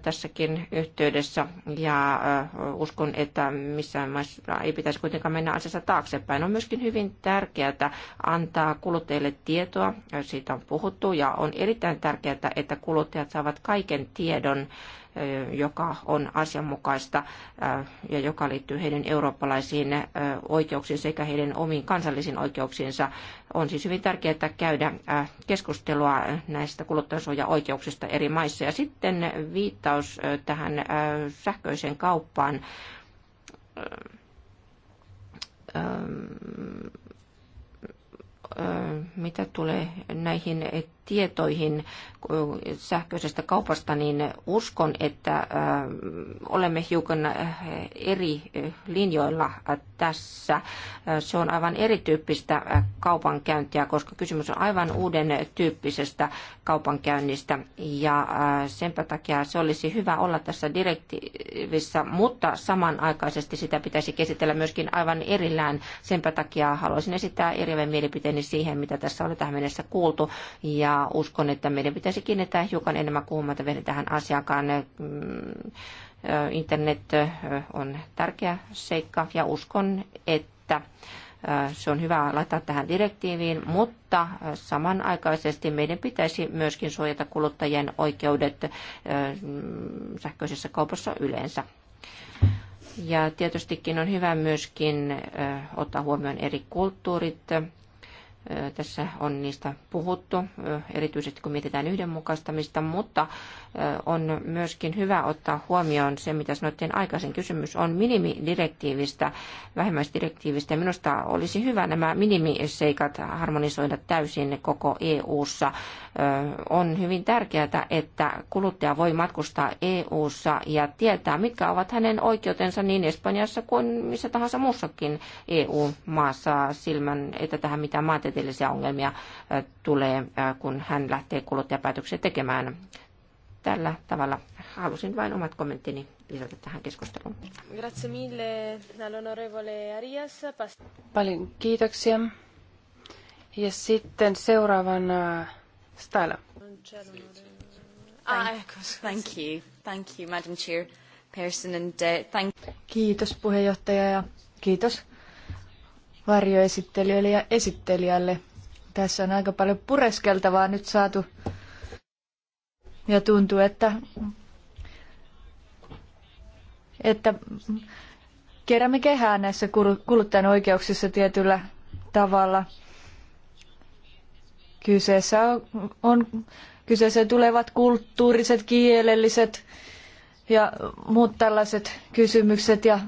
tässäkin yhteydessä ja uskon, että missään maissa ei pitäisi kuitenkaan mennä asiassa taaksepäin. On myöskin hyvin tärkeää antaa kuluttajille tietoa, siitä on puhuttu ja on erittäin tärkeää, että kuluttajat saavat kaiken tiedon joka on asianmukaista ja joka liittyy heidän eurooppalaisiin oikeuksiin sekä heidän omiin kansallisiin oikeuksiinsa. On siis hyvin tärkeää käydä keskustelua näistä kuluttajansuojaoikeuksista eri maissa. Ja sitten viittaus tähän sähköiseen kauppaan mitä tulee näihin tietoihin sähköisestä kaupasta, niin uskon, että äh, olemme hiukan äh, eri äh, linjoilla tässä. Se on aivan erityyppistä kaupankäyntiä, koska kysymys on aivan uuden tyyppisestä kaupankäynnistä. Ja senpä takia se olisi hyvä olla tässä direktiivissä, mutta samanaikaisesti sitä pitäisi käsitellä myöskin aivan erillään. Senpä takia haluaisin esittää eriävän mielipiteeni siihen, mitä tässä oli tähän mennessä kuultu. Ja uskon, että meidän pitäisi kiinnittää hiukan enemmän kuumata vielä tähän asiakkaan. Mm, internet on tärkeä seikka ja uskon, että se on hyvä laittaa tähän direktiiviin, mutta samanaikaisesti meidän pitäisi myöskin suojata kuluttajien oikeudet mm, sähköisessä kaupassa yleensä. Ja tietystikin on hyvä myöskin ottaa huomioon eri kulttuurit tässä on niistä puhuttu, erityisesti kun mietitään yhdenmukaistamista, mutta on myöskin hyvä ottaa huomioon se, mitä sanottiin aikaisin. Kysymys on minimidirektiivistä, vähemmäisdirektiivistä. Minusta olisi hyvä nämä minimiseikat harmonisoida täysin koko EU-ssa. On hyvin tärkeää, että kuluttaja voi matkustaa EU-ssa ja tietää, mitkä ovat hänen oikeutensa niin Espanjassa kuin missä tahansa muussakin EU-maassa silmän, että tähän mitä maat maantieteellisiä ongelmia äh, tulee, äh, kun hän lähtee kuluttajapäätöksiä tekemään. Tällä tavalla halusin vain omat kommenttini lisätä tähän keskusteluun. Grazie mille, all'onorevole Arias. Paljon kiitoksia. Ja sitten seuraavana äh, Stala. Ah, thank you. Thank you, Madam Chair. Person and, uh, thank... Kiitos puheenjohtaja ja kiitos varjoesittelijöille ja esittelijälle. Tässä on aika paljon pureskeltavaa nyt saatu ja tuntuu, että, että keräämme kehää näissä kuluttajan oikeuksissa tietyllä tavalla. Kyseessä on, on kyseessä tulevat kulttuuriset, kielelliset ja muut tällaiset kysymykset ja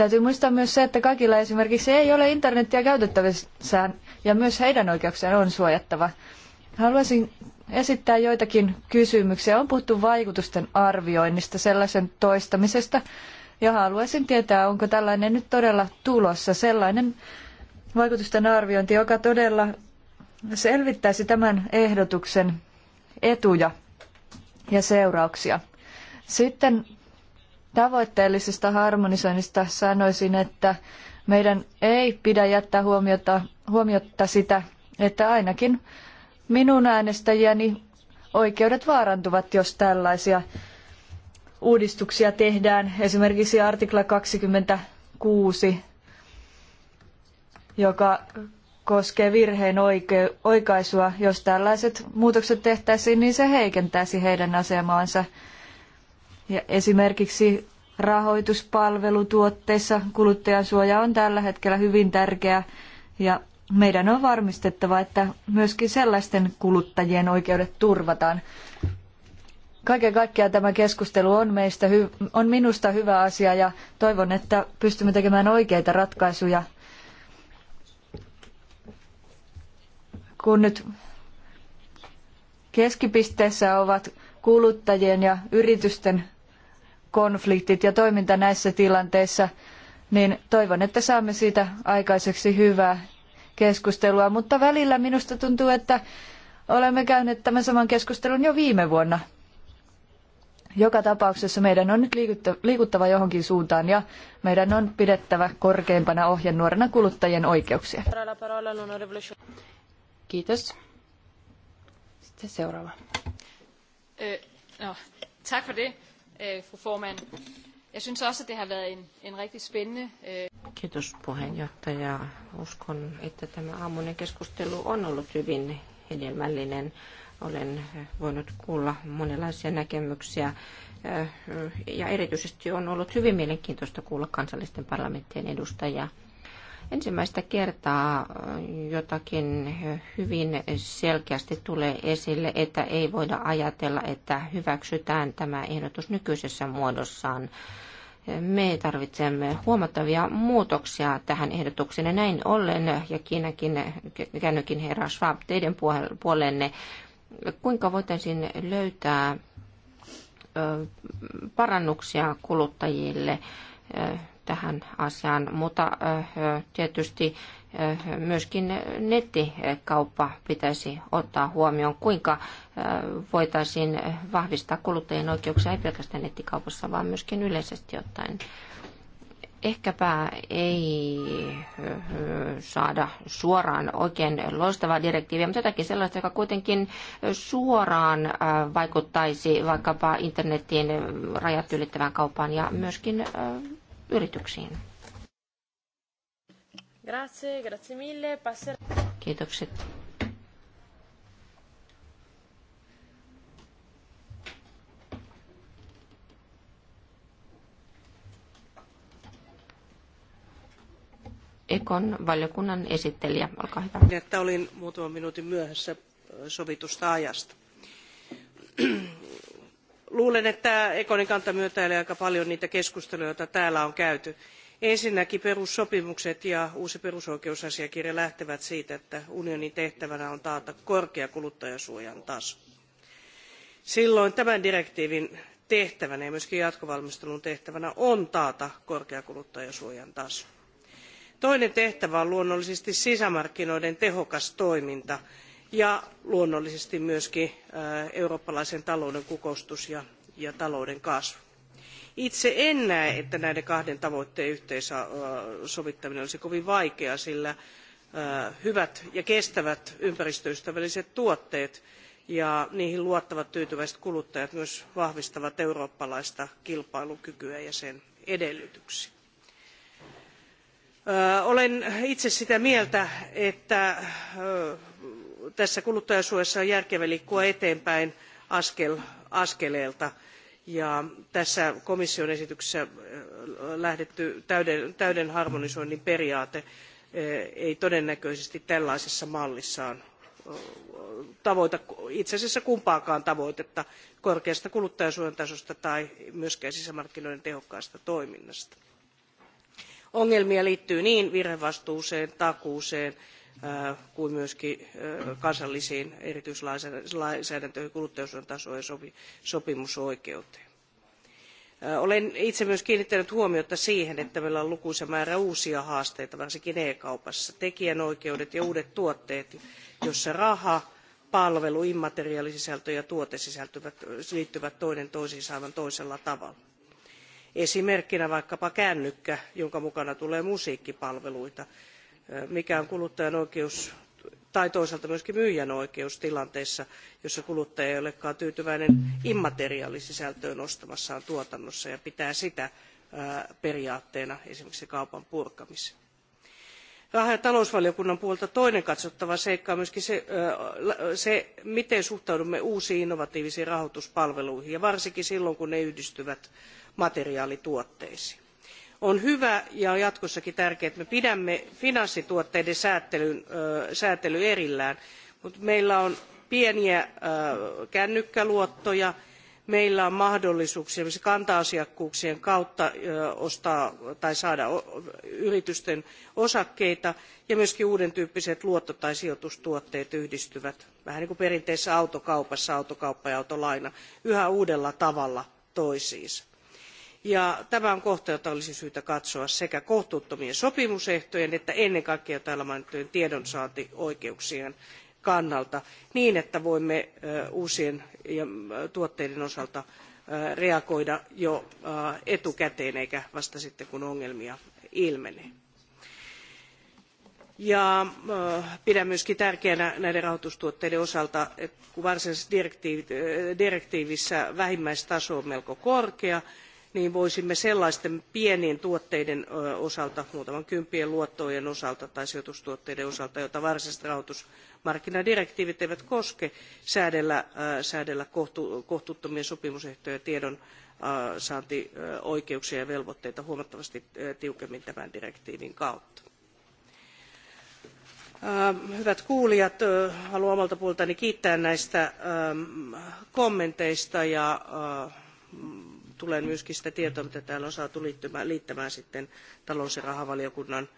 Täytyy muistaa myös se, että kaikilla esimerkiksi ei ole internettiä käytettävissään ja myös heidän oikeuksiaan on suojattava. Haluaisin esittää joitakin kysymyksiä. On puhuttu vaikutusten arvioinnista, sellaisen toistamisesta, ja haluaisin tietää, onko tällainen nyt todella tulossa sellainen vaikutusten arviointi, joka todella selvittäisi tämän ehdotuksen etuja ja seurauksia. Sitten tavoitteellisesta harmonisoinnista sanoisin, että meidän ei pidä jättää huomiota, huomiota sitä, että ainakin minun äänestäjiäni oikeudet vaarantuvat, jos tällaisia uudistuksia tehdään. Esimerkiksi artikla 26, joka koskee virheen oike- oikaisua. Jos tällaiset muutokset tehtäisiin, niin se heikentäisi heidän asemaansa ja esimerkiksi rahoituspalvelutuotteissa kuluttajansuoja on tällä hetkellä hyvin tärkeä ja meidän on varmistettava, että myöskin sellaisten kuluttajien oikeudet turvataan. Kaiken kaikkiaan tämä keskustelu on, meistä on minusta hyvä asia ja toivon, että pystymme tekemään oikeita ratkaisuja. Kun nyt keskipisteessä ovat kuluttajien ja yritysten konfliktit ja toiminta näissä tilanteissa, niin toivon, että saamme siitä aikaiseksi hyvää keskustelua. Mutta välillä minusta tuntuu, että olemme käyneet tämän saman keskustelun jo viime vuonna. Joka tapauksessa meidän on nyt liikuttava johonkin suuntaan ja meidän on pidettävä korkeimpana ohjenuorana kuluttajien oikeuksia. Kiitos. Sitten seuraava. Eh, no, tack för det. Øh, fru formand. Jeg synes også, at det har været en, en rigtig spændende... Øh, Kiitos puheenjohtaja. Uskon, että tämä aamuinen keskustelu on ollut hyvin hedelmällinen. Olen äh, voinut kuulla monenlaisia näkemyksiä äh, ja erityisesti on ollut hyvin mielenkiintoista kuulla kansallisten parlamenttien edustajia ensimmäistä kertaa äh, jotakin hyvin selkeästi tulee esille, että ei voida ajatella, että hyväksytään tämä ehdotus nykyisessä muodossaan. Me tarvitsemme huomattavia muutoksia tähän ehdotukseen ja näin ollen, ja Kiinakin käännökin herra Schwab teidän puolenne, kuinka voitaisiin löytää parannuksia kuluttajille tähän asiaan, mutta eh, tietysti eh, myöskin nettikauppa pitäisi ottaa huomioon, kuinka eh, voitaisiin vahvistaa kuluttajien oikeuksia ei pelkästään nettikaupassa, vaan myöskin yleisesti ottaen. Ehkäpä ei saada suoraan oikein loistavaa direktiiviä, mutta jotakin sellaista, joka kuitenkin suoraan vaikuttaisi vaikkapa internetin rajat ylittävään kauppaan ja myöskin yrityksiin. Grazie, grazie mille. Passer... Kiitokset. Ekon valiokunnan esittelijä, olkaa hyvä. Että olin muutaman minuutin myöhässä sovitusta ajasta luulen että ekonin kanta myötäilee aika paljon niitä keskusteluja joita täällä on käyty. ensinnäkin perussopimukset ja uusi perusoikeusasiakirja lähtevät siitä että unionin tehtävänä on taata korkea kuluttajansuojan taso. silloin tämän direktiivin tehtävänä ja myös jatkovalmistelun tehtävänä on taata korkea kuluttajansuojan taso. toinen tehtävä on luonnollisesti sisämarkkinoiden tehokas toiminta ja luonnollisesti myös äh, eurooppalaisen talouden kukoistus ja, ja talouden kasvu. Itse en näe, että näiden kahden tavoitteen yhteensovittaminen äh, olisi kovin vaikeaa, sillä äh, hyvät ja kestävät ympäristöystävälliset tuotteet ja niihin luottavat tyytyväiset kuluttajat myös vahvistavat eurooppalaista kilpailukykyä ja sen edellytyksiä. Olen itse sitä mieltä, että tässä kuluttajansuojassa on järkevä liikkua eteenpäin askel askeleelta ja tässä komission esityksessä lähdetty täyden, täyden harmonisoinnin periaate ei todennäköisesti tällaisessa mallissaan tavoita itse asiassa kumpaakaan tavoitetta korkeasta kuluttajansuojan tasosta tai myöskään sisämarkkinoiden tehokkaasta toiminnasta. ongelmia liittyy niin virhevastuuseen takuuseen Äh, kuin myöskin äh, kansallisiin erityislainsäädäntöihin kuluttajansuojan tasoon ja sopimusoikeuteen. Äh, olen itse myös kiinnittänyt huomiota siihen, että meillä on lukuisa määrä uusia haasteita, varsinkin e-kaupassa. Tekijänoikeudet ja uudet tuotteet, joissa raha, palvelu, immateriaalisisältö ja tuote liittyvät toinen toisiinsa aivan toisella tavalla. Esimerkkinä vaikkapa kännykkä, jonka mukana tulee musiikkipalveluita, mikä on kuluttajan oikeus tai toisaalta myös myyjän oikeus tilanteessa jossa kuluttaja ei olekaan tyytyväinen immateriaalisisältöön ostamassaan tuotannossa ja pitää sitä periaatteena esimerkiksi kaupan purkamisessa. raha ja talousvaliokunnan puolelta toinen katsottava seikka on myös se, se miten suhtaudumme uusiin innovatiivisiin rahoituspalveluihin ja varsinkin silloin kun ne yhdistyvät materiaalituotteisiin on hyvä ja on jatkossakin tärkeää että me pidämme finanssituotteiden säätelyn, erillään mutta meillä on pieniä kännykkäluottoja meillä on mahdollisuuksia esimerkiksi kanta asiakkuuksien kautta ostaa tai saada yritysten osakkeita ja myös uuden tyyppiset luotto tai sijoitustuotteet yhdistyvät vähän niin kuin perinteisessä autokaupassa autokauppa ja autolaina yhä uudella tavalla toisiinsa. Ja tämä on kohta, jota olisi syytä katsoa sekä kohtuuttomien sopimusehtojen että ennen kaikkea täällä mainittujen tiedonsaantioikeuksien kannalta niin, että voimme uusien tuotteiden osalta reagoida jo etukäteen eikä vasta sitten kun ongelmia ilmenee. Ja pidän myös tärkeänä näiden rahoitustuotteiden osalta että kun varsinaisessa direktiivissä vähimmäistaso on melko korkea niin voisimme sellaisten pienien tuotteiden osalta, muutaman kymppien luottojen osalta tai sijoitustuotteiden osalta, joita varsinaiset rahoitusmarkkinadirektiivit eivät koske, säädellä, säädellä kohtu, kohtuuttomien sopimusehtojen ja tiedon saantioikeuksia ja velvoitteita huomattavasti tiukemmin tämän direktiivin kautta. Hyvät kuulijat, haluan omalta puoltani kiittää näistä kommenteista ja Tulee myöskin sitä tietoa, mitä täällä on saatu liittämään, liittämään sitten talous- ja rahavaliokunnan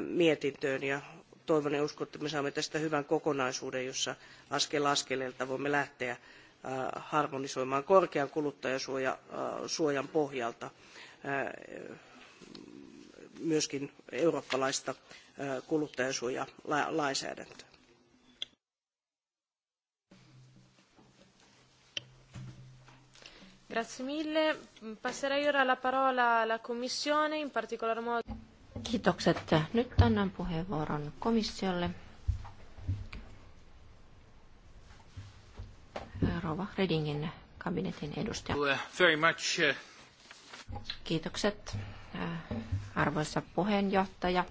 mietintöön ja toivon ja uskon, että me saamme tästä hyvän kokonaisuuden, jossa askel askeleelta voimme lähteä harmonisoimaan korkean kuluttajasuojan pohjalta myöskin eurooppalaista kuluttajansuojalainsäädäntöä. Grazie mille. Passerei ora la parola alla Commissione, in particolar modo... Kiitokset. Nyt annan puheenvuoron komissiolle. Rova Redingin kabinetin edustaja. Very much. Uh- Kiitokset, uh, arvoisa puheenjohtaja.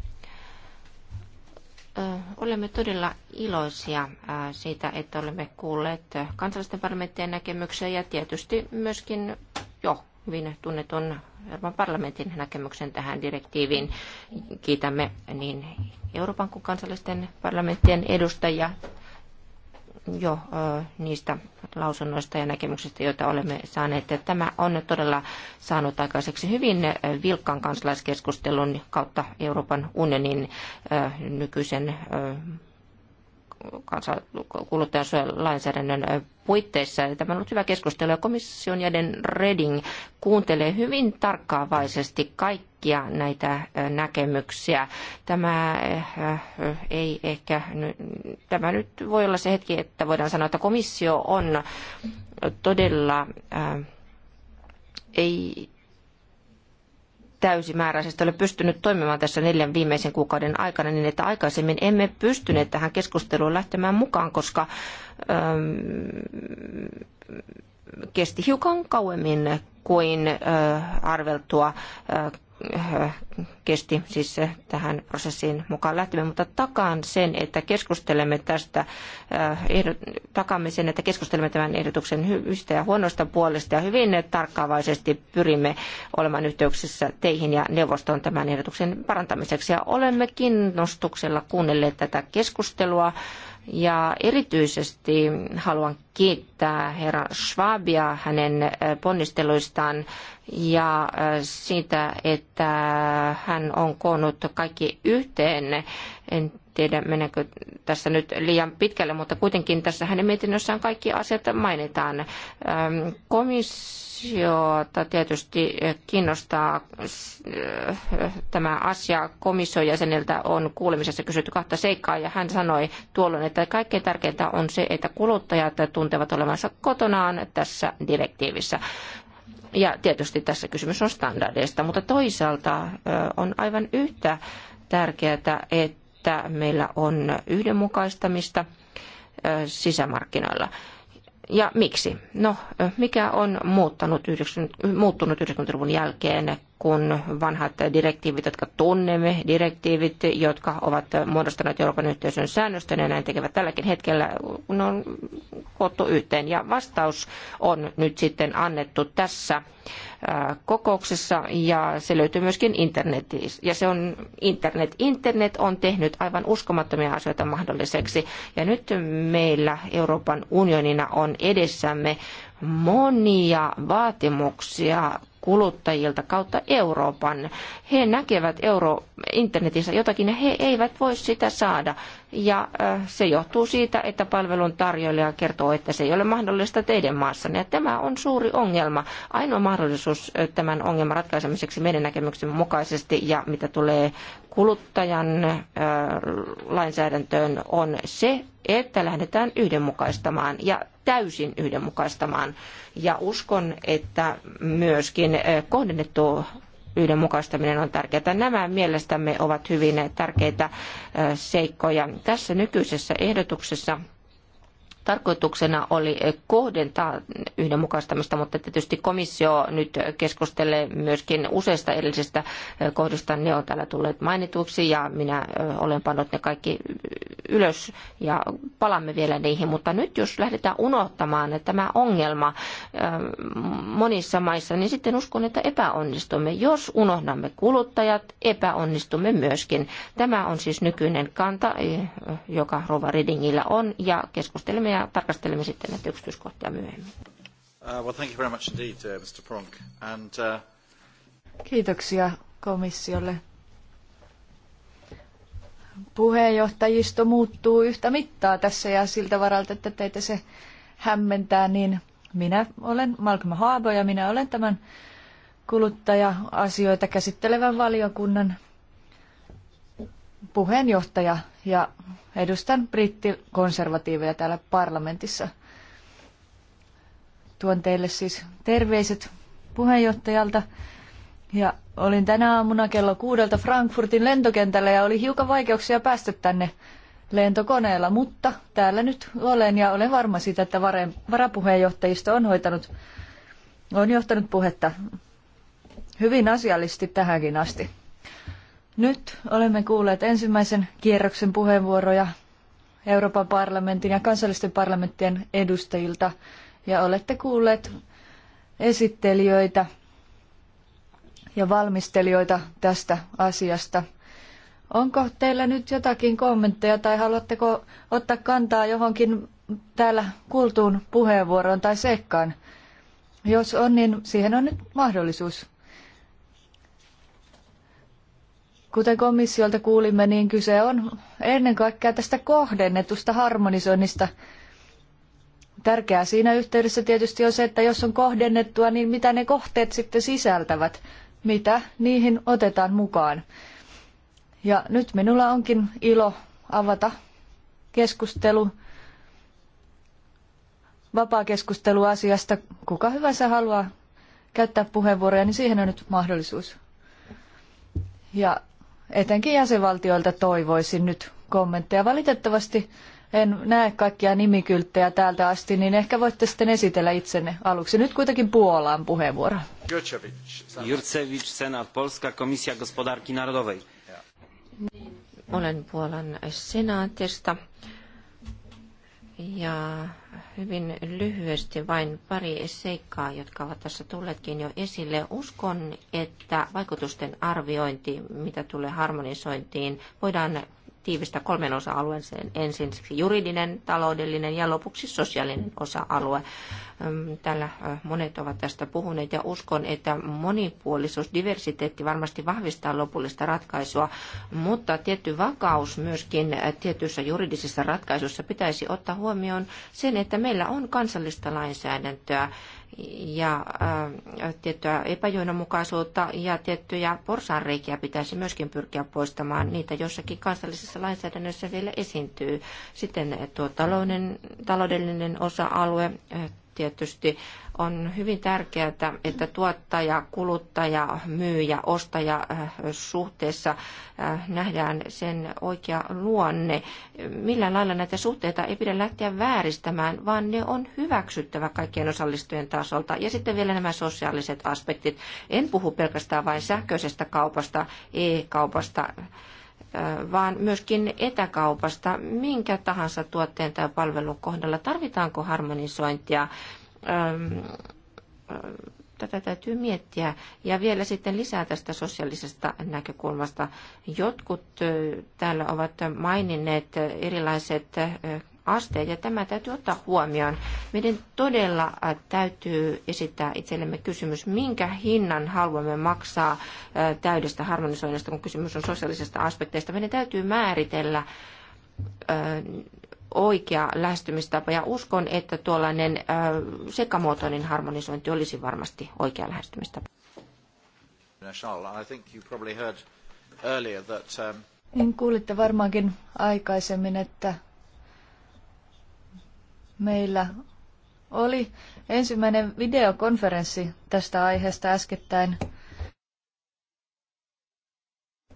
Olemme todella iloisia siitä, että olemme kuulleet kansallisten parlamenttien näkemyksiä ja tietysti myöskin jo hyvin tunnetun Euroopan parlamentin näkemyksen tähän direktiiviin. Kiitämme niin Euroopan kuin kansallisten parlamenttien edustajia jo niistä lausunnoista ja näkemyksistä, joita olemme saaneet. Tämä on todella saanut aikaiseksi hyvin vilkkaan kansalaiskeskustelun kautta Euroopan unionin nykyisen kuluttajansuojelainsäädännön puitteissa. Tämä on ollut hyvä keskustelu ja komission jäden Reding kuuntelee hyvin tarkkaavaisesti kaikki kaikkia näitä näkemyksiä. Tämä ei ehkä, tämä nyt voi olla se hetki, että voidaan sanoa, että komissio on todella ei täysimääräisesti ole pystynyt toimimaan tässä neljän viimeisen kuukauden aikana niin, että aikaisemmin emme pystyneet tähän keskusteluun lähtemään mukaan, koska kesti hiukan kauemmin kuin äh, arveltua Äh, kesti siis tähän prosessiin mukaan lähtemään, mutta takaan sen, että keskustelemme tästä, äh, takaamme sen, että keskustelemme tämän ehdotuksen hyvistä ja huonoista puolista ja hyvin tarkkaavaisesti pyrimme olemaan yhteyksissä teihin ja neuvostoon tämän ehdotuksen parantamiseksi. Ja olemme kiinnostuksella kuunnelleet tätä keskustelua ja erityisesti haluan kiittää herra Schwabia hänen äh, ponnisteluistaan ja äh, siitä, että hän on koonnut kaikki yhteen tiedä, meneekö tässä nyt liian pitkälle, mutta kuitenkin tässä hänen mietinnössään kaikki asiat mainitaan. Komissiota tietysti kiinnostaa äh, tämä asia. Komission jäseniltä on kuulemisessa kysytty kahta seikkaa ja hän sanoi tuolloin, että kaikkein tärkeintä on se, että kuluttajat tuntevat olevansa kotonaan tässä direktiivissä. Ja tietysti tässä kysymys on standardeista, mutta toisaalta äh, on aivan yhtä tärkeää, että että meillä on yhdenmukaistamista sisämarkkinoilla. Ja miksi? No, mikä on muuttanut, muuttunut 90-luvun jälkeen kun vanhat direktiivit, jotka tunnemme, direktiivit, jotka ovat muodostaneet Euroopan yhteisön säännöstön ja näin tekevät tälläkin hetkellä, kun on koottu yhteen. Ja vastaus on nyt sitten annettu tässä äh, kokouksessa ja se löytyy myöskin internetissä. Ja se on internet. Internet on tehnyt aivan uskomattomia asioita mahdolliseksi. Ja nyt meillä Euroopan unionina on edessämme monia vaatimuksia kuluttajilta kautta Euroopan. He näkevät euro internetissä jotakin ja he eivät voi sitä saada. Ja se johtuu siitä, että palvelun tarjoilija kertoo, että se ei ole mahdollista teidän maassanne. Ja tämä on suuri ongelma. Ainoa mahdollisuus tämän ongelman ratkaisemiseksi meidän näkemyksemme mukaisesti ja mitä tulee kuluttajan lainsäädäntöön on se, että lähdetään yhdenmukaistamaan. Ja täysin yhdenmukaistamaan. Ja uskon, että myöskin eh, kohdennettu yhdenmukaistaminen on tärkeää. Nämä mielestämme ovat hyvin tärkeitä eh, seikkoja. Tässä nykyisessä ehdotuksessa Tarkoituksena oli kohdentaa yhdenmukaistamista, mutta tietysti komissio nyt keskustelee myöskin useista erillisistä eh, kohdista. Ne on täällä tulleet mainituiksi ja minä eh, olen pannut ne kaikki ylös ja palaamme vielä niihin. Mutta nyt jos lähdetään unohtamaan tämä ongelma eh, monissa maissa, niin sitten uskon, että epäonnistumme. Jos unohdamme kuluttajat, epäonnistumme myöskin. Tämä on siis nykyinen kanta, joka Rova Redingillä on ja keskustelemme ja tarkastelemme sitten näitä yksityiskohtia myöhemmin. Uh, uh, uh, Kiitoksia komissiolle. Puheenjohtajisto muuttuu yhtä mittaa tässä ja siltä varalta, että teitä se hämmentää, niin minä olen Malcolm Haabo ja minä olen tämän kuluttaja-asioita käsittelevän valiokunnan puheenjohtaja ja edustan brittikonservatiiveja täällä parlamentissa. Tuon teille siis terveiset puheenjohtajalta. Ja olin tänä aamuna kello kuudelta Frankfurtin lentokentällä ja oli hiukan vaikeuksia päästä tänne lentokoneella, mutta täällä nyt olen ja olen varma siitä, että varapuheenjohtajisto on hoitanut, on johtanut puhetta hyvin asiallisesti tähänkin asti. Nyt olemme kuulleet ensimmäisen kierroksen puheenvuoroja Euroopan parlamentin ja kansallisten parlamenttien edustajilta ja olette kuulleet esittelijöitä ja valmistelijoita tästä asiasta. Onko teillä nyt jotakin kommentteja tai haluatteko ottaa kantaa johonkin täällä kuultuun puheenvuoroon tai seikkaan? Jos on, niin siihen on nyt mahdollisuus. Kuten komissiolta kuulimme, niin kyse on ennen kaikkea tästä kohdennetusta harmonisoinnista. Tärkeää siinä yhteydessä tietysti on se, että jos on kohdennettua, niin mitä ne kohteet sitten sisältävät, mitä niihin otetaan mukaan. Ja nyt minulla onkin ilo avata keskustelu, vapaa keskustelu asiasta. Kuka hyvänsä haluaa käyttää puheenvuoroja, niin siihen on nyt mahdollisuus. Ja etenkin jäsenvaltioilta toivoisin nyt kommentteja. Valitettavasti en näe kaikkia nimikylttejä täältä asti, niin ehkä voitte sitten esitellä itsenne aluksi. Nyt kuitenkin Puolaan puheenvuoro. Jurcewicz, Senat, Polska, Gospodarki Narodowej. Olen Puolan senaatista ja hyvin lyhyesti vain pari seikkaa, jotka ovat tässä tulleetkin jo esille. Uskon, että vaikutusten arviointi, mitä tulee harmonisointiin, voidaan tiivistä kolmen osa-alueeseen. Ensin juridinen, taloudellinen ja lopuksi sosiaalinen osa-alue. Täällä monet ovat tästä puhuneet ja uskon, että monipuolisuus, diversiteetti varmasti vahvistaa lopullista ratkaisua, mutta tietty vakaus myöskin tietyissä juridisissa ratkaisuissa pitäisi ottaa huomioon sen, että meillä on kansallista lainsäädäntöä ja äh, tiettyä epäjoinnonmukaisuutta ja tiettyjä porsaanreikiä pitäisi myöskin pyrkiä poistamaan. Niitä jossakin kansallisessa lainsäädännössä vielä esiintyy. Sitten äh, tuo talouden, taloudellinen osa-alue äh, tietysti on hyvin tärkeää, että tuottaja, kuluttaja, myyjä, ostaja äh, suhteessa äh, nähdään sen oikea luonne. Millään lailla näitä suhteita ei pidä lähteä vääristämään, vaan ne on hyväksyttävä kaikkien osallistujien tasolta. Ja sitten vielä nämä sosiaaliset aspektit. En puhu pelkästään vain sähköisestä kaupasta, e-kaupasta, äh, vaan myöskin etäkaupasta, minkä tahansa tuotteen tai palvelun kohdalla. Tarvitaanko harmonisointia? Ähm, äh, tätä täytyy miettiä. Ja vielä sitten lisää tästä sosiaalisesta näkökulmasta. Jotkut täällä ovat maininneet erilaiset asteet, ja tämä täytyy ottaa huomioon. Meidän todella täytyy esittää itsellemme kysymys, minkä hinnan haluamme maksaa täydestä harmonisoinnista, kun kysymys on sosiaalisesta aspekteista. Meidän täytyy määritellä oikea lähestymistapa ja uskon, että tuollainen sekamuotoinen harmonisointi olisi varmasti oikea lähestymistapa. Um, niin kuulitte varmaankin aikaisemmin, että meillä oli ensimmäinen videokonferenssi tästä aiheesta äskettäin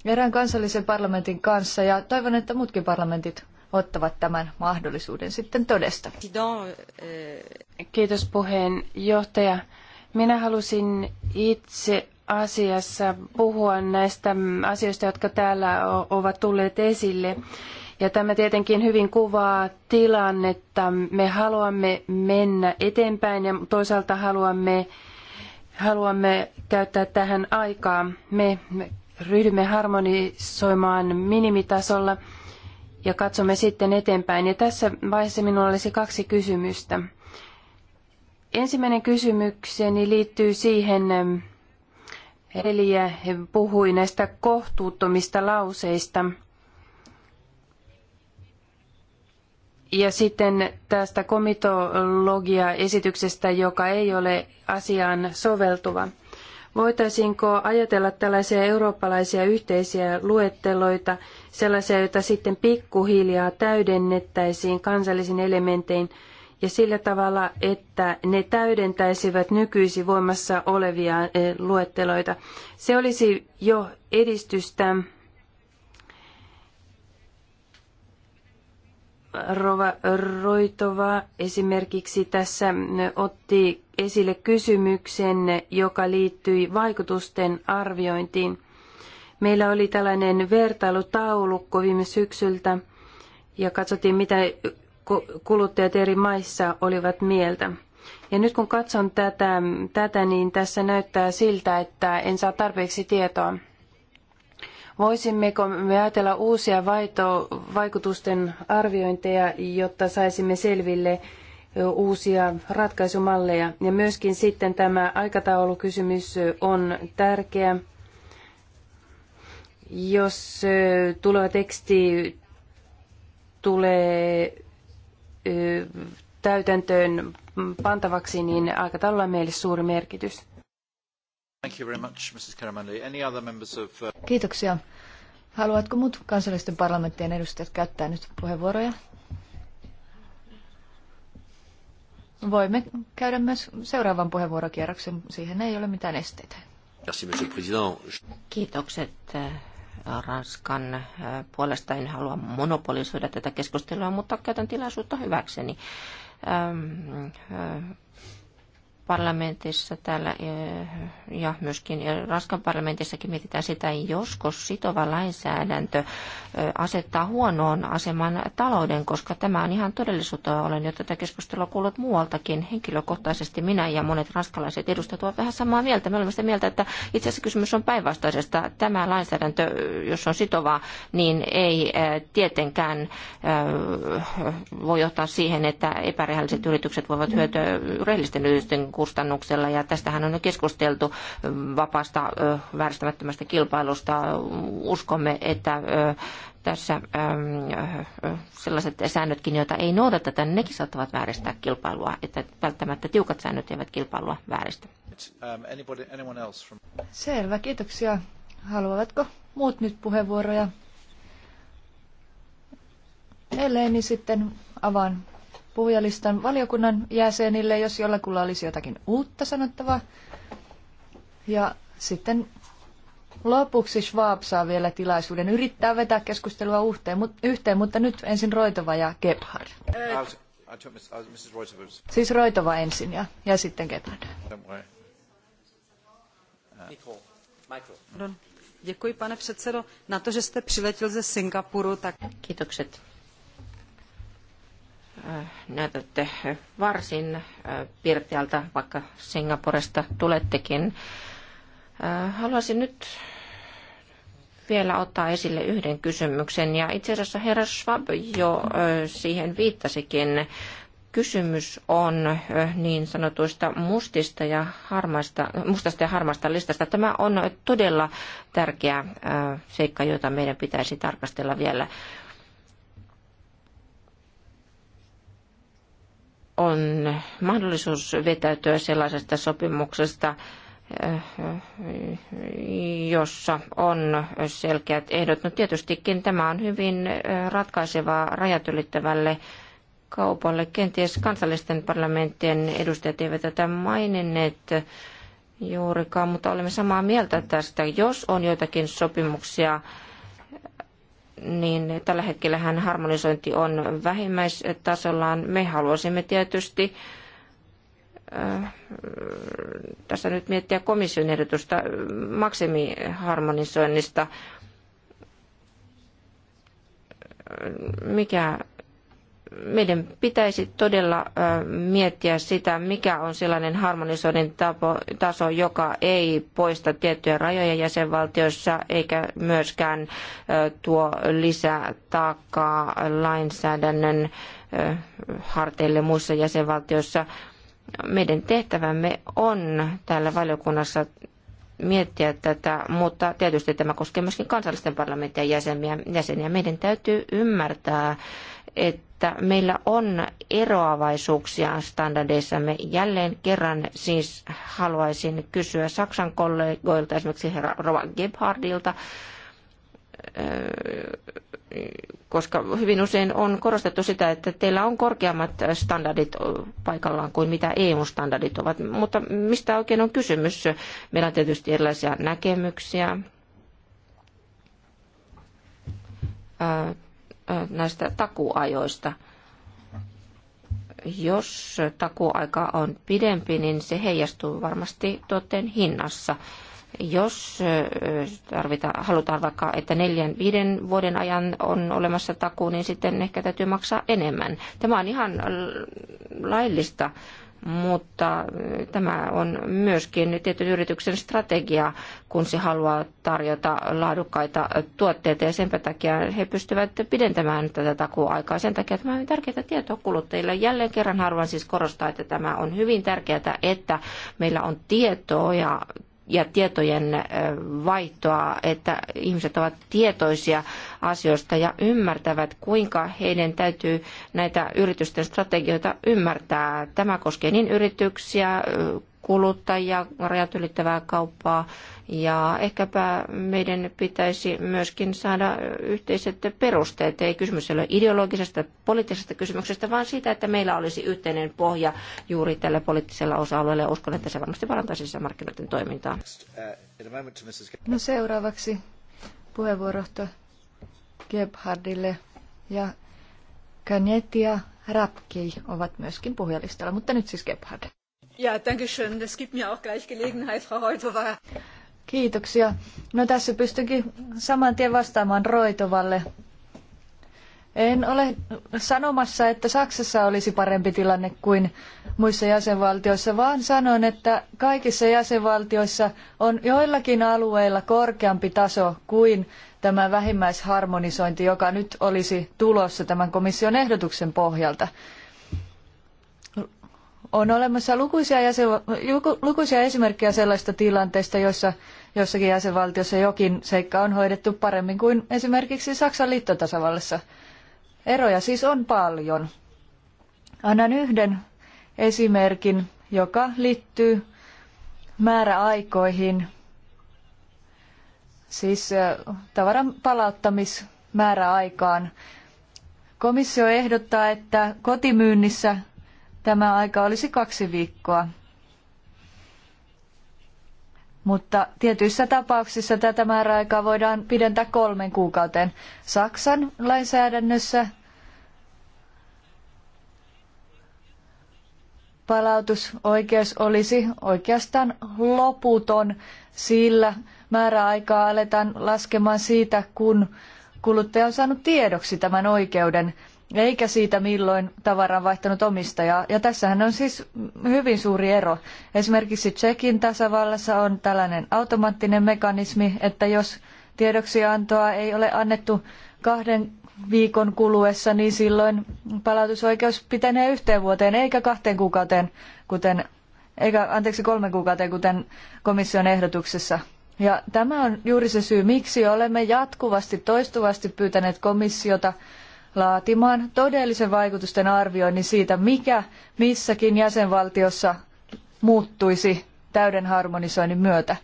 erään kansallisen parlamentin kanssa ja toivon, että muutkin parlamentit ottavat tämän mahdollisuuden sitten todesta. Kiitos puheenjohtaja. Minä halusin itse asiassa puhua näistä asioista, jotka täällä ovat tulleet esille. Ja tämä tietenkin hyvin kuvaa tilannetta. Me haluamme mennä eteenpäin ja toisaalta haluamme, haluamme käyttää tähän aikaa. Me ryhdymme harmonisoimaan minimitasolla ja katsomme sitten eteenpäin. Ja tässä vaiheessa minulla olisi kaksi kysymystä. Ensimmäinen kysymykseni liittyy siihen, ähm, eli puhui näistä kohtuuttomista lauseista. Ja sitten tästä komitologia-esityksestä, joka ei ole asiaan soveltuva. Voitaisiinko ajatella tällaisia eurooppalaisia yhteisiä luetteloita, sellaisia, joita sitten pikkuhiljaa täydennettäisiin kansallisin elementein ja sillä tavalla, että ne täydentäisivät nykyisin voimassa olevia eh, luetteloita. Se olisi jo edistystä Rova Roitova esimerkiksi tässä otti esille kysymyksen, joka liittyi vaikutusten arviointiin. Meillä oli tällainen vertailutaulukko viime syksyltä ja katsottiin, mitä kuluttajat eri maissa olivat mieltä. Ja nyt kun katson tätä, tätä, niin tässä näyttää siltä, että en saa tarpeeksi tietoa. Voisimmeko me ajatella uusia vaikutusten arviointeja, jotta saisimme selville uusia ratkaisumalleja? Ja myöskin sitten tämä aikataulukysymys on tärkeä. Jos tuleva teksti tulee täytäntöön pantavaksi, niin aikataululla on meille suuri merkitys. Kiitoksia. Haluatko muut kansallisten parlamenttien edustajat käyttää nyt puheenvuoroja? Voimme käydä myös seuraavan puheenvuorokierroksen. Siihen ei ole mitään esteitä. Kiitokset äh, Ranskan äh, puolesta. En halua monopolisoida tätä keskustelua, mutta käytän tilaisuutta hyväkseni. Ähm, äh, parlamentissa täällä eh, ja myöskin eh, Ranskan parlamentissakin mietitään sitä, joskus sitova lainsäädäntö eh, asettaa huonoon aseman talouden, koska tämä on ihan todellisuutta. Olen jo tätä keskustelua kuullut muualtakin. Henkilökohtaisesti minä ja monet ranskalaiset edustajat ovat vähän samaa mieltä. Me olemme sitä mieltä, että itse asiassa kysymys on päinvastaisesta. Tämä lainsäädäntö, jos on sitova, niin ei tietenkään voi johtaa siihen, että epärehelliset yritykset voivat hyötyä rehellisten yritysten kustannuksella. Ja tästähän on jo keskusteltu vapaasta vääristämättömästä kilpailusta. Uskomme, että tässä sellaiset säännötkin, joita ei noudateta, niin nekin saattavat vääristää kilpailua. Että välttämättä tiukat säännöt eivät kilpailua vääristä. Um, Selvä, kiitoksia. Haluavatko muut nyt puheenvuoroja? Ellei, niin sitten avaan puhujalistan valiokunnan jäsenille, jos jollakulla olisi jotakin uutta sanottavaa. Ja sitten lopuksi Schwab saa vielä tilaisuuden yrittää vetää keskustelua yhteen, mutta nyt ensin Roitova ja Gebhard. Siis Roitova ensin ja, ja sitten Gebhard. Děkuji, pane předsedo. Na to, že jste přiletěl ze Singapuru, tak... Kiitokset Äh, näytätte varsin äh, pirteältä, vaikka Singaporesta tulettekin. Äh, haluaisin nyt vielä ottaa esille yhden kysymyksen, ja itse asiassa herra Schwab jo siihen viittasikin. Kysymys on niin sanotuista mustista ja harmaista, mustasta ja harmaista listasta. Tämä on todella tärkeä seikka, jota meidän pitäisi tarkastella vielä on mahdollisuus vetäytyä sellaisesta sopimuksesta, eh, jossa on selkeät ehdot. No tietystikin tämä on hyvin eh, ratkaisevaa rajat ylittävälle kaupalle. Kenties kansallisten parlamenttien edustajat eivät tätä maininneet juurikaan, mutta olemme samaa mieltä tästä. Jos on joitakin sopimuksia, niin tällä hetkellähän harmonisointi on vähimmäistasollaan. Me haluaisimme tietysti äh, tässä nyt miettiä komission ehdotusta maksimiharmonisoinnista. Mikä meidän pitäisi todella miettiä sitä, mikä on sellainen harmonisoinnin taso, joka ei poista tiettyjä rajoja jäsenvaltioissa eikä myöskään tuo lisää taakkaa lainsäädännön harteille muissa jäsenvaltioissa. Meidän tehtävämme on täällä valiokunnassa miettiä tätä, mutta tietysti tämä koskee myöskin kansallisten parlamenttien jäseniä. jäseniä. Meidän täytyy ymmärtää, että että meillä on eroavaisuuksia standardeissamme. Jälleen kerran siis haluaisin kysyä Saksan kollegoilta, esimerkiksi herra Rova Gebhardilta, äh, koska hyvin usein on korostettu sitä, että teillä on korkeammat standardit paikallaan kuin mitä EU-standardit ovat. Mutta mistä oikein on kysymys? Meillä on tietysti erilaisia näkemyksiä äh, näistä takuajoista. Jos takuaika on pidempi, niin se heijastuu varmasti tuotteen hinnassa jos tarvita, halutaan vaikka, että neljän, viiden vuoden ajan on olemassa takuu, niin sitten ehkä täytyy maksaa enemmän. Tämä on ihan laillista mutta tämä on myöskin tietyn yrityksen strategia, kun se haluaa tarjota laadukkaita tuotteita ja sen takia he pystyvät pidentämään tätä takuaikaa. Sen takia tämä on tärkeää tietoa kuluttajille. Jälleen kerran haluan siis korostaa, että tämä on hyvin tärkeää, että meillä on tietoa ja ja tietojen vaihtoa, että ihmiset ovat tietoisia asioista ja ymmärtävät, kuinka heidän täytyy näitä yritysten strategioita ymmärtää. Tämä koskee niin yrityksiä kuluttajia, rajat ylittävää kauppaa ja ehkäpä meidän pitäisi myöskin saada yhteiset perusteet. Ei kysymys ole ideologisesta, poliittisesta kysymyksestä, vaan siitä, että meillä olisi yhteinen pohja juuri tälle poliittisella osa-alueella. Uskon, että se varmasti parantaisi sisämarkkinoiden toimintaa. No seuraavaksi puheenvuoro Gebhardille ja Kanetia ja Rapkei ovat myöskin puhujalistalla, mutta nyt siis Gebhard. Ja, danke schön. Das gibt mir auch gleich Gelegenheit, Frau Kiitoksia. No tässä pystynkin saman tien vastaamaan Roitovalle. En ole sanomassa, että Saksassa olisi parempi tilanne kuin muissa jäsenvaltioissa, vaan sanon, että kaikissa jäsenvaltioissa on joillakin alueilla korkeampi taso kuin tämä vähimmäisharmonisointi, joka nyt olisi tulossa tämän komission ehdotuksen pohjalta. On olemassa lukuisia, jäsen, lukuisia esimerkkejä sellaista tilanteista, joissa jossakin jäsenvaltiossa jokin seikka on hoidettu paremmin kuin esimerkiksi Saksan liittotasavallassa. Eroja siis on paljon. Annan yhden esimerkin, joka liittyy määräaikoihin, siis tavaran palauttamismääräaikaan. Komissio ehdottaa, että kotimyynnissä Tämä aika olisi kaksi viikkoa. Mutta tietyissä tapauksissa tätä määräaikaa voidaan pidentää kolmen kuukauteen. Saksan lainsäädännössä palautusoikeus olisi oikeastaan loputon, sillä määräaikaa aletaan laskemaan siitä, kun kuluttaja on saanut tiedoksi tämän oikeuden eikä siitä milloin tavara on vaihtanut omistajaa. Ja tässähän on siis hyvin suuri ero. Esimerkiksi Tsekin tasavallassa on tällainen automaattinen mekanismi, että jos tiedoksiantoa ei ole annettu kahden viikon kuluessa, niin silloin palautusoikeus pitenee yhteen vuoteen eikä kahteen kuukauteen, kuten, eikä anteeksi kolmen kuukauteen, kuten komission ehdotuksessa. Ja tämä on juuri se syy, miksi olemme jatkuvasti, toistuvasti pyytäneet komissiota laatimaan todellisen vaikutusten arvioinnin siitä, mikä missäkin jäsenvaltiossa muuttuisi täyden harmonisoinnin myötä.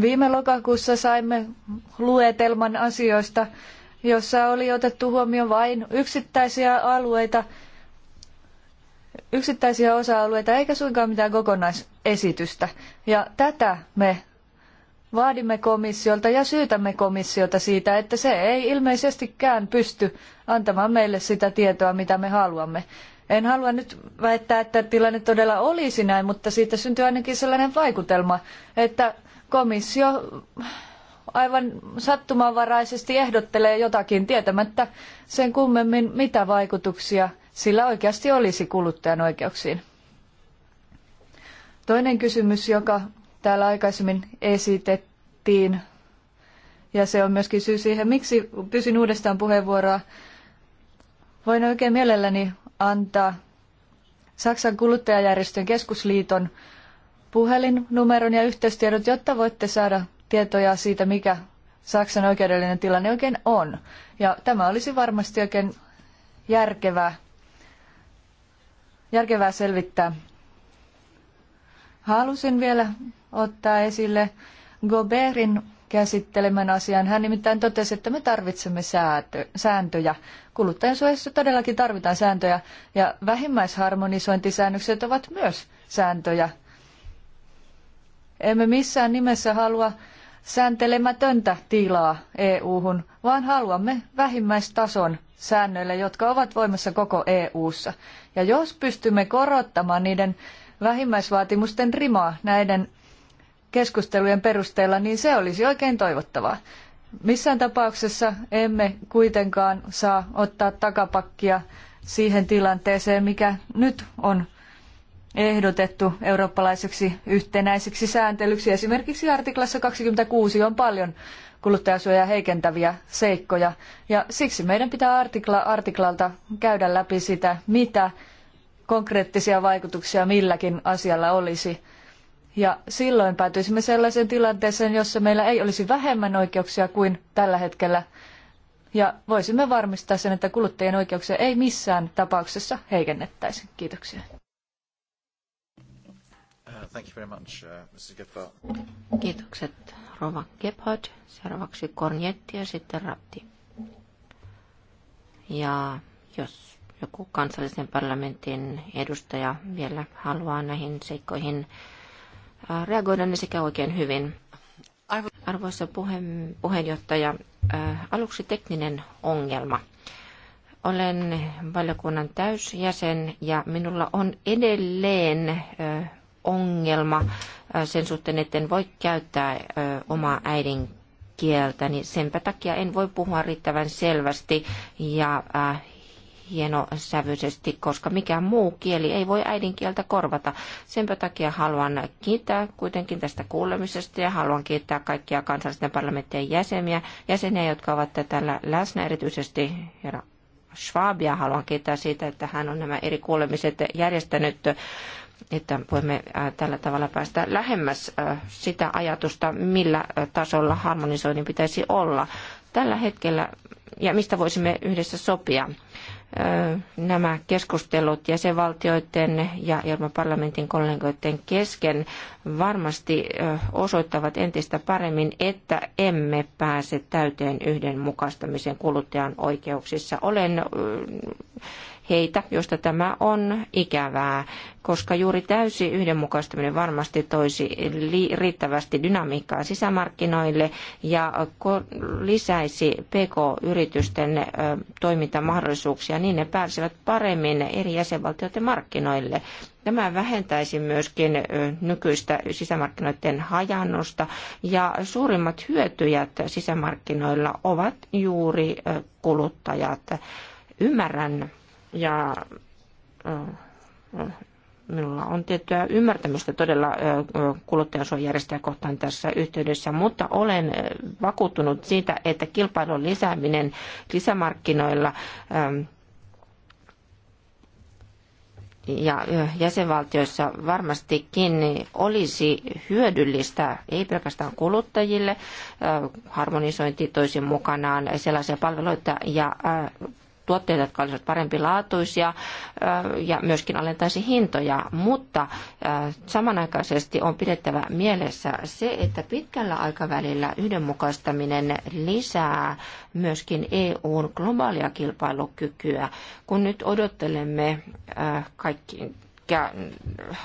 Viime lokakuussa saimme luetelman asioista, jossa oli otettu huomioon vain yksittäisiä alueita, yksittäisiä osa-alueita eikä suinkaan mitään kokonaisesitystä. Ja tätä me Vaadimme komissiolta ja syytämme komissiota siitä, että se ei ilmeisestikään pysty antamaan meille sitä tietoa, mitä me haluamme. En halua nyt väittää, että tilanne todella olisi näin, mutta siitä syntyy ainakin sellainen vaikutelma, että komissio aivan sattumanvaraisesti ehdottelee jotakin tietämättä sen kummemmin, mitä vaikutuksia sillä oikeasti olisi kuluttajan oikeuksiin. Toinen kysymys, joka täällä aikaisemmin esitettiin. Ja se on myöskin syy siihen, miksi pysin uudestaan puheenvuoroa. Voin oikein mielelläni antaa Saksan kuluttajajärjestön keskusliiton puhelinnumeron ja yhteystiedot, jotta voitte saada tietoja siitä, mikä Saksan oikeudellinen tilanne oikein on. Ja tämä olisi varmasti oikein järkevää, järkevää selvittää. Halusin vielä ottaa esille Goberin käsittelemän asian. Hän nimittäin totesi, että me tarvitsemme säätö, sääntöjä. Kuluttajansuojassa todellakin tarvitaan sääntöjä ja vähimmäisharmonisointisäännökset ovat myös sääntöjä. Emme missään nimessä halua sääntelemätöntä tilaa EU-hun, vaan haluamme vähimmäistason säännöille, jotka ovat voimassa koko EU-ssa. Ja jos pystymme korottamaan niiden vähimmäisvaatimusten rimaa näiden keskustelujen perusteella, niin se olisi oikein toivottavaa. Missään tapauksessa emme kuitenkaan saa ottaa takapakkia siihen tilanteeseen, mikä nyt on ehdotettu eurooppalaiseksi yhtenäiseksi sääntelyksi. Esimerkiksi artiklassa 26 on paljon kuluttajasuojaa heikentäviä seikkoja, ja siksi meidän pitää artikla artiklalta käydä läpi sitä, mitä konkreettisia vaikutuksia milläkin asialla olisi ja silloin päätyisimme sellaiseen tilanteeseen, jossa meillä ei olisi vähemmän oikeuksia kuin tällä hetkellä. Ja voisimme varmistaa sen, että kuluttajien oikeuksia ei missään tapauksessa heikennettäisi. Kiitoksia. Uh, thank you very much, uh, Kiitokset Rova Gebhard, seuraavaksi Kornietti ja sitten Ratti. Ja jos joku kansallisen parlamentin edustaja vielä haluaa näihin seikkoihin Äh, reagoida ne sekä oikein hyvin. Arvoisa puheen, puheenjohtaja, äh, aluksi tekninen ongelma. Olen valiokunnan täysjäsen ja minulla on edelleen äh, ongelma sen suhteen, etten voi käyttää omaa äidinkieltäni. senpä takia en voi puhua riittävän selvästi ja hienosävyisesti, koska mikään muu kieli ei voi äidinkieltä korvata. Senpä takia haluan kiittää kuitenkin tästä kuulemisesta ja haluan kiittää kaikkia kansallisten parlamenttien jäseniä, jäseniä jotka ovat täällä läsnä, erityisesti herra Schwabia. Haluan kiittää siitä, että hän on nämä eri kuulemiset järjestänyt että voimme tällä tavalla päästä lähemmäs sitä ajatusta, millä tasolla harmonisoinnin pitäisi olla tällä hetkellä ja mistä voisimme yhdessä sopia nämä keskustelut jäsenvaltioiden ja Euroopan parlamentin kollegoiden kesken varmasti osoittavat entistä paremmin, että emme pääse täyteen yhdenmukaistamiseen kuluttajan oikeuksissa. Olen heitä, joista tämä on ikävää, koska juuri täysi yhdenmukaistaminen varmasti toisi riittävästi dynamiikkaa sisämarkkinoille ja lisäisi PK-yritysten toimintamahdollisuuksia, niin ne pääsevät paremmin eri jäsenvaltioiden markkinoille. Tämä vähentäisi myöskin nykyistä sisämarkkinoiden hajannusta ja suurimmat hyötyjät sisämarkkinoilla ovat juuri kuluttajat. Ymmärrän ja minulla on tiettyä ymmärtämystä todella kuluttajansuojajärjestöjä kohtaan tässä yhteydessä, mutta olen vakuuttunut siitä, että kilpailun lisääminen lisämarkkinoilla ja jäsenvaltioissa varmastikin olisi hyödyllistä, ei pelkästään kuluttajille, harmonisointi toisin mukanaan sellaisia palveluita ja tuotteita, jotka olisivat parempilaatuisia ja myöskin alentaisi hintoja, mutta samanaikaisesti on pidettävä mielessä se, että pitkällä aikavälillä yhdenmukaistaminen lisää myöskin EUn globaalia kilpailukykyä. Kun nyt odottelemme kaikki kaikkea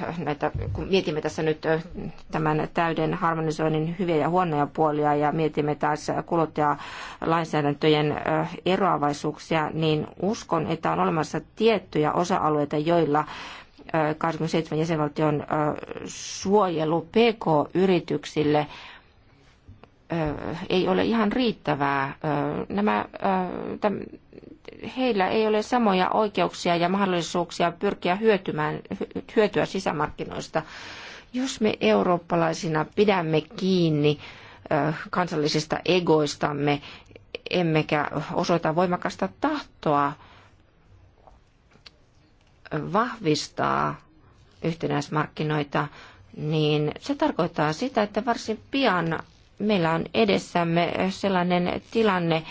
äh, näitä, kun mietimme tässä nyt äh, tämän täyden harmonisoinnin hyviä ja huonoja puolia ja mietimme taas kuluttajalainsäädäntöjen äh, eroavaisuuksia, niin uskon, että on olemassa tiettyjä osa-alueita, joilla 27 jäsenvaltion suojelu PK-yrityksille ei ole ihan riittävää. Nämä, heillä ei ole samoja oikeuksia ja mahdollisuuksia pyrkiä hyötymään, hyötyä sisämarkkinoista. Jos me eurooppalaisina pidämme kiinni kansallisista egoistamme, emmekä osoita voimakasta tahtoa vahvistaa yhtenäismarkkinoita, niin se tarkoittaa sitä, että varsin pian meillä on edessämme sellainen tilanne,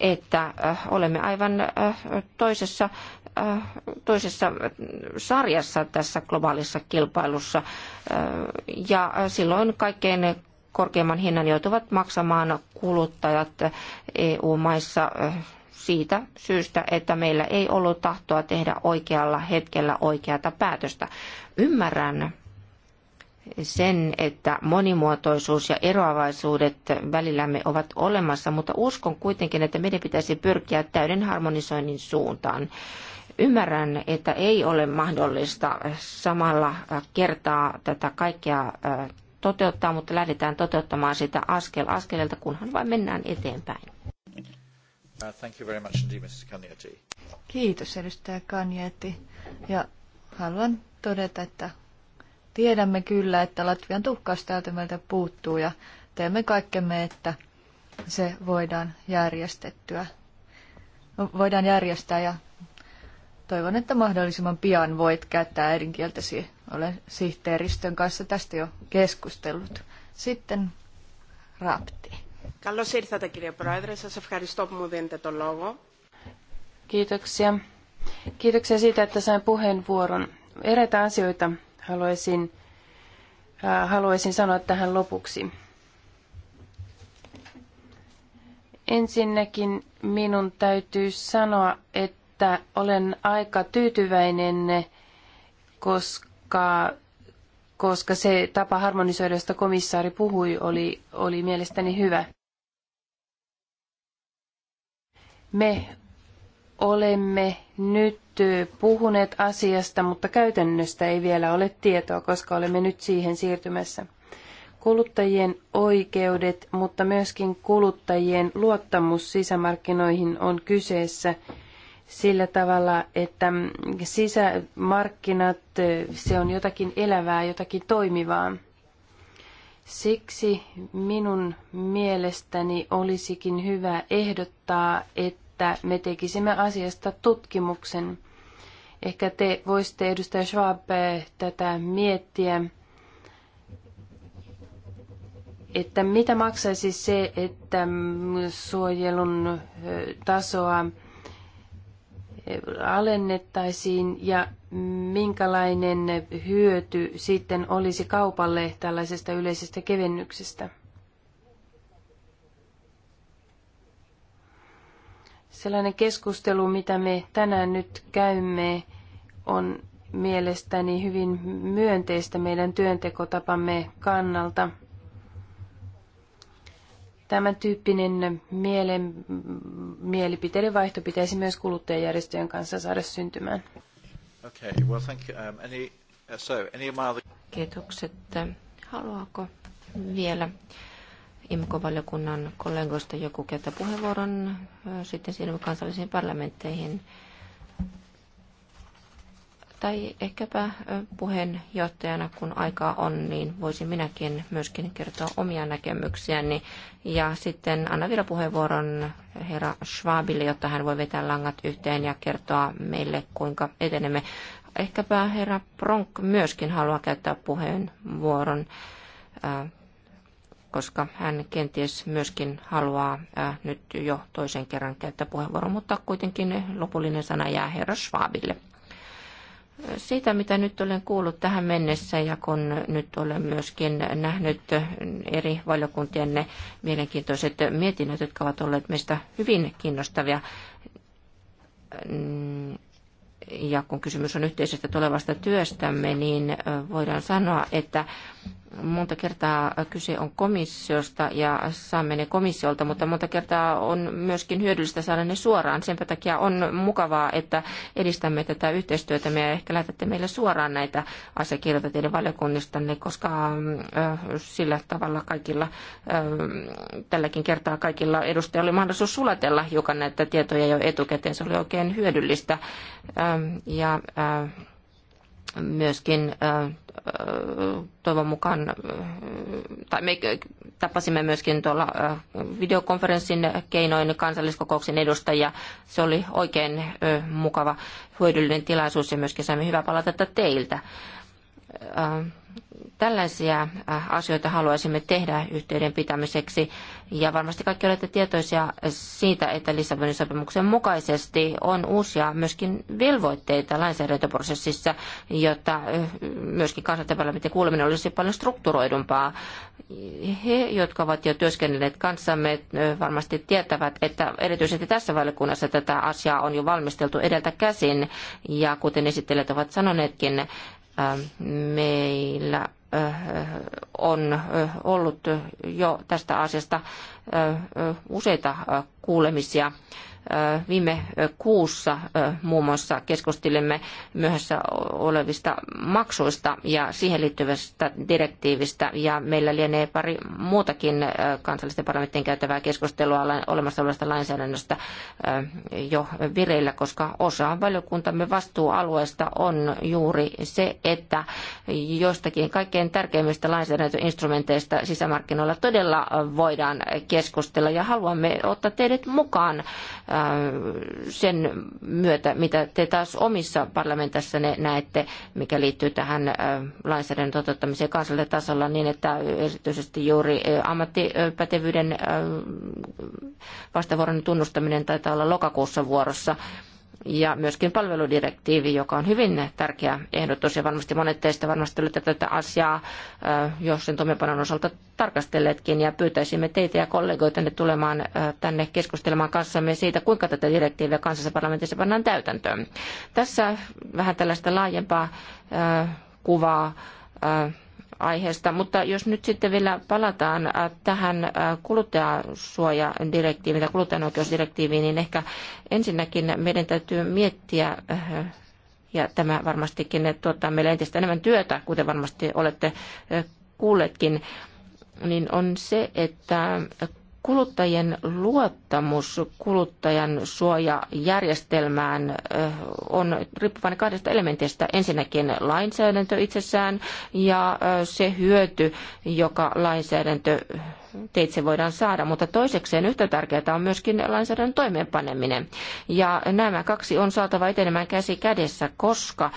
että äh, olemme aivan äh, toisessa, äh, toisessa sarjassa tässä globaalissa kilpailussa. Ja silloin kaikkein korkeimman hinnan joutuvat maksamaan kuluttajat EU-maissa siitä syystä, että meillä ei ollut tahtoa tehdä oikealla hetkellä oikeata päätöstä. Ymmärrän sen, että monimuotoisuus ja eroavaisuudet välillämme ovat olemassa, mutta uskon kuitenkin, että meidän pitäisi pyrkiä täyden harmonisoinnin suuntaan. Ymmärrän, että ei ole mahdollista samalla kertaa tätä kaikkea toteuttaa, mutta lähdetään toteuttamaan sitä askel askeleelta, kunhan vain mennään eteenpäin. Uh, thank you very much indeed, Kiitos edustaja Kanjeti. Ja haluan todeta, että Tiedämme kyllä, että Latvian täältä meiltä puuttuu ja teemme kaikkemme, että se voidaan järjestettyä. No, voidaan järjestää ja toivon, että mahdollisimman pian voit käyttää äidinkieltäsi. Olen sihteeristön kanssa tästä jo keskustellut. Sitten rapti. Καλώς ήρθατε κύριε Πρόεδρε, σας ευχαριστώ που μου δίνετε το λόγο. Kiitoksia. Kiitoksia siitä, että sain puheenvuoron. Eräitä asioita, haluaisin, äh, haluaisin sanoa tähän lopuksi. Ensinnäkin minun täytyy sanoa, että olen aika tyytyväinen, koska, koska se tapa harmonisoida, josta komissaari puhui, oli, oli mielestäni hyvä. Me olemme nyt puhuneet asiasta, mutta käytännöstä ei vielä ole tietoa, koska olemme nyt siihen siirtymässä. Kuluttajien oikeudet, mutta myöskin kuluttajien luottamus sisämarkkinoihin on kyseessä sillä tavalla, että sisämarkkinat, se on jotakin elävää, jotakin toimivaa. Siksi minun mielestäni olisikin hyvä ehdottaa, että että me tekisimme asiasta tutkimuksen. Ehkä te voisitte, edustaja Schwab, tätä miettiä, että mitä maksaisi se, että suojelun tasoa alennettaisiin ja minkälainen hyöty sitten olisi kaupalle tällaisesta yleisestä kevennyksestä. Sellainen keskustelu, mitä me tänään nyt käymme, on mielestäni hyvin myönteistä meidän työntekotapamme kannalta. Tämän tyyppinen mielen, mielipiteiden vaihto pitäisi myös kuluttajajärjestöjen kanssa saada syntymään. Okay, well, thank you. Um, any, uh, so, any other... Kiitokset. Haluaako vielä imco valiokunnan kollegoista joku käyttää puheenvuoron. Sitten siirrymme kansallisiin parlamentteihin. Tai ehkäpä puheenjohtajana, kun aikaa on, niin voisin minäkin myöskin kertoa omia näkemyksiäni. Ja sitten anna vielä puheenvuoron herra Schwabille, jotta hän voi vetää langat yhteen ja kertoa meille, kuinka etenemme. Ehkäpä herra Pronk myöskin haluaa käyttää puheenvuoron koska hän kenties myöskin haluaa nyt jo toisen kerran käyttää puheenvuoron, mutta kuitenkin lopullinen sana jää herra Schwabille. Siitä, mitä nyt olen kuullut tähän mennessä ja kun nyt olen myöskin nähnyt eri valiokuntien ne mielenkiintoiset mietinnöt, jotka ovat olleet meistä hyvin kiinnostavia, mm, ja kun kysymys on yhteisestä tulevasta työstämme, niin voidaan sanoa, että monta kertaa kyse on komissiosta ja saamme ne komissiolta, mutta monta kertaa on myöskin hyödyllistä saada ne suoraan. Sen takia on mukavaa, että edistämme tätä yhteistyötä. Me ehkä lähetätte meille suoraan näitä asiakirjoita teidän valiokunnistanne, koska sillä tavalla kaikilla, tälläkin kertaa kaikilla edustajilla oli mahdollisuus sulatella hiukan näitä tietoja jo etukäteen. Se oli oikein hyödyllistä. Ja myöskin toivon mukaan, tai me tapasimme myöskin tuolla videokonferenssin keinoin kansalliskokouksen edustajia. Se oli oikein mukava, hyödyllinen tilaisuus ja myöskin saimme hyvää palautetta teiltä tällaisia äh, asioita haluaisimme tehdä yhteyden pitämiseksi. Ja varmasti kaikki olette tietoisia siitä, että Lissabonin sopimuksen mukaisesti on uusia myöskin velvoitteita lainsäädäntöprosessissa, jotta äh, myöskin kansanterveyden kuuleminen olisi paljon strukturoidumpaa. He, jotka ovat jo työskennelleet kanssamme, äh, varmasti tietävät, että erityisesti tässä valiokunnassa tätä asiaa on jo valmisteltu edeltä käsin. Ja kuten esittelijät ovat sanoneetkin, meillä äh, on äh, ollut jo tästä asiasta äh, useita kuulemisia Viime kuussa muun muassa keskustelimme myöhässä olevista maksuista ja siihen liittyvästä direktiivistä ja meillä lienee pari muutakin kansallisten parlamenttien käytävää keskustelua olemassa olevasta lainsäädännöstä jo vireillä, koska osa valiokuntamme vastuualueesta on juuri se, että jostakin kaikkein tärkeimmistä lainsäädäntöinstrumenteista sisämarkkinoilla todella voidaan keskustella ja haluamme ottaa teidät mukaan sen myötä, mitä te taas omissa parlamentissa näette, mikä liittyy tähän lainsäädännön toteuttamiseen kansallisella tasolla, niin että erityisesti juuri ammattipätevyyden vastavuoron tunnustaminen taitaa olla lokakuussa vuorossa ja myöskin palveludirektiivi, joka on hyvin tärkeä ehdotus ja varmasti monet teistä varmasti olette tätä asiaa jo sen toimeenpanon osalta tarkastelleetkin ja pyytäisimme teitä ja kollegoitanne tulemaan tänne keskustelemaan kanssamme siitä, kuinka tätä direktiiviä kansallisessa parlamentissa pannaan täytäntöön. Tässä vähän tällaista laajempaa kuvaa aiheesta, mutta jos nyt sitten vielä palataan äh, tähän äh, kuluttajasuojadirektiiviin tai kuluttajanoikeusdirektiiviin, niin ehkä ensinnäkin meidän täytyy miettiä äh, ja tämä varmastikin tuottaa meille entistä enemmän työtä, kuten varmasti olette kuulleetkin, niin on se, että kuluttajien luottamus kuluttajan suojajärjestelmään on riippuvainen kahdesta elementistä. Ensinnäkin lainsäädäntö itsessään ja se hyöty, joka lainsäädäntö teitse voidaan saada, mutta toisekseen yhtä tärkeää on myöskin lainsäädännön toimeenpaneminen. Ja nämä kaksi on saatava etenemään käsi kädessä, koska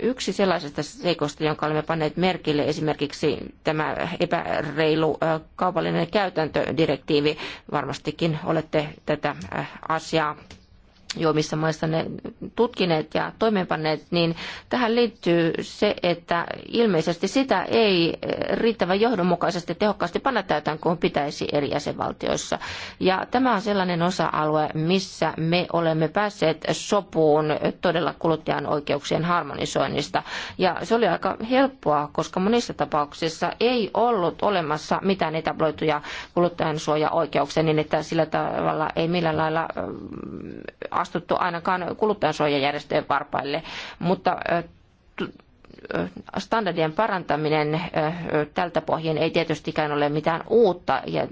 yksi sellaisesta seikosta, jonka olemme panneet merkille, esimerkiksi tämä epäreilu kaupallinen käytäntödirektiivi, varmastikin olette tätä asiaa juomissa missä maissa ne tutkineet ja toimeenpanneet, niin tähän liittyy se, että ilmeisesti sitä ei riittävän johdonmukaisesti tehokkaasti panna täytään kuin pitäisi eri jäsenvaltioissa. Ja tämä on sellainen osa-alue, missä me olemme päässeet sopuun todella kuluttajan oikeuksien harmonisoinnista. Ja se oli aika helppoa, koska monissa tapauksissa ei ollut olemassa mitään etabloituja kuluttajan suojaoikeuksia, niin että sillä tavalla ei millään lailla mm, astuttu ainakaan kuluttajansuojajärjestöjen varpaille, mutta standardien parantaminen tältä pohjin ei tietystikään ole mitään uutta ja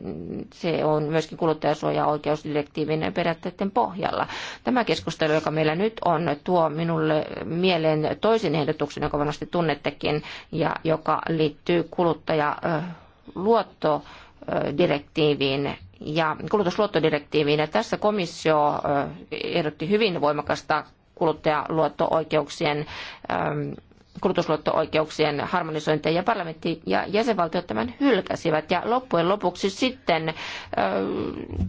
se on myöskin kuluttajasuoja-oikeusdirektiivin periaatteiden pohjalla. Tämä keskustelu, joka meillä nyt on, tuo minulle mieleen toisen ehdotuksen, jonka varmasti tunnettekin ja joka liittyy kuluttajaluottodirektiiviin. direktiiviin ja kulutusluottodirektiiviin. Ja tässä komissio ehdotti hyvin voimakasta kuluttajaluotto-oikeuksien kulutusluotto-oikeuksien harmonisointia ja parlamentti ja jäsenvaltiot tämän hylkäsivät. Ja loppujen lopuksi sitten ö,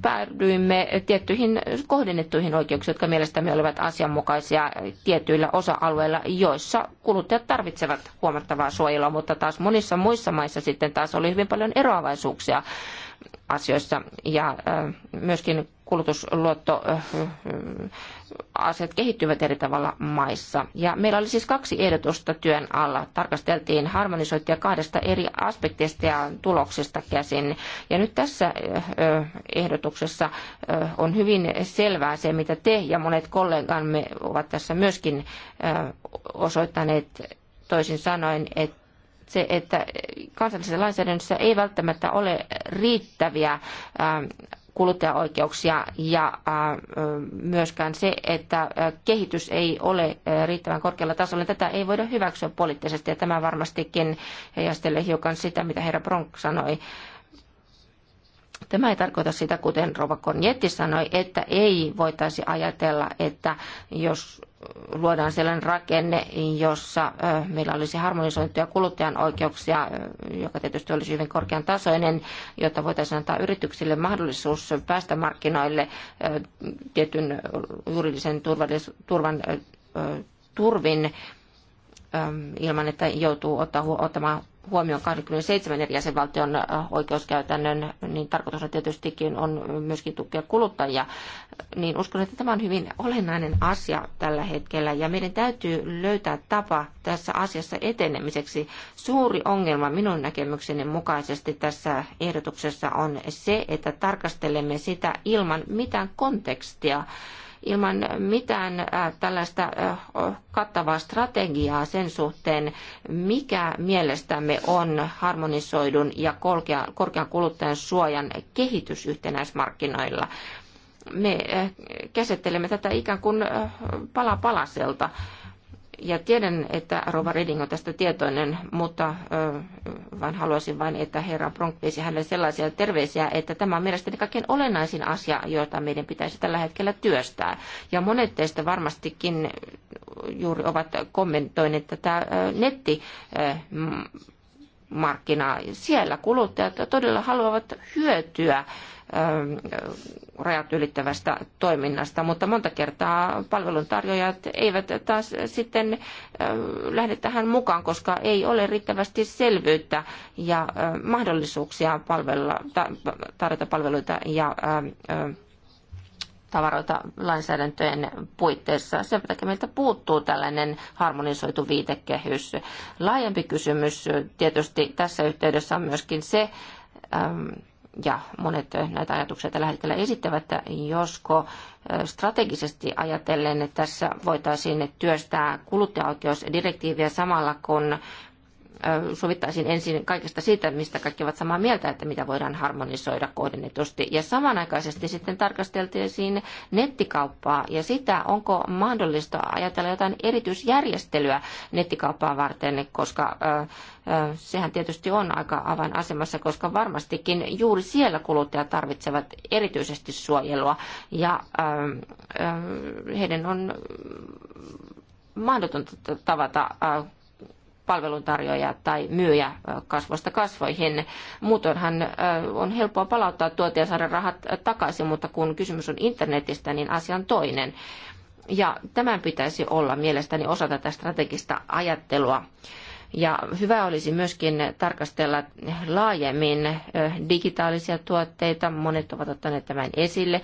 päädyimme tiettyihin kohdennettuihin oikeuksiin, jotka mielestämme olivat asianmukaisia tietyillä osa-alueilla, joissa kuluttajat tarvitsevat huomattavaa suojelua, mutta taas monissa muissa maissa sitten taas oli hyvin paljon eroavaisuuksia asioissa ja myöskin kulutusluotto kehittyvät eri tavalla maissa. Ja meillä oli siis kaksi ehdotusta työn alla. Tarkasteltiin harmonisointia kahdesta eri aspektista ja tuloksesta käsin. Ja nyt tässä ehdotuksessa on hyvin selvää se, mitä te ja monet kollegamme ovat tässä myöskin osoittaneet toisin sanoen, että se, että kansallisessa lainsäädännössä ei välttämättä ole riittäviä ähm, kuluttajaoikeuksia ja äh, myöskään se, että äh, kehitys ei ole äh, riittävän korkealla tasolla. Tätä ei voida hyväksyä poliittisesti ja tämä varmastikin heijastelee hiukan sitä, mitä herra Bronk sanoi Tämä ei tarkoita sitä, kuten Rova Kornietti sanoi, että ei voitaisi ajatella, että jos luodaan sellainen rakenne, jossa meillä olisi harmonisointia kuluttajan oikeuksia, joka tietysti olisi hyvin korkean tasoinen, jotta voitaisiin antaa yrityksille mahdollisuus päästä markkinoille tietyn juridisen turvan turvin ilman, että joutuu ottamaan huomioon 27 eri jäsenvaltion äh, oikeuskäytännön, niin tarkoitus on tietystikin on myöskin tukea kuluttajia. Niin uskon, että tämä on hyvin olennainen asia tällä hetkellä ja meidän täytyy löytää tapa tässä asiassa etenemiseksi. Suuri ongelma minun näkemykseni mukaisesti tässä ehdotuksessa on se, että tarkastelemme sitä ilman mitään kontekstia ilman mitään äh, tällaista äh, kattavaa strategiaa sen suhteen, mikä mielestämme on harmonisoidun ja korkean kuluttajan suojan kehitys yhtenäismarkkinoilla me äh, käsittelemme tätä ikään kuin pala palaselta. Ja tiedän, että Rova Reding on tästä tietoinen, mutta vaan haluaisin vain, että herra Bronk veisi hänelle sellaisia terveisiä, että tämä on mielestäni kaikkein olennaisin asia, jota meidän pitäisi tällä hetkellä työstää. Ja monet teistä varmastikin juuri ovat kommentoineet tätä netti markkinaa. Siellä kuluttajat todella haluavat hyötyä Ähm, rajat ylittävästä toiminnasta, mutta monta kertaa palveluntarjoajat eivät taas sitten äh, lähde tähän mukaan, koska ei ole riittävästi selvyyttä ja äh, mahdollisuuksia palvella, tarjota palveluita ja ähm, äh, tavaroita lainsäädäntöjen puitteissa. Sen takia meiltä puuttuu tällainen harmonisoitu viitekehys. Laajempi kysymys tietysti tässä yhteydessä on myöskin se, ähm, ja monet eh, näitä ajatuksia tällä hetkellä esittävät, että josko eh, strategisesti ajatellen että tässä voitaisiin työstää kuluttajaoikeusdirektiiviä samalla, kun sovittaisiin ensin kaikesta siitä, mistä kaikki ovat samaa mieltä, että mitä voidaan harmonisoida kohdennetusti. Ja samanaikaisesti sitten tarkasteltiin nettikauppaa ja sitä, onko mahdollista ajatella jotain erityisjärjestelyä nettikauppaa varten, koska sehän tietysti on aika avainasemassa, koska varmastikin juuri siellä kuluttajat tarvitsevat erityisesti suojelua ja heidän on mahdotonta tavata palveluntarjoaja tai myyjä kasvosta kasvoihin. Muutoinhan on helppoa palauttaa tuote ja saada rahat takaisin, mutta kun kysymys on internetistä, niin asia on toinen. Ja tämän pitäisi olla mielestäni osa tätä strategista ajattelua. Ja hyvä olisi myöskin tarkastella laajemmin digitaalisia tuotteita. Monet ovat ottaneet tämän esille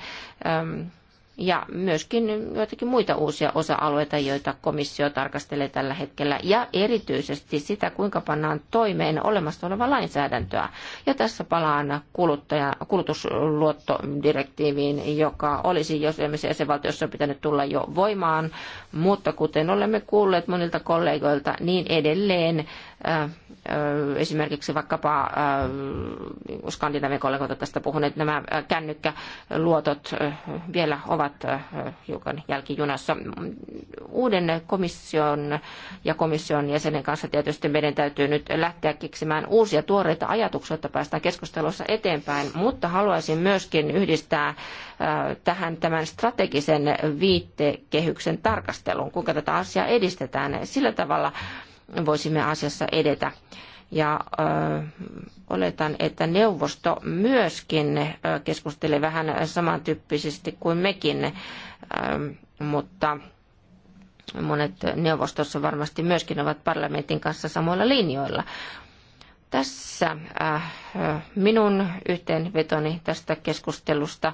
ja myöskin joitakin muita uusia osa-alueita, joita komissio tarkastelee tällä hetkellä, ja erityisesti sitä, kuinka pannaan toimeen olemassa olevaa lainsäädäntöä. Ja tässä palaan kuluttaja, kulutusluottodirektiiviin, joka olisi, jos esimerkiksi jäsenvaltiossa pitänyt tulla jo voimaan, mutta kuten olemme kuulleet monilta kollegoilta, niin edelleen äh, äh, esimerkiksi vaikkapa äh, niin Skandinavian kollegoilta tästä puhuneet, nämä kännykkäluotot vielä ovat ovat äh, hiukan jälkijunassa. Uuden komission ja komission jäsenen kanssa tietysti meidän täytyy nyt lähteä keksimään uusia tuoreita ajatuksia, jotta päästään keskustelussa eteenpäin, mutta haluaisin myöskin yhdistää äh, tähän tämän strategisen viittekehyksen tarkastelun, kuinka tätä asiaa edistetään. Sillä tavalla voisimme asiassa edetä ja ö, oletan, että neuvosto myöskin keskustelee vähän samantyyppisesti kuin mekin, ö, mutta monet neuvostossa varmasti myöskin ovat parlamentin kanssa samoilla linjoilla. Tässä äh, minun yhteenvetoni tästä keskustelusta.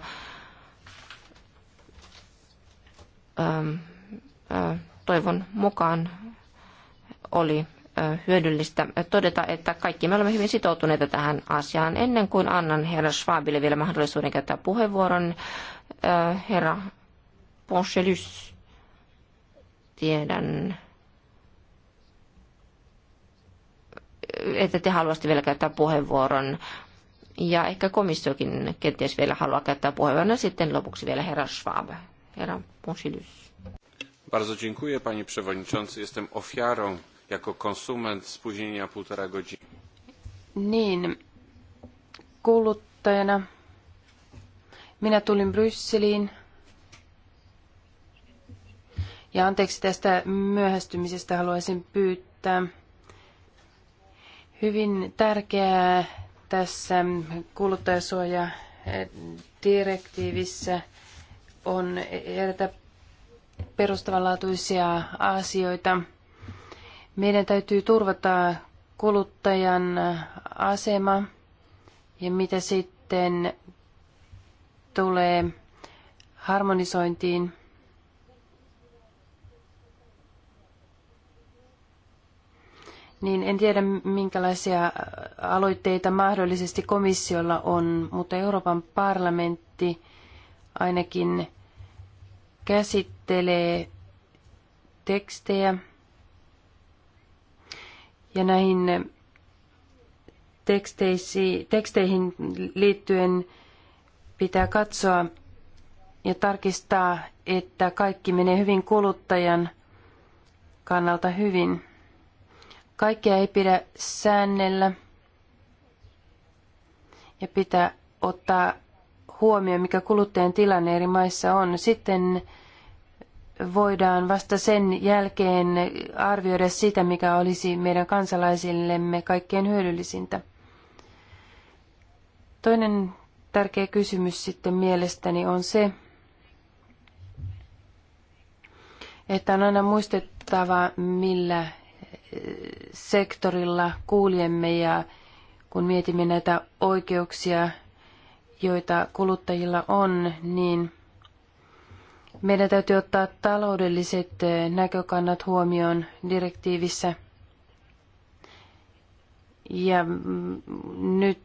Ähm, äh, toivon mukaan oli hyödyllistä todeta, että kaikki me olemme hyvin sitoutuneita tähän asiaan. Ennen kuin annan herra Schwabille vielä mahdollisuuden käyttää puheenvuoron, herra Ponchelys, tiedän, että te haluaisitte vielä käyttää puheenvuoron. Ja ehkä komissiokin kenties vielä haluaa käyttää puheenvuoron. Ja sitten lopuksi vielä herra Schwab. Herra Ponchelys. Bardzo dziękuję, panie przewodniczący. Jestem ofiarą jako konsument spóźnienia półtora godziny. Niin, kuluttajana minä tulin Brysseliin ja anteeksi tästä myöhästymisestä haluaisin pyytää. Hyvin tärkeää tässä kuluttajasuojadirektiivissä on erätä perustavanlaatuisia asioita – meidän täytyy turvata kuluttajan asema ja mitä sitten tulee harmonisointiin. Niin en tiedä, minkälaisia aloitteita mahdollisesti komissiolla on, mutta Euroopan parlamentti ainakin käsittelee tekstejä ja näihin eh, teksteihin liittyen pitää katsoa ja tarkistaa, että kaikki menee hyvin kuluttajan kannalta hyvin. Kaikkea ei pidä säännellä ja pitää ottaa huomioon, mikä kuluttajan tilanne eri maissa on. Sitten voidaan vasta sen jälkeen arvioida sitä, mikä olisi meidän kansalaisillemme kaikkein hyödyllisintä. Toinen tärkeä kysymys sitten mielestäni on se, että on aina muistettava, millä eh, sektorilla kuuljemme ja kun mietimme näitä oikeuksia, joita kuluttajilla on, niin – meidän täytyy ottaa taloudelliset eh, näkökannat huomioon direktiivissä. Ja mm, nyt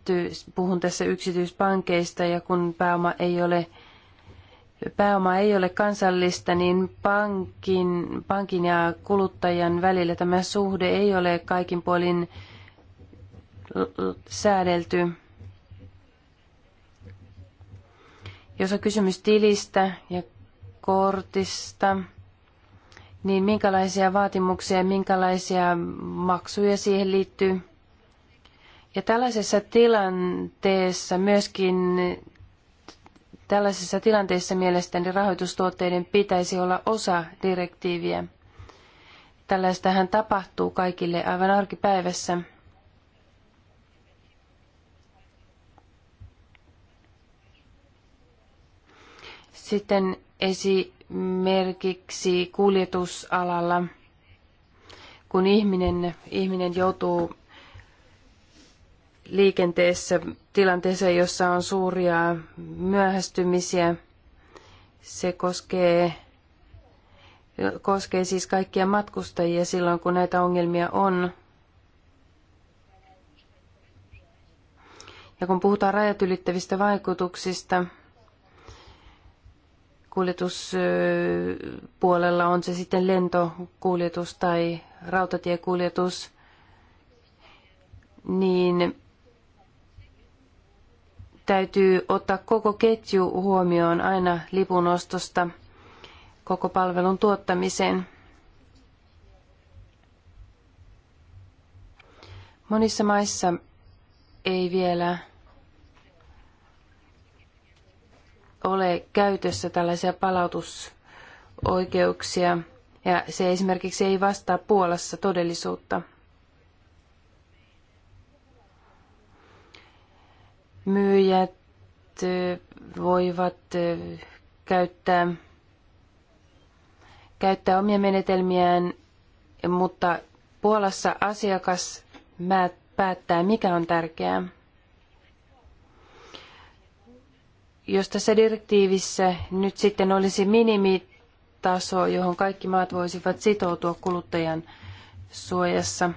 puhun tässä yksityispankeista ja kun pääoma ei ole, pääoma ei ole kansallista, niin pankin, pankin ja kuluttajan välillä tämä suhde ei ole kaikin puolin säädelty. Jos on kysymys tilistä ja kortista, niin minkälaisia vaatimuksia ja minkälaisia maksuja siihen liittyy. Ja tällaisessa tilanteessa myöskin Tällaisessa tilanteessa mielestäni rahoitustuotteiden pitäisi olla osa direktiiviä. Tällaistähän tapahtuu kaikille aivan arkipäivässä. Sitten esimerkiksi kuljetusalalla, kun ihminen, ihminen joutuu liikenteessä tilanteeseen, jossa on suuria myöhästymisiä. Se koskee, koskee siis kaikkia matkustajia silloin, kun näitä ongelmia on. Ja kun puhutaan rajat ylittävistä vaikutuksista, kuljetuspuolella, on se sitten lentokuljetus tai rautatiekuljetus, niin täytyy ottaa koko ketju huomioon aina lipunostosta koko palvelun tuottamiseen. Monissa maissa ei vielä ole käytössä tällaisia palautusoikeuksia ja se esimerkiksi ei vastaa Puolassa todellisuutta. Myyjät voivat käyttää, käyttää omia menetelmiään, mutta Puolassa asiakas päättää, mikä on tärkeää. jos tässä direktiivissä nyt sitten olisi minimitaso, johon kaikki maat voisivat sitoutua kuluttajan suojassa,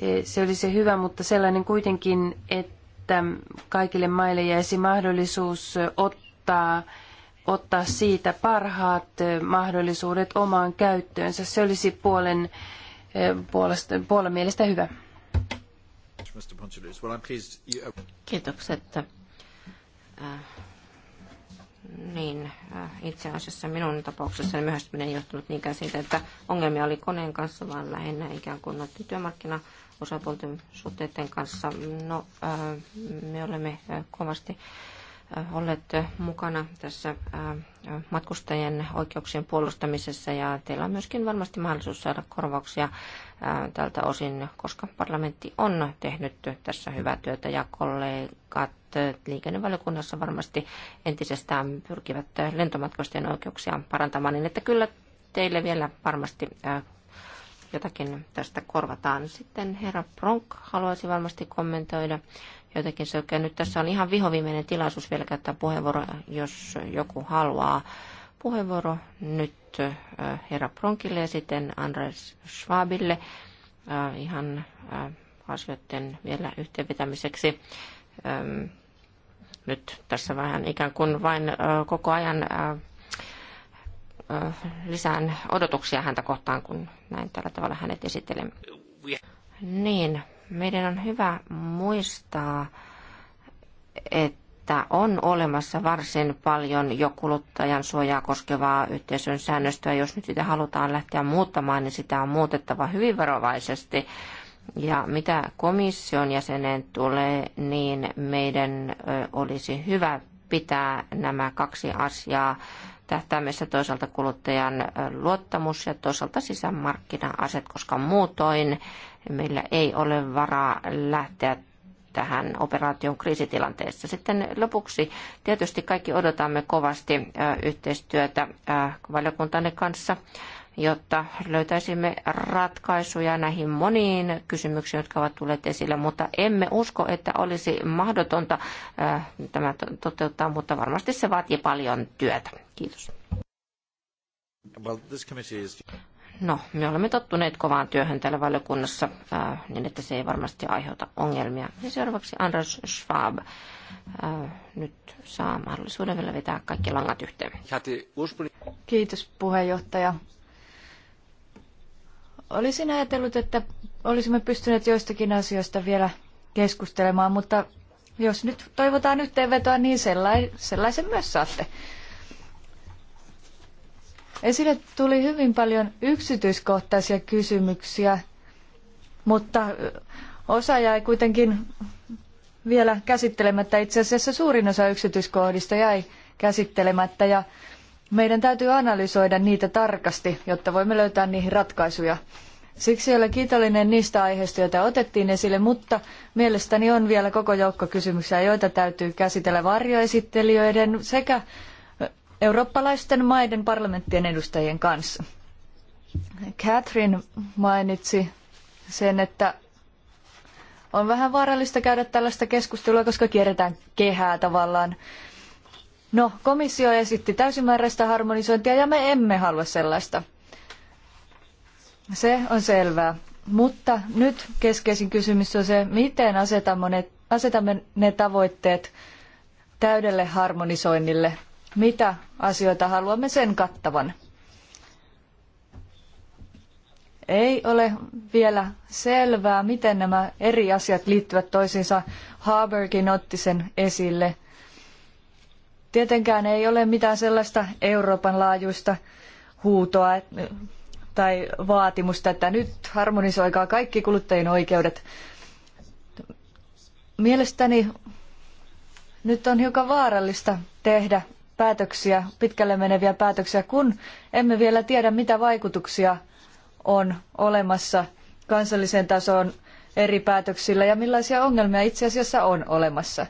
e, se olisi hyvä, mutta sellainen kuitenkin, että kaikille maille jäisi mahdollisuus ottaa, ottaa siitä parhaat mahdollisuudet omaan käyttöönsä. Se olisi puolen, e, puolesta, puolen mielestä hyvä. Mr. Well, I'm pleased you... Kiitokset. Äh, niin, äh, itse asiassa minun tapauksessani myöhästyminen ei johtunut niinkään siitä, että ongelmia oli koneen kanssa, vaan lähinnä ikään kuin noiden työmarkkina osapuolten suhteiden kanssa. No, äh, me olemme kovasti Äh, olleet mukana tässä äh, matkustajien oikeuksien puolustamisessa ja teillä on myöskin varmasti mahdollisuus saada korvauksia äh, tältä osin, koska parlamentti on tehnyt tässä hyvää työtä ja kollegat liikennevaliokunnassa varmasti entisestään pyrkivät lentomatkustajien oikeuksia parantamaan, niin että kyllä teille vielä varmasti jotakin tästä korvataan. Sitten herra Pronk haluaisi varmasti kommentoida jotenkin selkeä. Nyt tässä on ihan vihoviimeinen tilaisuus vielä käyttää puheenvuoro, jos joku haluaa puheenvuoro nyt äh, herra Pronkille ja sitten Andres Schwabille äh, ihan äh, asioiden vielä yhteenvetämiseksi. Ähm, nyt tässä vähän ikään kuin vain koko ajan lisään odotuksia häntä kohtaan, kun näin tällä tavalla hänet esittelen. Niin, meidän on hyvä muistaa, että on olemassa varsin paljon jo kuluttajan suojaa koskevaa yhteisön säännöstöä. Jos nyt sitä halutaan lähteä muuttamaan, niin sitä on muutettava hyvin varovaisesti. Ja mitä komission jäseneen tulee, niin meidän olisi hyvä pitää nämä kaksi asiaa tähtäimessä toisaalta kuluttajan luottamus ja toisaalta sisämarkkina-aset, koska muutoin Meillä ei ole varaa lähteä tähän operaation kriisitilanteessa. Sitten lopuksi tietysti kaikki odotamme kovasti yhteistyötä valiokuntanne kanssa jotta löytäisimme ratkaisuja näihin moniin kysymyksiin, jotka ovat tulleet esille, mutta emme usko, että olisi mahdotonta tämä toteuttaa, mutta varmasti se vaatii paljon työtä. Kiitos. No, me olemme tottuneet kovaan työhön täällä valiokunnassa, äh, niin että se ei varmasti aiheuta ongelmia. Ja seuraavaksi Anders Schwab. äh, nyt saa mahdollisuuden vielä vetää kaikki langat yhteen. Kiitos puheenjohtaja. Olisin ajatellut, että olisimme pystyneet joistakin asioista vielä keskustelemaan, mutta jos nyt toivotaan yhteenvetoa, niin sellaisen myös saatte. Esille tuli hyvin paljon yksityiskohtaisia kysymyksiä, mutta osa jäi kuitenkin vielä käsittelemättä. Itse asiassa suurin osa yksityiskohdista jäi käsittelemättä ja meidän täytyy analysoida niitä tarkasti, jotta voimme löytää niihin ratkaisuja. Siksi olen kiitollinen niistä aiheista, joita otettiin esille, mutta mielestäni on vielä koko joukko kysymyksiä, joita täytyy käsitellä varjoesittelijöiden sekä eurooppalaisten maiden parlamenttien edustajien kanssa. Catherine mainitsi sen, että on vähän vaarallista käydä tällaista keskustelua, koska kierretään kehää tavallaan. No, komissio esitti täysimääräistä harmonisointia ja me emme halua sellaista. Se on selvää. Mutta nyt keskeisin kysymys on se, miten asetamme ne, asetamme ne tavoitteet täydelle harmonisoinnille mitä asioita haluamme sen kattavan. Ei ole vielä selvää, miten nämä eri asiat liittyvät toisiinsa. Haberkin otti sen esille. Tietenkään ei ole mitään sellaista Euroopan laajuista huutoa tai vaatimusta, että nyt harmonisoikaa kaikki kuluttajien oikeudet. Mielestäni nyt on hiukan vaarallista tehdä päätöksiä, pitkälle meneviä päätöksiä, kun emme vielä tiedä, mitä vaikutuksia on olemassa kansalliseen tasoon eri päätöksillä ja millaisia ongelmia itse asiassa on olemassa.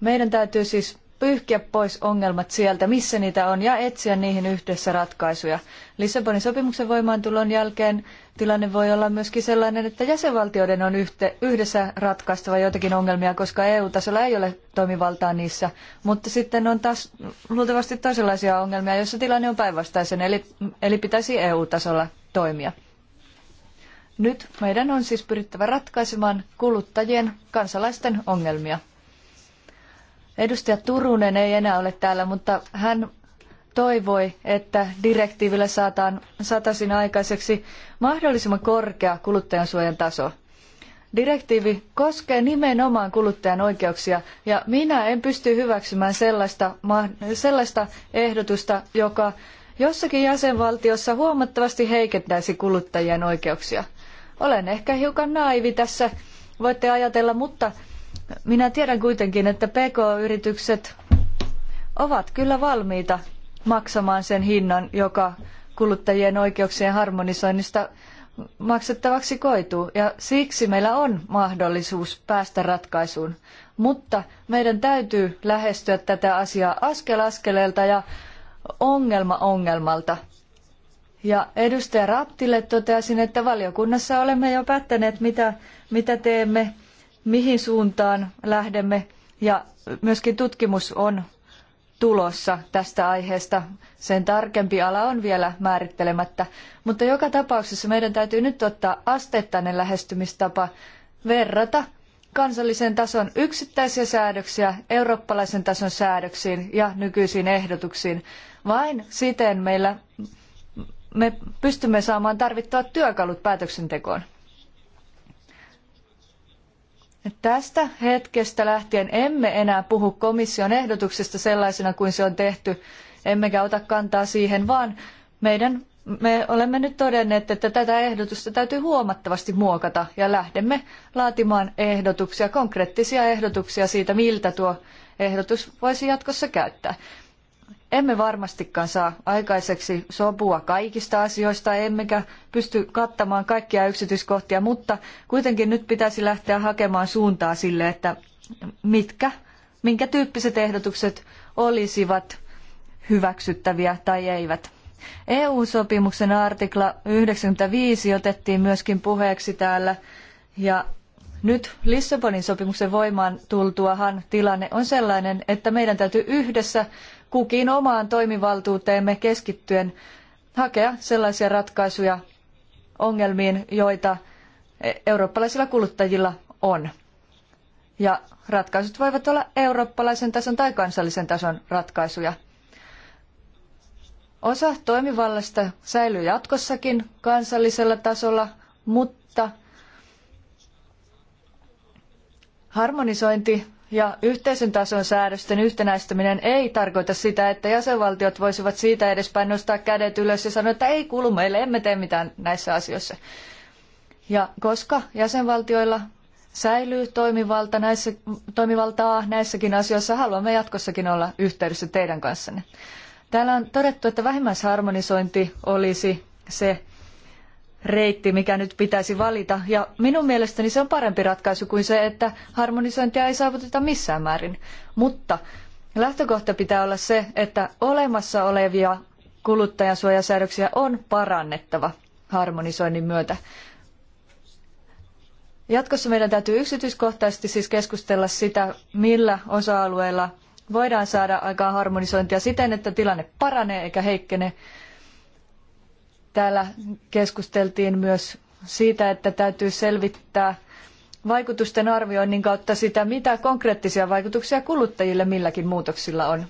Meidän täytyy siis pyyhkiä pois ongelmat sieltä, missä niitä on, ja etsiä niihin yhdessä ratkaisuja. Lissabonin sopimuksen voimaantulon jälkeen tilanne voi olla myöskin sellainen, että jäsenvaltioiden on yhdessä ratkaistava joitakin ongelmia, koska EU-tasolla ei ole toimivaltaa niissä. Mutta sitten on taas luultavasti toisenlaisia ongelmia, joissa tilanne on päinvastaisen, eli, eli pitäisi EU-tasolla toimia. Nyt meidän on siis pyrittävä ratkaisemaan kuluttajien kansalaisten ongelmia. Edustaja Turunen ei enää ole täällä, mutta hän toivoi, että direktiivillä saataan, saataisiin aikaiseksi mahdollisimman korkea kuluttajansuojan taso. Direktiivi koskee nimenomaan kuluttajan oikeuksia ja minä en pysty hyväksymään sellaista, sellaista ehdotusta, joka jossakin jäsenvaltiossa huomattavasti heikentäisi kuluttajien oikeuksia. Olen ehkä hiukan naivi tässä, voitte ajatella, mutta minä tiedän kuitenkin, että PK-yritykset ovat kyllä valmiita maksamaan sen hinnan, joka kuluttajien oikeuksien harmonisoinnista maksettavaksi koituu. Ja siksi meillä on mahdollisuus päästä ratkaisuun. Mutta meidän täytyy lähestyä tätä asiaa askel askeleelta ja ongelma ongelmalta. Ja edustaja Raptille toteasin, että valiokunnassa olemme jo päättäneet, mitä, mitä teemme mihin suuntaan lähdemme ja myöskin tutkimus on tulossa tästä aiheesta. Sen tarkempi ala on vielä määrittelemättä, mutta joka tapauksessa meidän täytyy nyt ottaa asteittainen lähestymistapa verrata kansallisen tason yksittäisiä säädöksiä eurooppalaisen tason säädöksiin ja nykyisiin ehdotuksiin. Vain siten meillä me pystymme saamaan tarvittavat työkalut päätöksentekoon. Tästä hetkestä lähtien emme enää puhu komission ehdotuksesta sellaisena kuin se on tehty, emmekä ota kantaa siihen, vaan meidän, me olemme nyt todenneet, että tätä ehdotusta täytyy huomattavasti muokata ja lähdemme laatimaan ehdotuksia, konkreettisia ehdotuksia siitä, miltä tuo ehdotus voisi jatkossa käyttää. Emme varmastikaan saa aikaiseksi sopua kaikista asioista, emmekä pysty kattamaan kaikkia yksityiskohtia, mutta kuitenkin nyt pitäisi lähteä hakemaan suuntaa sille, että mitkä, minkä tyyppiset ehdotukset olisivat hyväksyttäviä tai eivät. EU-sopimuksen artikla 95 otettiin myöskin puheeksi täällä ja nyt Lissabonin sopimuksen voimaan tultuahan tilanne on sellainen, että meidän täytyy yhdessä kukin omaan toimivaltuuteemme keskittyen hakea sellaisia ratkaisuja ongelmiin, joita e- eurooppalaisilla kuluttajilla on. Ja ratkaisut voivat olla eurooppalaisen tason tai kansallisen tason ratkaisuja. Osa toimivallasta säilyy jatkossakin kansallisella tasolla, mutta harmonisointi ja yhteisön tason säädösten yhtenäistäminen ei tarkoita sitä, että jäsenvaltiot voisivat siitä edespäin nostaa kädet ylös ja sanoa, että ei kuulu meille, emme tee mitään näissä asioissa. Ja koska jäsenvaltioilla säilyy toimivalta näissä, toimivaltaa näissäkin asioissa, haluamme jatkossakin olla yhteydessä teidän kanssanne. Täällä on todettu, että vähimmäisharmonisointi olisi se reitti, mikä nyt pitäisi valita. Ja minun mielestäni se on parempi ratkaisu kuin se, että harmonisointia ei saavuteta missään määrin. Mutta lähtökohta pitää olla se, että olemassa olevia kuluttajansuojasäädöksiä on parannettava harmonisoinnin myötä. Jatkossa meidän täytyy yksityiskohtaisesti siis keskustella sitä, millä osa-alueilla voidaan saada aikaan harmonisointia siten, että tilanne paranee eikä heikkene Täällä keskusteltiin myös siitä, että täytyy selvittää vaikutusten arvioinnin kautta sitä, mitä konkreettisia vaikutuksia kuluttajille milläkin muutoksilla on.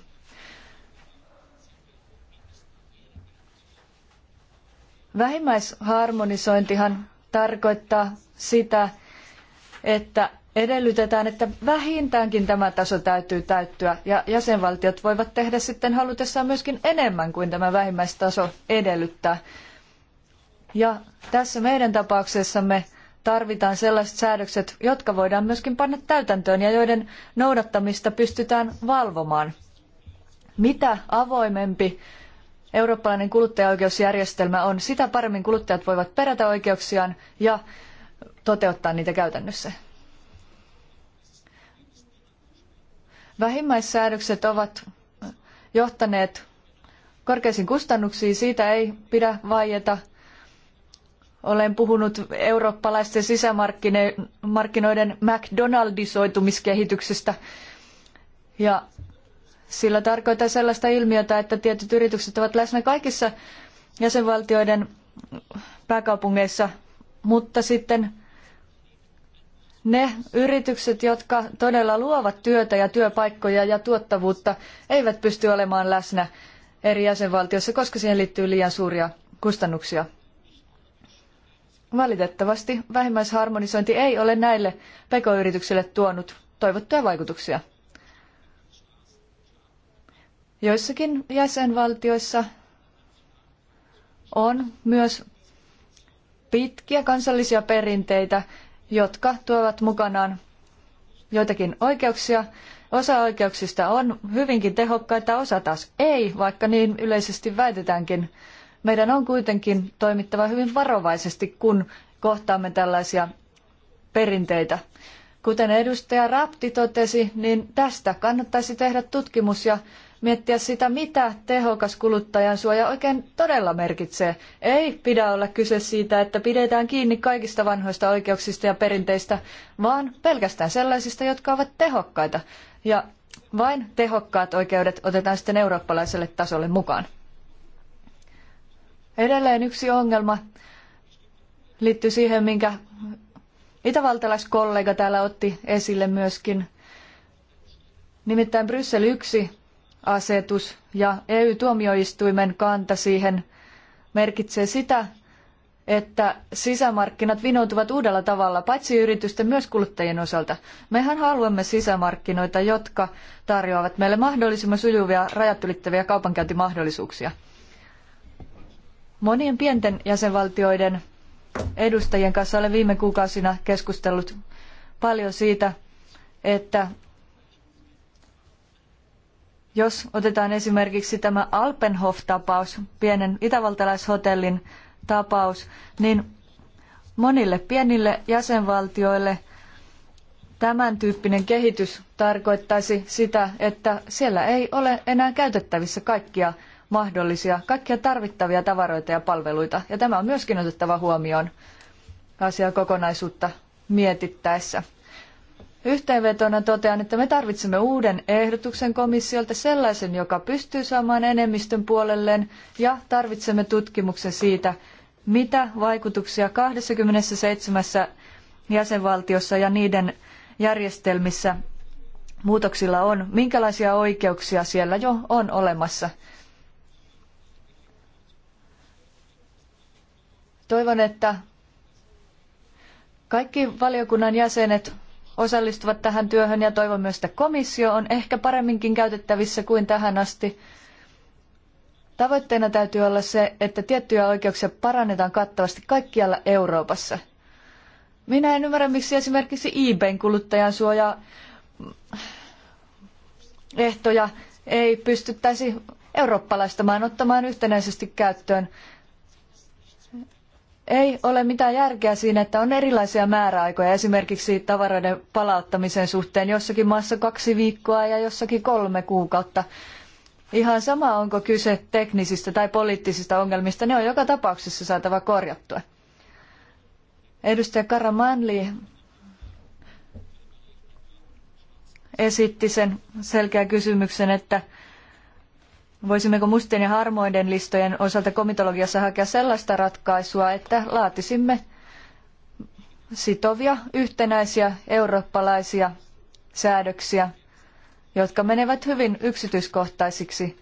Vähimmäisharmonisointihan tarkoittaa sitä, että edellytetään, että vähintäänkin tämä taso täytyy täyttyä ja jäsenvaltiot voivat tehdä sitten halutessaan myöskin enemmän kuin tämä vähimmäistaso edellyttää. Ja tässä meidän tapauksessamme tarvitaan sellaiset säädökset, jotka voidaan myöskin panna täytäntöön ja joiden noudattamista pystytään valvomaan. Mitä avoimempi eurooppalainen kuluttajaoikeusjärjestelmä on, sitä paremmin kuluttajat voivat perätä oikeuksiaan ja toteuttaa niitä käytännössä. Vähimmäissäädökset ovat johtaneet korkeisiin kustannuksiin, siitä ei pidä vaieta – olen puhunut eurooppalaisten sisämarkkinoiden McDonaldisoitumiskehityksestä. Ja sillä tarkoittaa sellaista ilmiötä, että tietyt yritykset ovat läsnä kaikissa jäsenvaltioiden pääkaupungeissa, mutta sitten ne yritykset, jotka todella luovat työtä ja työpaikkoja ja tuottavuutta, eivät pysty olemaan läsnä eri jäsenvaltioissa, koska siihen liittyy liian suuria kustannuksia. Valitettavasti vähimmäisharmonisointi ei ole näille pk-yrityksille tuonut toivottuja vaikutuksia. Joissakin jäsenvaltioissa on myös pitkiä kansallisia perinteitä, jotka tuovat mukanaan joitakin oikeuksia. Osa oikeuksista on hyvinkin tehokkaita, osa taas ei, vaikka niin yleisesti väitetäänkin meidän on kuitenkin toimittava hyvin varovaisesti, kun kohtaamme tällaisia perinteitä. Kuten edustaja Rapti totesi, niin tästä kannattaisi tehdä tutkimus ja miettiä sitä, mitä tehokas kuluttajan suoja oikein todella merkitsee. Ei pidä olla kyse siitä, että pidetään kiinni kaikista vanhoista oikeuksista ja perinteistä, vaan pelkästään sellaisista, jotka ovat tehokkaita. Ja vain tehokkaat oikeudet otetaan sitten eurooppalaiselle tasolle mukaan. Edelleen yksi ongelma liittyy siihen, minkä itävaltalaiskollega täällä otti esille myöskin. Nimittäin Bryssel 1 asetus ja EU-tuomioistuimen kanta siihen merkitsee sitä, että sisämarkkinat vinoutuvat uudella tavalla, paitsi yritysten myös kuluttajien osalta. Mehän haluamme sisämarkkinoita, jotka tarjoavat meille mahdollisimman sujuvia rajat ylittäviä kaupankäyntimahdollisuuksia monien pienten jäsenvaltioiden edustajien kanssa olen viime kuukausina keskustellut paljon siitä, että jos otetaan esimerkiksi tämä Alpenhof-tapaus, pienen itävaltalaishotellin tapaus, niin monille pienille jäsenvaltioille tämän tyyppinen kehitys tarkoittaisi sitä, että siellä ei ole enää käytettävissä kaikkia mahdollisia, kaikkia tarvittavia tavaroita ja palveluita. Ja tämä on myöskin otettava huomioon asiakokonaisuutta mietittäessä. Yhteenvetona totean, että me tarvitsemme uuden ehdotuksen komissiolta sellaisen, joka pystyy saamaan enemmistön puolelleen ja tarvitsemme tutkimuksen siitä, mitä vaikutuksia 27 jäsenvaltiossa ja niiden järjestelmissä muutoksilla on, minkälaisia oikeuksia siellä jo on olemassa. Toivon, että kaikki valiokunnan jäsenet osallistuvat tähän työhön ja toivon myös, että komissio on ehkä paremminkin käytettävissä kuin tähän asti. Tavoitteena täytyy olla se, että tiettyjä oikeuksia parannetaan kattavasti kaikkialla Euroopassa. Minä en ymmärrä, miksi esimerkiksi eBayn kuluttajan suoja ehtoja ei pystyttäisi eurooppalaistamaan ottamaan yhtenäisesti käyttöön ei ole mitään järkeä siinä, että on erilaisia määräaikoja esimerkiksi tavaroiden palauttamisen suhteen jossakin maassa kaksi viikkoa ja jossakin kolme kuukautta. Ihan sama onko kyse teknisistä tai poliittisista ongelmista, ne on joka tapauksessa saatava korjattua. Edustaja Karamanli esitti sen selkeän kysymyksen, että Voisimmeko mustien ja harmoiden listojen osalta komitologiassa hakea sellaista ratkaisua, että laatisimme sitovia yhtenäisiä eurooppalaisia säädöksiä, jotka menevät hyvin yksityiskohtaisiksi.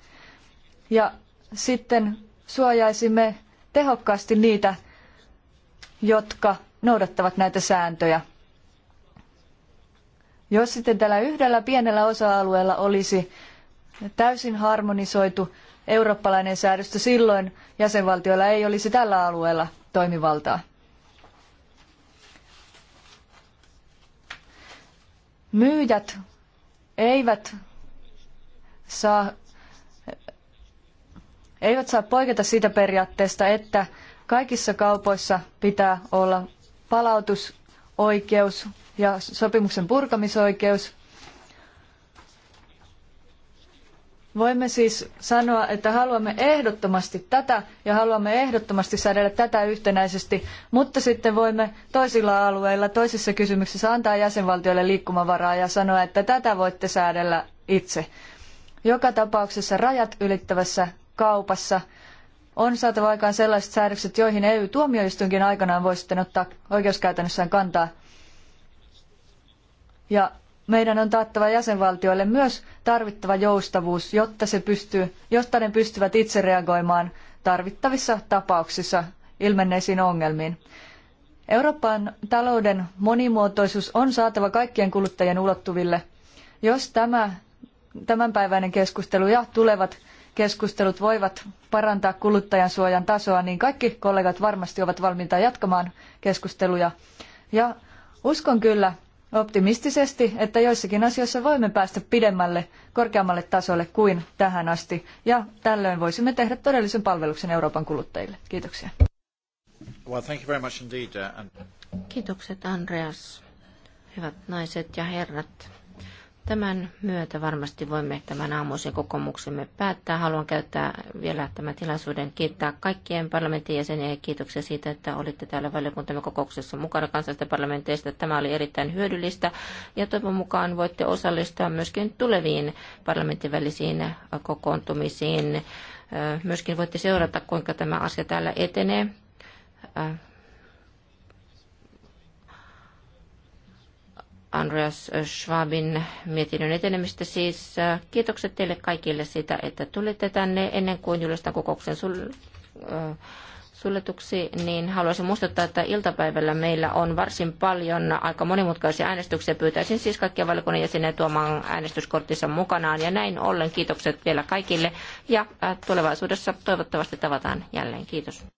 Ja sitten suojaisimme tehokkaasti niitä, jotka noudattavat näitä sääntöjä. Jos sitten tällä yhdellä pienellä osa-alueella olisi täysin harmonisoitu eurooppalainen säädöstö, silloin jäsenvaltioilla ei olisi tällä alueella toimivaltaa. Myyjät eivät saa, eivät saa poiketa siitä periaatteesta, että kaikissa kaupoissa pitää olla palautusoikeus ja sopimuksen purkamisoikeus – Voimme siis sanoa, että haluamme ehdottomasti tätä ja haluamme ehdottomasti säädellä tätä yhtenäisesti, mutta sitten voimme toisilla alueilla, toisissa kysymyksissä antaa jäsenvaltioille liikkumavaraa ja sanoa, että tätä voitte säädellä itse. Joka tapauksessa rajat ylittävässä kaupassa on saatava aikaan sellaiset säädökset, joihin EU-tuomioistuinkin aikanaan voi sitten ottaa oikeuskäytännössään kantaa. Ja meidän on taattava jäsenvaltioille myös tarvittava joustavuus, jotta, se pystyy, jotta ne pystyvät itse reagoimaan tarvittavissa tapauksissa ilmenneisiin ongelmiin. Euroopan talouden monimuotoisuus on saatava kaikkien kuluttajien ulottuville. Jos tämä tämänpäiväinen keskustelu ja tulevat keskustelut voivat parantaa kuluttajan suojan tasoa, niin kaikki kollegat varmasti ovat valmiita jatkamaan keskusteluja. Ja uskon kyllä, optimistisesti, että joissakin asioissa voimme päästä pidemmälle, korkeammalle tasolle kuin tähän asti, ja tällöin voisimme tehdä todellisen palveluksen Euroopan kuluttajille. Kiitoksia. Well, thank you very much indeed, uh, and... Kiitokset Andreas. Hyvät naiset ja herrat. Tämän myötä varmasti voimme tämän aamuisen kokouksemme päättää. Haluan käyttää vielä tämän tilaisuuden kiittää kaikkien parlamentin jäseniä ja kiitoksia siitä, että olitte täällä valiokuntamme kokouksessa mukana kansallisten parlamenteista. Tämä oli erittäin hyödyllistä ja toivon mukaan voitte osallistua myöskin tuleviin parlamentin välisiin kokoontumisiin. Myöskin voitte seurata, kuinka tämä asia täällä etenee Andreas Schwabin mietinnön etenemistä siis. Äh, kiitokset teille kaikille siitä, että tulitte tänne ennen kuin julistan kokouksen sul- äh, suljetuksi, niin haluaisin muistuttaa, että iltapäivällä meillä on varsin paljon aika monimutkaisia äänestyksiä. Pyytäisin siis kaikkia valiokunnan jäseniä tuomaan äänestyskorttinsa mukanaan. Ja näin ollen kiitokset vielä kaikille ja äh, tulevaisuudessa toivottavasti tavataan jälleen. Kiitos.